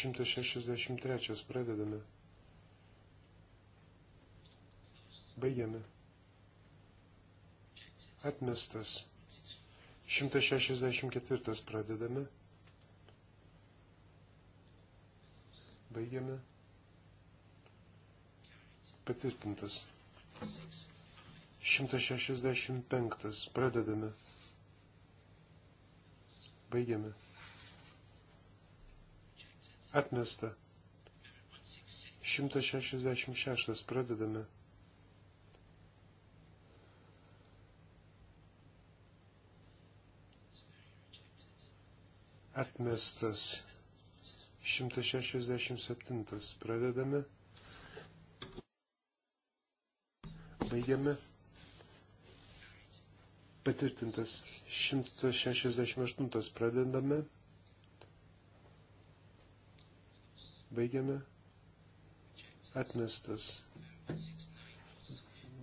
163, pradedame. Baigiame. Atmestas 164 pradedame. Baigiame. Patvirtintas. 165 pradedame. Baigiame. Atmesta. 166 pradedame. atmestas. 167. Pradedame. Baigiame. Patvirtintas. 168. Pradedame. Baigiame. Atmestas.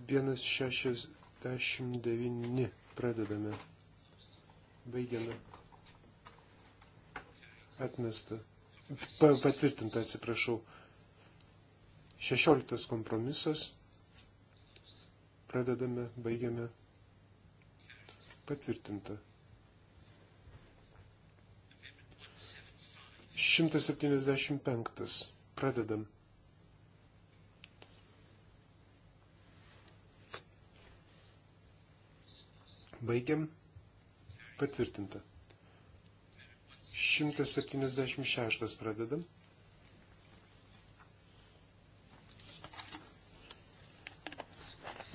169. Pradedame. Baigiame atmesta. Pa, patvirtinta, atsiprašau. Šešioliktas kompromisas. Pradedame, baigiame. Patvirtinta. 175. Pradedam. Baigiam. Patvirtinta. 176 pradedam.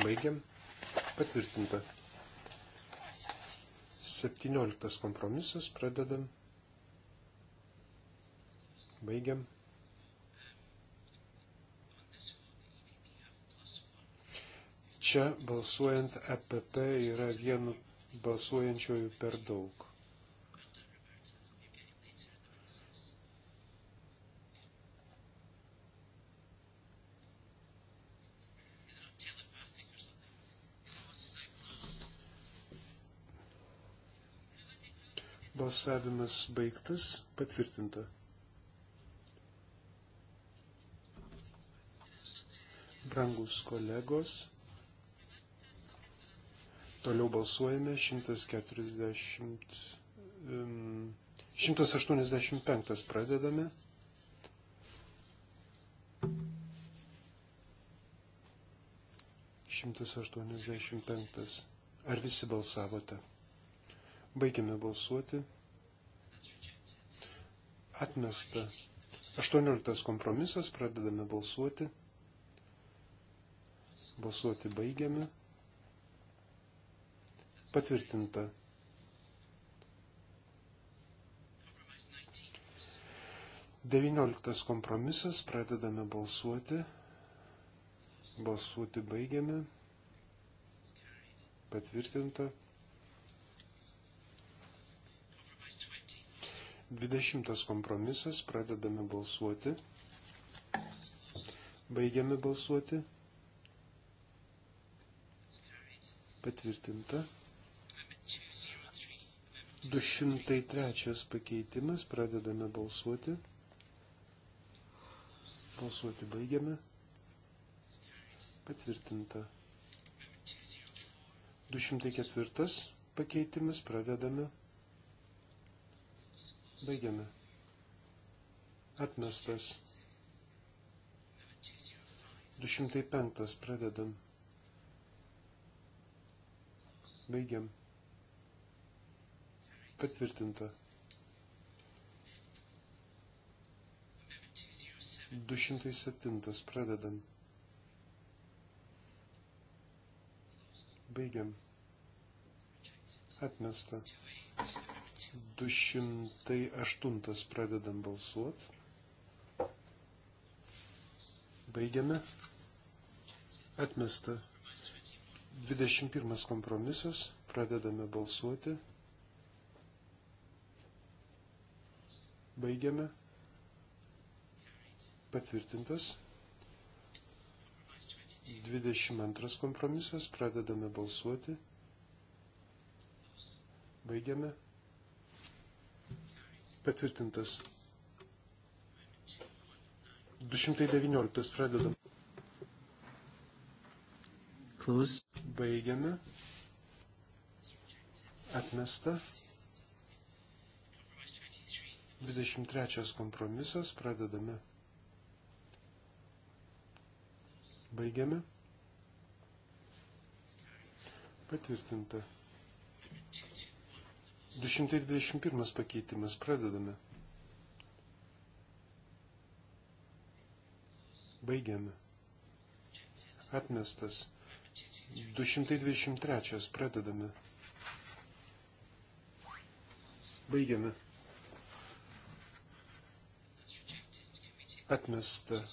Baigiam. Patvirtinta. 17 kompromisas pradedam. Baigiam. Čia balsuojant EPP yra vienu balsuojančiojų per daug. Balsavimas baigtas, patvirtinta. Brangus kolegos, toliau balsuojame 140, 185 pradedame. Šimtas aštuoniasdešimt penktas. Ar visi balsavote? Baigiame balsuoti. Atmesta. 18 kompromisas. Pradedame balsuoti. Balsuoti baigiame. Patvirtinta. Devynioliktas kompromisas, pradedame balsuoti. Balsuoti baigiame. Patvirtinta. 20 kompromisas, pradedame balsuoti. Baigiame balsuoti. Patvirtinta. 203 pakeitimas, pradedame balsuoti. Balsuoti baigiame. Patvirtinta. 204 pakeitimas, pradedame balsuoti. Baigiame. Atmestas. 205 pradedam. Baigiam. Patvirtinta. 207 pradedam. Baigiam. Atmesta. 208 pradedam balsuoti. Baigiame. Atmesta. 21 kompromisas. Pradedame balsuoti. Baigiame. Patvirtintas. 22 kompromisas. Pradedame balsuoti. Baigiame. Patvirtintas. 219 pradedam. Close. Baigiame. Atmesta. 23 kompromisas pradedame. Baigiame. Patvirtinta. 221 pakeitimas. Pradedame. Baigiame. Atmestas. 223. Pradedame. Baigiame. Atmesta.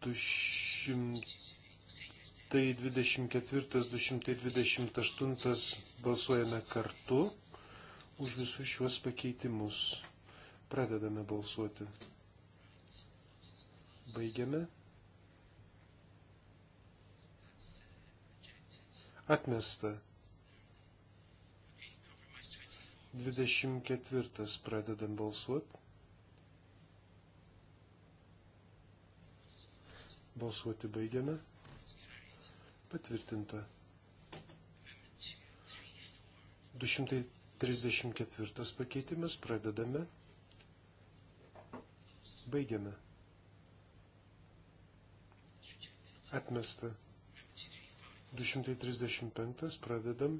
200. 224-228 balsuojame kartu už visus šiuos pakeitimus. Pradedame balsuoti. Baigiame. Atmesta. 24 pradedam balsuoti. Balsuoti baigiame. Patvirtinta. 234 pakeitimas. Pradedame. Baigiame. Atmesta. 235 pradedam.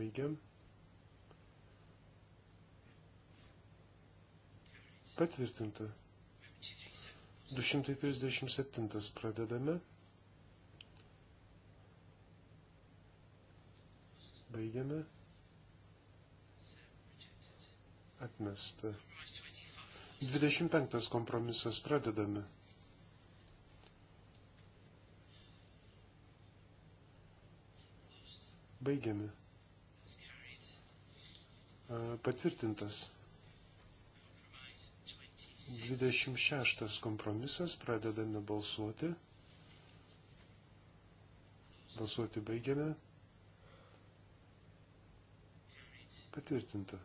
Baigiam. Patvirtinta. 237 pradedame. Baigiame. Atmesta. 25 kompromisas pradedame. Baigiame. Patvirtintas. 26 kompromisas, pradedame balsuoti. Balsuoti baigiame. Patvirtinta.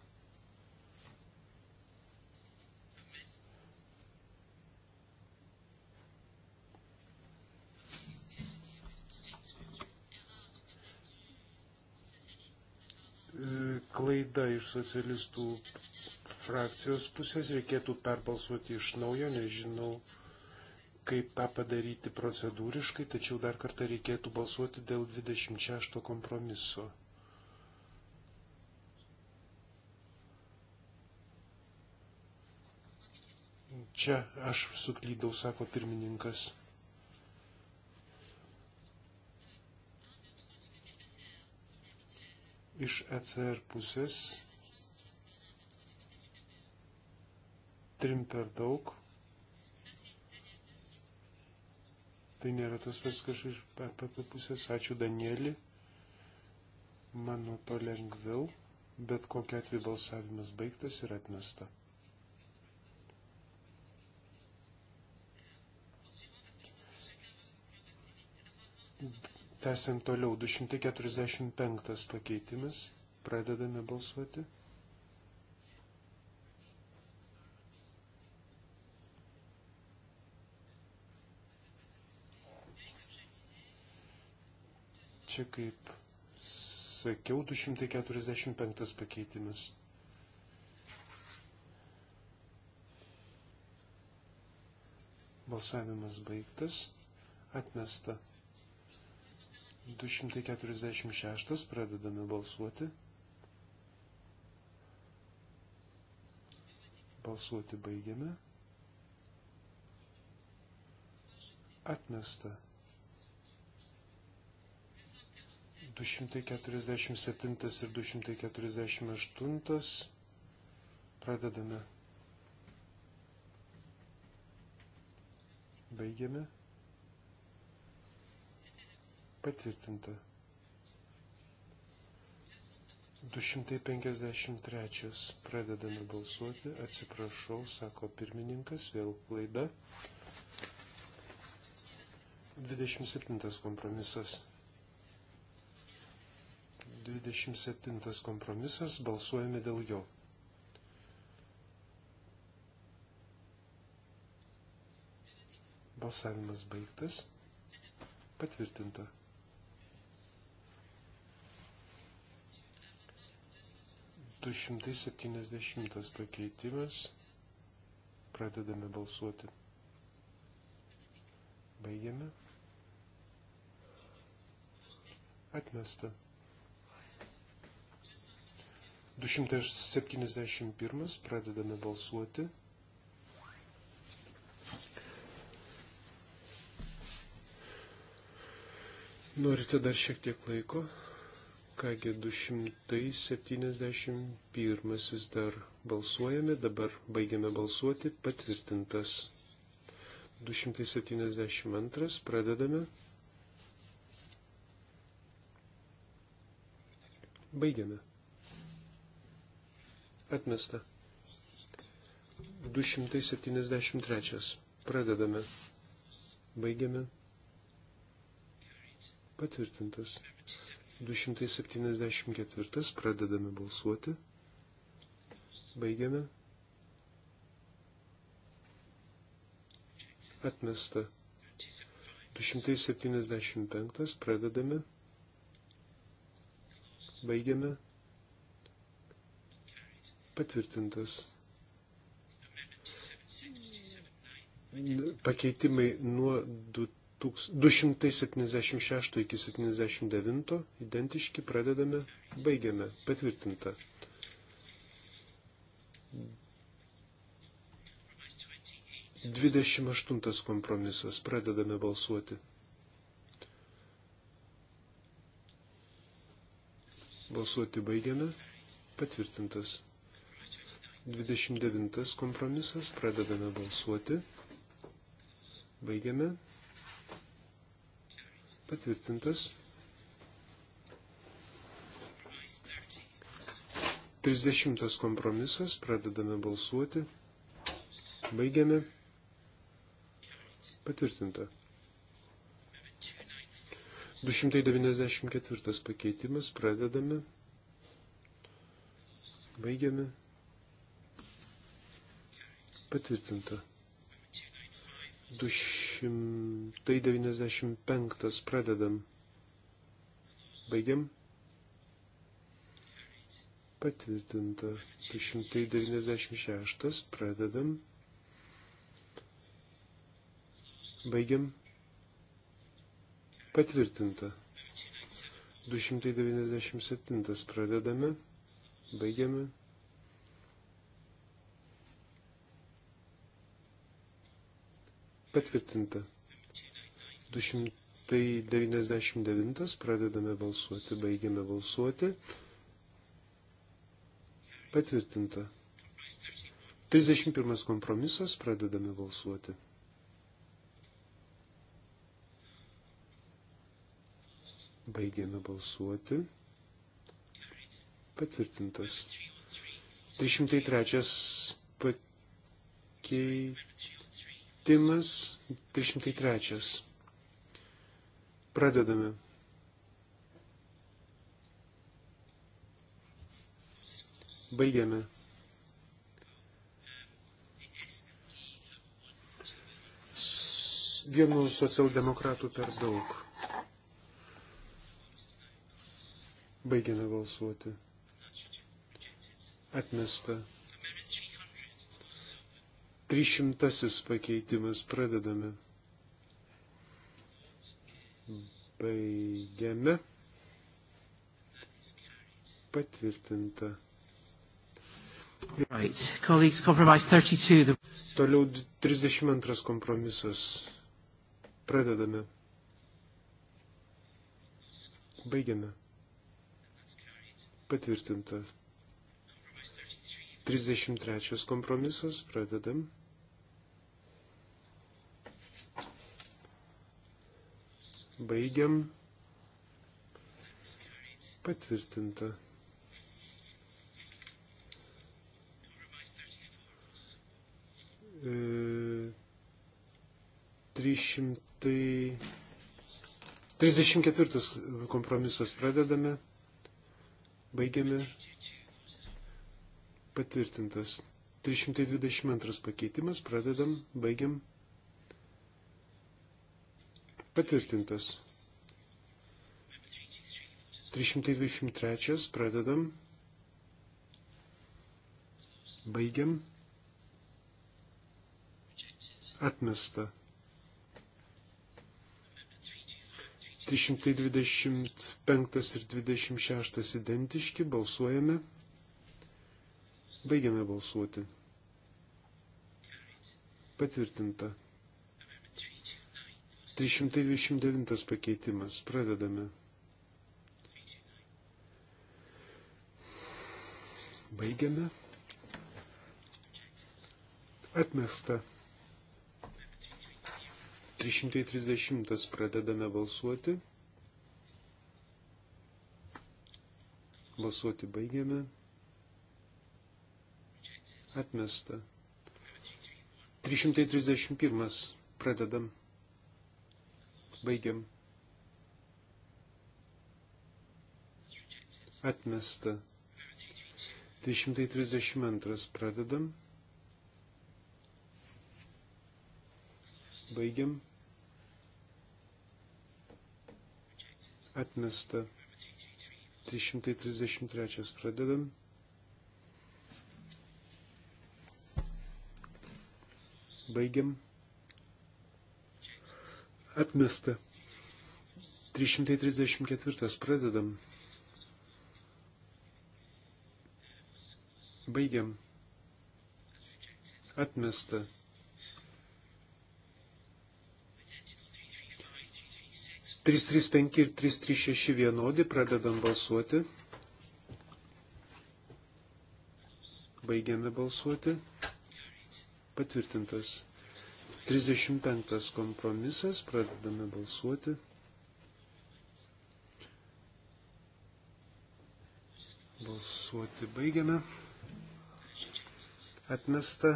E, klaida iš socialistų frakcijos pusės reikėtų perbalsuoti iš naujo, nežinau, kaip tą padaryti procedūriškai, tačiau dar kartą reikėtų balsuoti dėl 26 kompromiso. Čia aš suklydau, sako pirmininkas. Iš ECR pusės trim per daug. Tai nėra tas pats kažkaip iš PPP pusės. Ačiū Danielį. Mano to lengviau, bet kokia atveju balsavimas baigtas ir atmesta. Tęsiant toliau, 245 pakeitimas, pradedame balsuoti. čia, kaip sakiau, 245 pakeitimas. Balsavimas baigtas. Atmesta. 246 pradedame balsuoti. Balsuoti baigiame. Atmesta. 247 ir 248. Pradedame. Baigiame. Patvirtinta. 253. Pradedame balsuoti. Atsiprašau, sako pirmininkas, vėl klaida. 27 kompromisas. 27 kompromisas, balsuojame dėl jo. Balsavimas baigtas. Patvirtinta. Du šimtai septyniasdešimtas pakeitimas. Pradedame balsuoti. Baigiame. Atmesta. 271 pradedame balsuoti. Norite dar šiek tiek laiko? Kągi 271 vis dar balsuojame, dabar baigiame balsuoti, patvirtintas. 272 pradedame. Baigiame. Atmesta. 273. Pradedame. Baigiame. Patvirtintas. 274. Pradedame balsuoti. Baigiame. Atmesta. 275. Pradedame. Baigiame. Patvirtintas. Pakeitimai nuo 276 iki 79 identiški pradedame, baigiame. Patvirtinta. Dvidešimt aštuntas kompromisas. Pradedame balsuoti. Balsuoti baigiame. Patvirtintas. 29 kompromisas, pradedame balsuoti. Baigiame. Patvirtintas. 30 kompromisas, pradedame balsuoti. Baigiame. Patvirtinta. 294 pakeitimas, pradedame. Baigiame. Patvirtinta. 295 pradedam. Baigiam. Patvirtinta. 296 pradedam. Baigiam. Patvirtinta. 297 pradedame. Baigiame. Patvirtinta. 299. Pradedame balsuoti. Baigiame balsuoti. Patvirtinta. 31 kompromisas. Pradedame balsuoti. Baigiame balsuoti. Patvirtintas. 303 pakeitimas pakeitimas 303. Pradedame. Baigiame. Vienu socialdemokratų per daug. Baigiame balsuoti. Atmesta. 300 pakeitimas pradedame. Baigiame. Patvirtinta. Right. Colleagues, compromise 32. The... Toliau 32 kompromisas. Pradedame. Baigiame. Patvirtinta. 33 kompromisas. Pradedam. Baigiam. Patvirtinta. E, 300. 34 kompromisas pradedame, baigiame, patvirtintas. 322 pakeitimas, pradedam, baigiam, Patvirtintas. 323 pradedam. Baigiam. Atmesta. 325 ir 26 identiški, balsuojame. Baigiame balsuoti. Patvirtinta. 329 pakeitimas. Pradedame. Baigiame. Atmesta. 330 pradedame balsuoti. Balsuoti baigiame. Atmesta. 331 pradedam. Baigiam. Atmesta. 332 pradedam. Baigiam. Atmesta. 333 pradedam. Baigiam. Atmesta. 334. Pradedam. Baigiam. Atmesta. Trys trys penki ir trys trys šeši vienodi, pradedam balsuoti. Baigiame balsuoti. Patvirtintas. 35 kompromisas, pradedame balsuoti. Balsuoti baigiame. Atmesta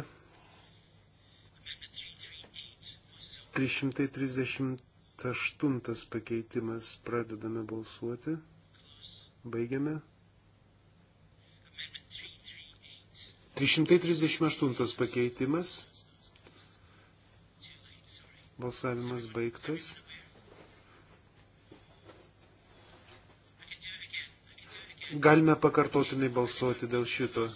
338 pakeitimas, pradedame balsuoti. Baigiame. 338 pakeitimas. Balsavimas baigtas. Galime pakartotinai balsuoti dėl šito.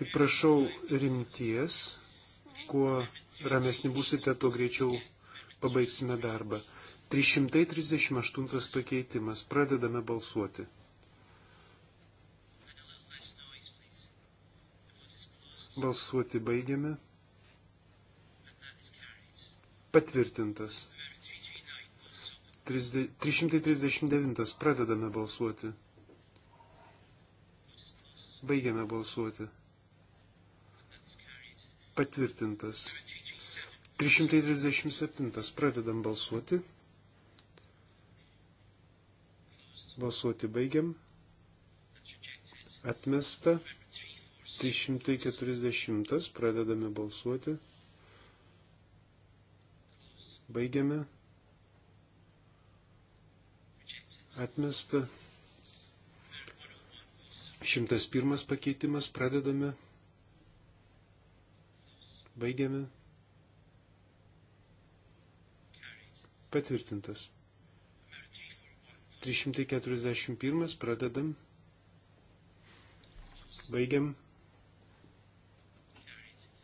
Tik prašau rimties, kuo ramesni būsite, tuo greičiau pabaigsime darbą. 338 pakeitimas. Pradedame balsuoti. Balsuoti baigiame. Patvirtintas. 339. Pradedame balsuoti. Baigiame balsuoti. Patvirtintas. 337. Pradedam balsuoti. Balsuoti baigiam. Atmesta. 340. Pradedame balsuoti. Baigiame. Atmesta. 101 pakeitimas. Pradedame. Baigiame. Patvirtintas. 341 pradedam. Baigiam.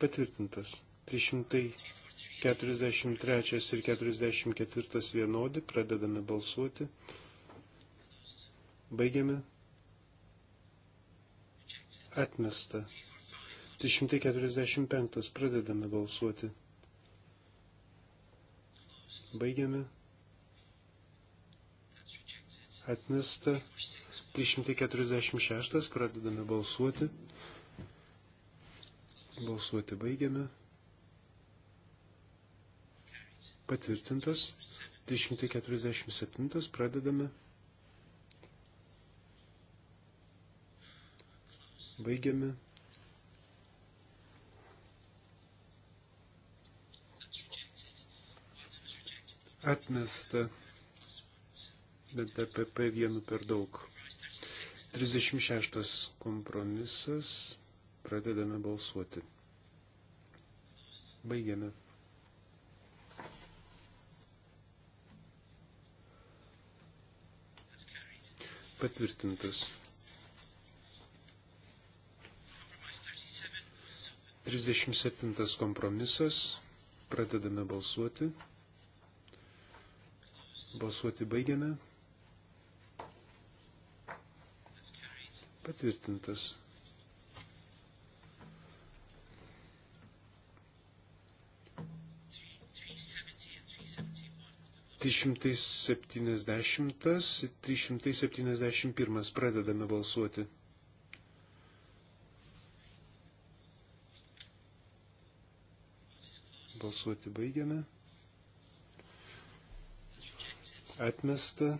Patvirtintas. 343 ir 44 vienodi. Pradedame balsuoti. Baigiame. Atmesta. 345 pradedame balsuoti. Baigiame atmesta. 346 pradedame balsuoti. Balsuoti baigiame. Patvirtintas. 347 pradedame. Baigiame. Atmesta bet EPP vienu per daug. 36 kompromisas. Pradedame balsuoti. Baigiame. Patvirtintas. 37 kompromisas. Pradedame balsuoti. Balsuoti baigiame. Patvirtintas. Trišimtais septyniasdešimtas, trišimtais septyniasdešimt pirmas pradedame balsuoti. Balsuoti baigiame. Atmesta.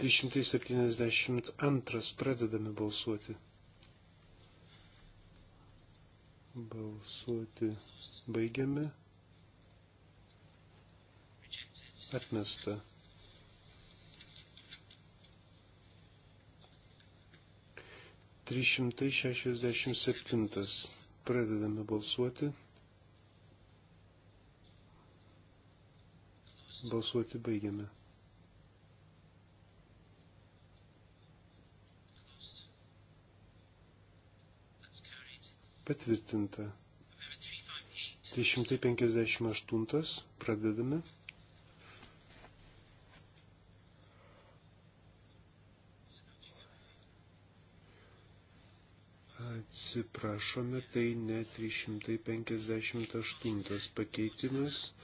372 pradedame balsuoti. Balsuoti baigiame. Atmesta. Trys šimtai šešiasdešimt septintas. Pradedame balsuoti. Balsuoti baigiame. Patvirtinta. 358 pradedame. Atsiprašome, tai ne 358 pakeitimas.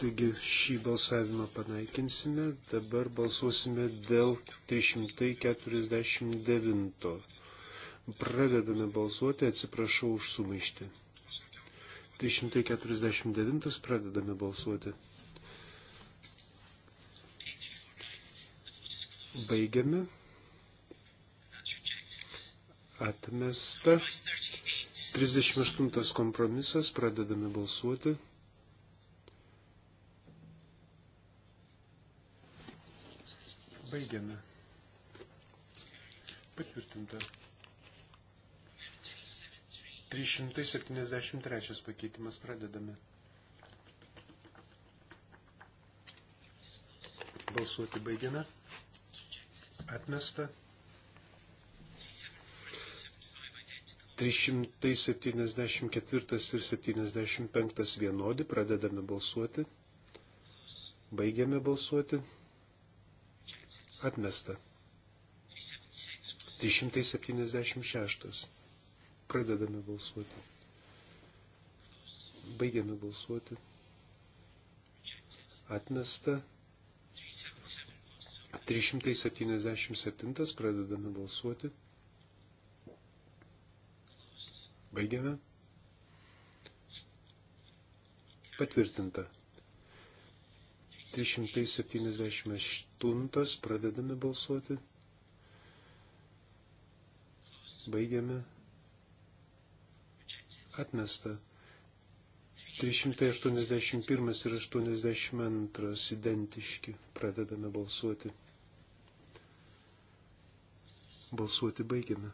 Taigi šį balsavimą panaikinsime. Dabar balsuosime dėl 349. Pradedame balsuoti, atsiprašau už sumaištį. 349 pradedame balsuoti. Baigiame. Atmesta. 38 kompromisas pradedame balsuoti. Baigiame. Patvirtinta. 373 pakeitimas pradedame. Balsuoti baigiame. Atmesta. 374 ir 75 vienodi. Pradedame balsuoti. Baigiame balsuoti atmesta. 376. Pradedame balsuoti. Baigiame balsuoti. Atmesta. 377. Pradedame balsuoti. Baigiame. Patvirtinta. 378 pradedame balsuoti. Baigiame. Atmesta. 381 ir 82 identiški. Pradedame balsuoti. Balsuoti baigiame.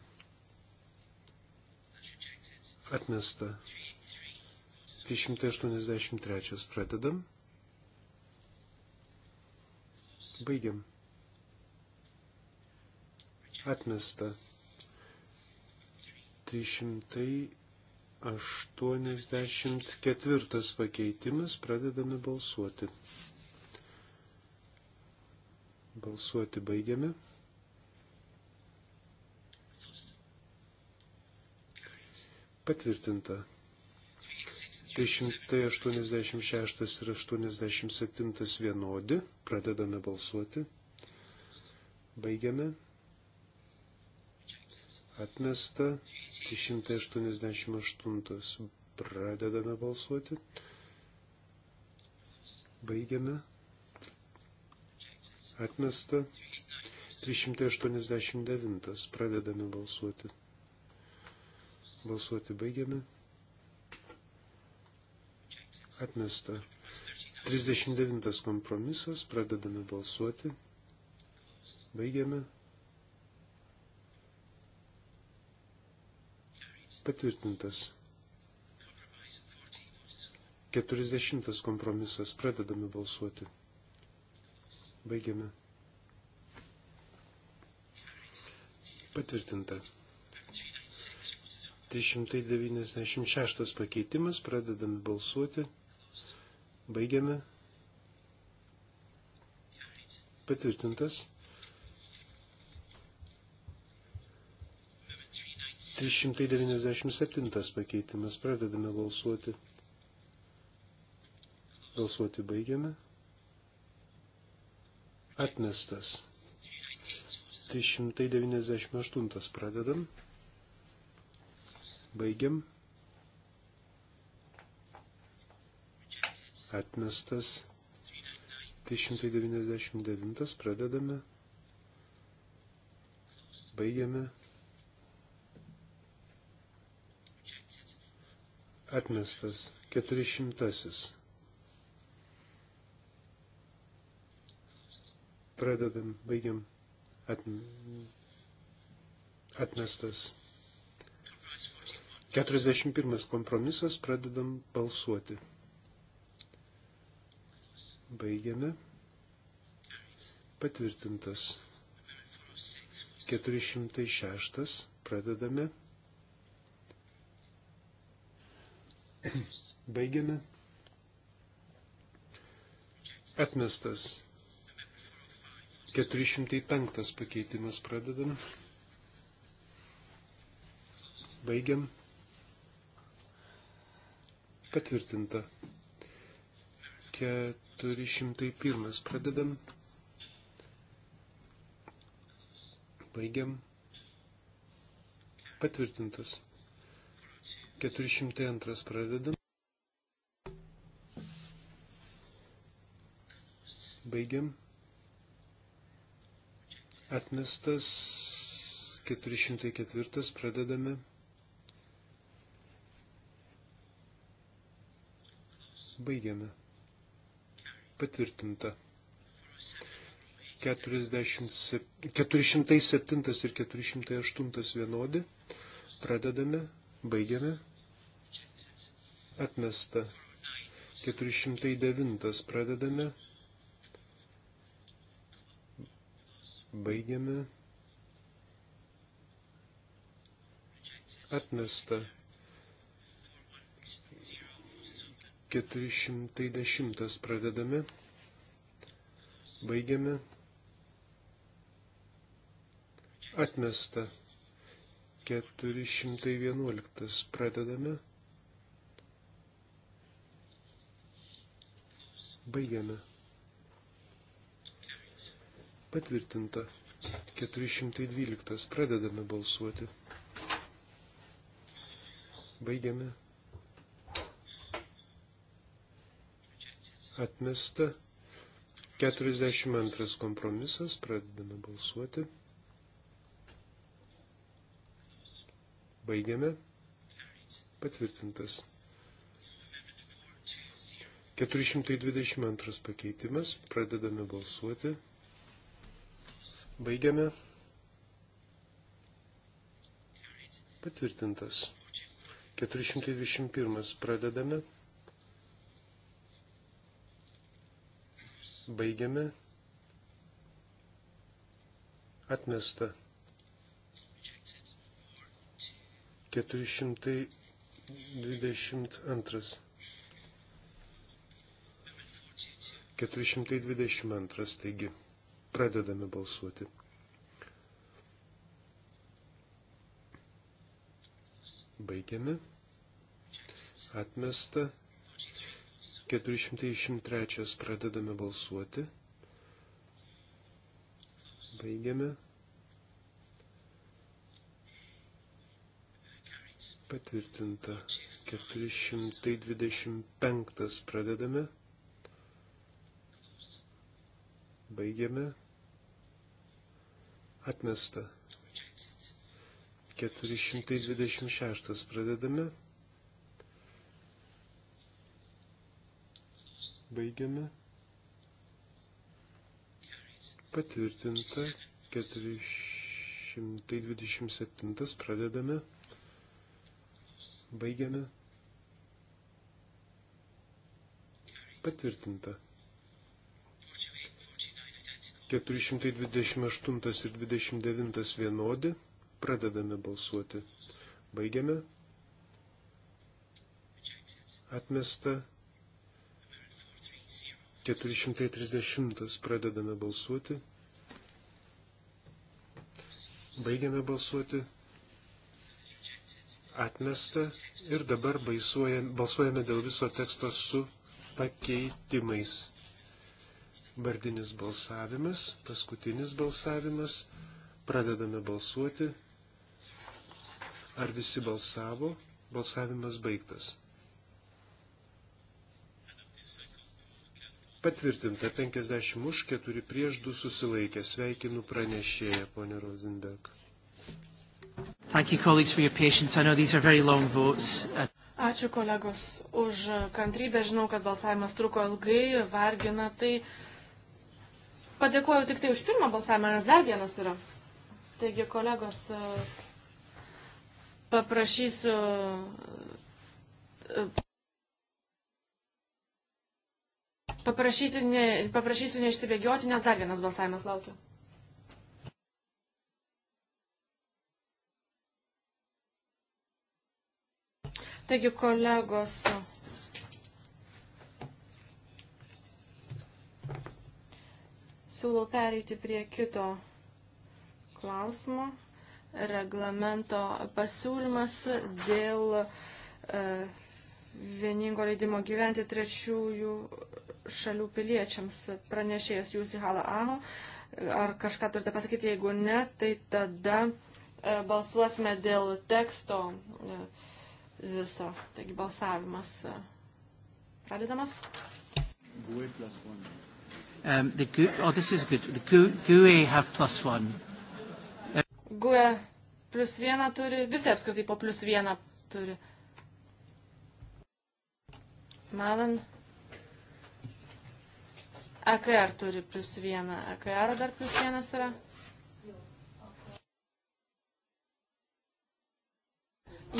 Atmesta. 383 pradedam. Baigiam. Atmesta. 384 pakeitimas. Pradedame balsuoti. Balsuoti baigiame. Patvirtinta. 386 ir 87 vienodi. Pradedame balsuoti. Baigiame. Atmesta. 388. Pradedame balsuoti. Baigiame. Atmesta. 389. Pradedame balsuoti. Balsuoti baigiame atmesta. 39 kompromisas, pradedame balsuoti. Baigiame. Patvirtintas. 40 kompromisas, pradedame balsuoti. Baigiame. Patvirtinta. 396 pakeitimas, pradedame balsuoti. Baigiame. Patvirtintas. 397 pakeitimas. Pradedame balsuoti. Balsuoti baigiame. Atmestas. 398 pradedam. Baigiam. atmestas. 399 pradedame. Baigiame. Atmestas. 400. Pradedam, baigiam. Atmestas. 41 kompromisas, pradedam balsuoti. Baigiame. Patvirtintas. 406. Pradedame. Baigiame. Atmestas. 405 pakeitimas pradedam. Baigiam. Patvirtinta. 401. Pradedam. Baigiam. Patvirtintas. 402 pradedam. Baigiam. Atmestas 404 pradedame. Baigiame patvirtinta. 47, 407 ir 408 vienodi. Pradedame, baigiame. Atmesta. 409 pradedame. Baigiame. Atmesta. 410 pradedame, baigiame, atmesta 411 pradedame, baigiame, patvirtinta 412 pradedame balsuoti, baigiame. atmesta. 42 kompromisas, pradedame balsuoti. Baigiame. Patvirtintas. 422 pakeitimas, pradedame balsuoti. Baigiame. Patvirtintas. 421 pradedame. Baigiame. Atmesta. 422. 422. Taigi, pradedame balsuoti. Baigiame. Atmesta 403 pradedame balsuoti. Baigiame. Patvirtinta. 425 pradedame. Baigiame. Atmesta. 426 pradedame. Baigiame. Patvirtinta 427. Pradedame. Baigiame. Patvirtinta. 428 ir 29 vienodi. Pradedame balsuoti. Baigiame. Atmesta 430 pradedame balsuoti. Baigiame balsuoti. Atmesta. Ir dabar balsuojame dėl viso teksto su pakeitimais. Vardinis balsavimas, paskutinis balsavimas. Pradedame balsuoti. Ar visi balsavo? Balsavimas baigtas. Patvirtinta 50 už, 4 prieš 2 susilaikė. Sveikinu pranešėją, ponė Rosenberg. Thank you, colleagues, for your patience. I know these are very long votes. Ačiū kolegos už kantrybę. Žinau, kad balsavimas truko ilgai, vargina. Tai padėkuoju tik tai už pirmą balsavimą, nes dar vienas yra. Taigi, kolegos, paprašysiu ne, paprašysiu neišsibėgioti, nes dar vienas balsavimas laukia. Taigi, kolegos. Siūlau pereiti prie kito klausimo. Reglamento pasiūlymas dėl e, vieningo leidimo gyventi trečiųjų šalių piliečiams. Pranešėjas Jūsi Halaano, ar kažką turite pasakyti, jeigu ne, tai tada e, balsuosime dėl teksto e, viso. Taigi balsavimas e, pradedamas. GUE plus one. Um, the GUE, oh, this is good. The GUE, GUE have plus one. Uh, GUE plus vieną turi, visi apskritai po plus vieną turi. Malan. AKR e turi plus vieną. AKR e dar plus vienas yra?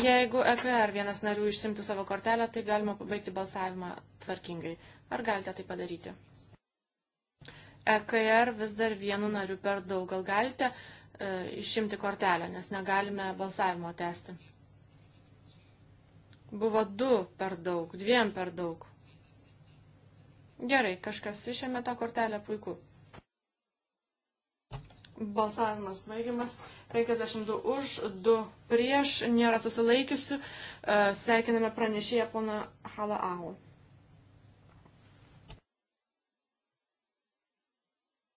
Jeigu EKR vienas narių išsimtų savo kortelę, tai galima pabaigti balsavimą tvarkingai. Ar galite tai padaryti? EKR vis dar vienu nariu per daug. Gal galite e, išimti kortelę, nes negalime balsavimo tęsti. Buvo du per daug, dviem per daug. Gerai, kažkas išėmė tą kortelę, puiku. Balsavimas baigiamas. 52 už, 2 prieš, nėra susilaikiusių. E, sveikiname pranešėją poną Halaau.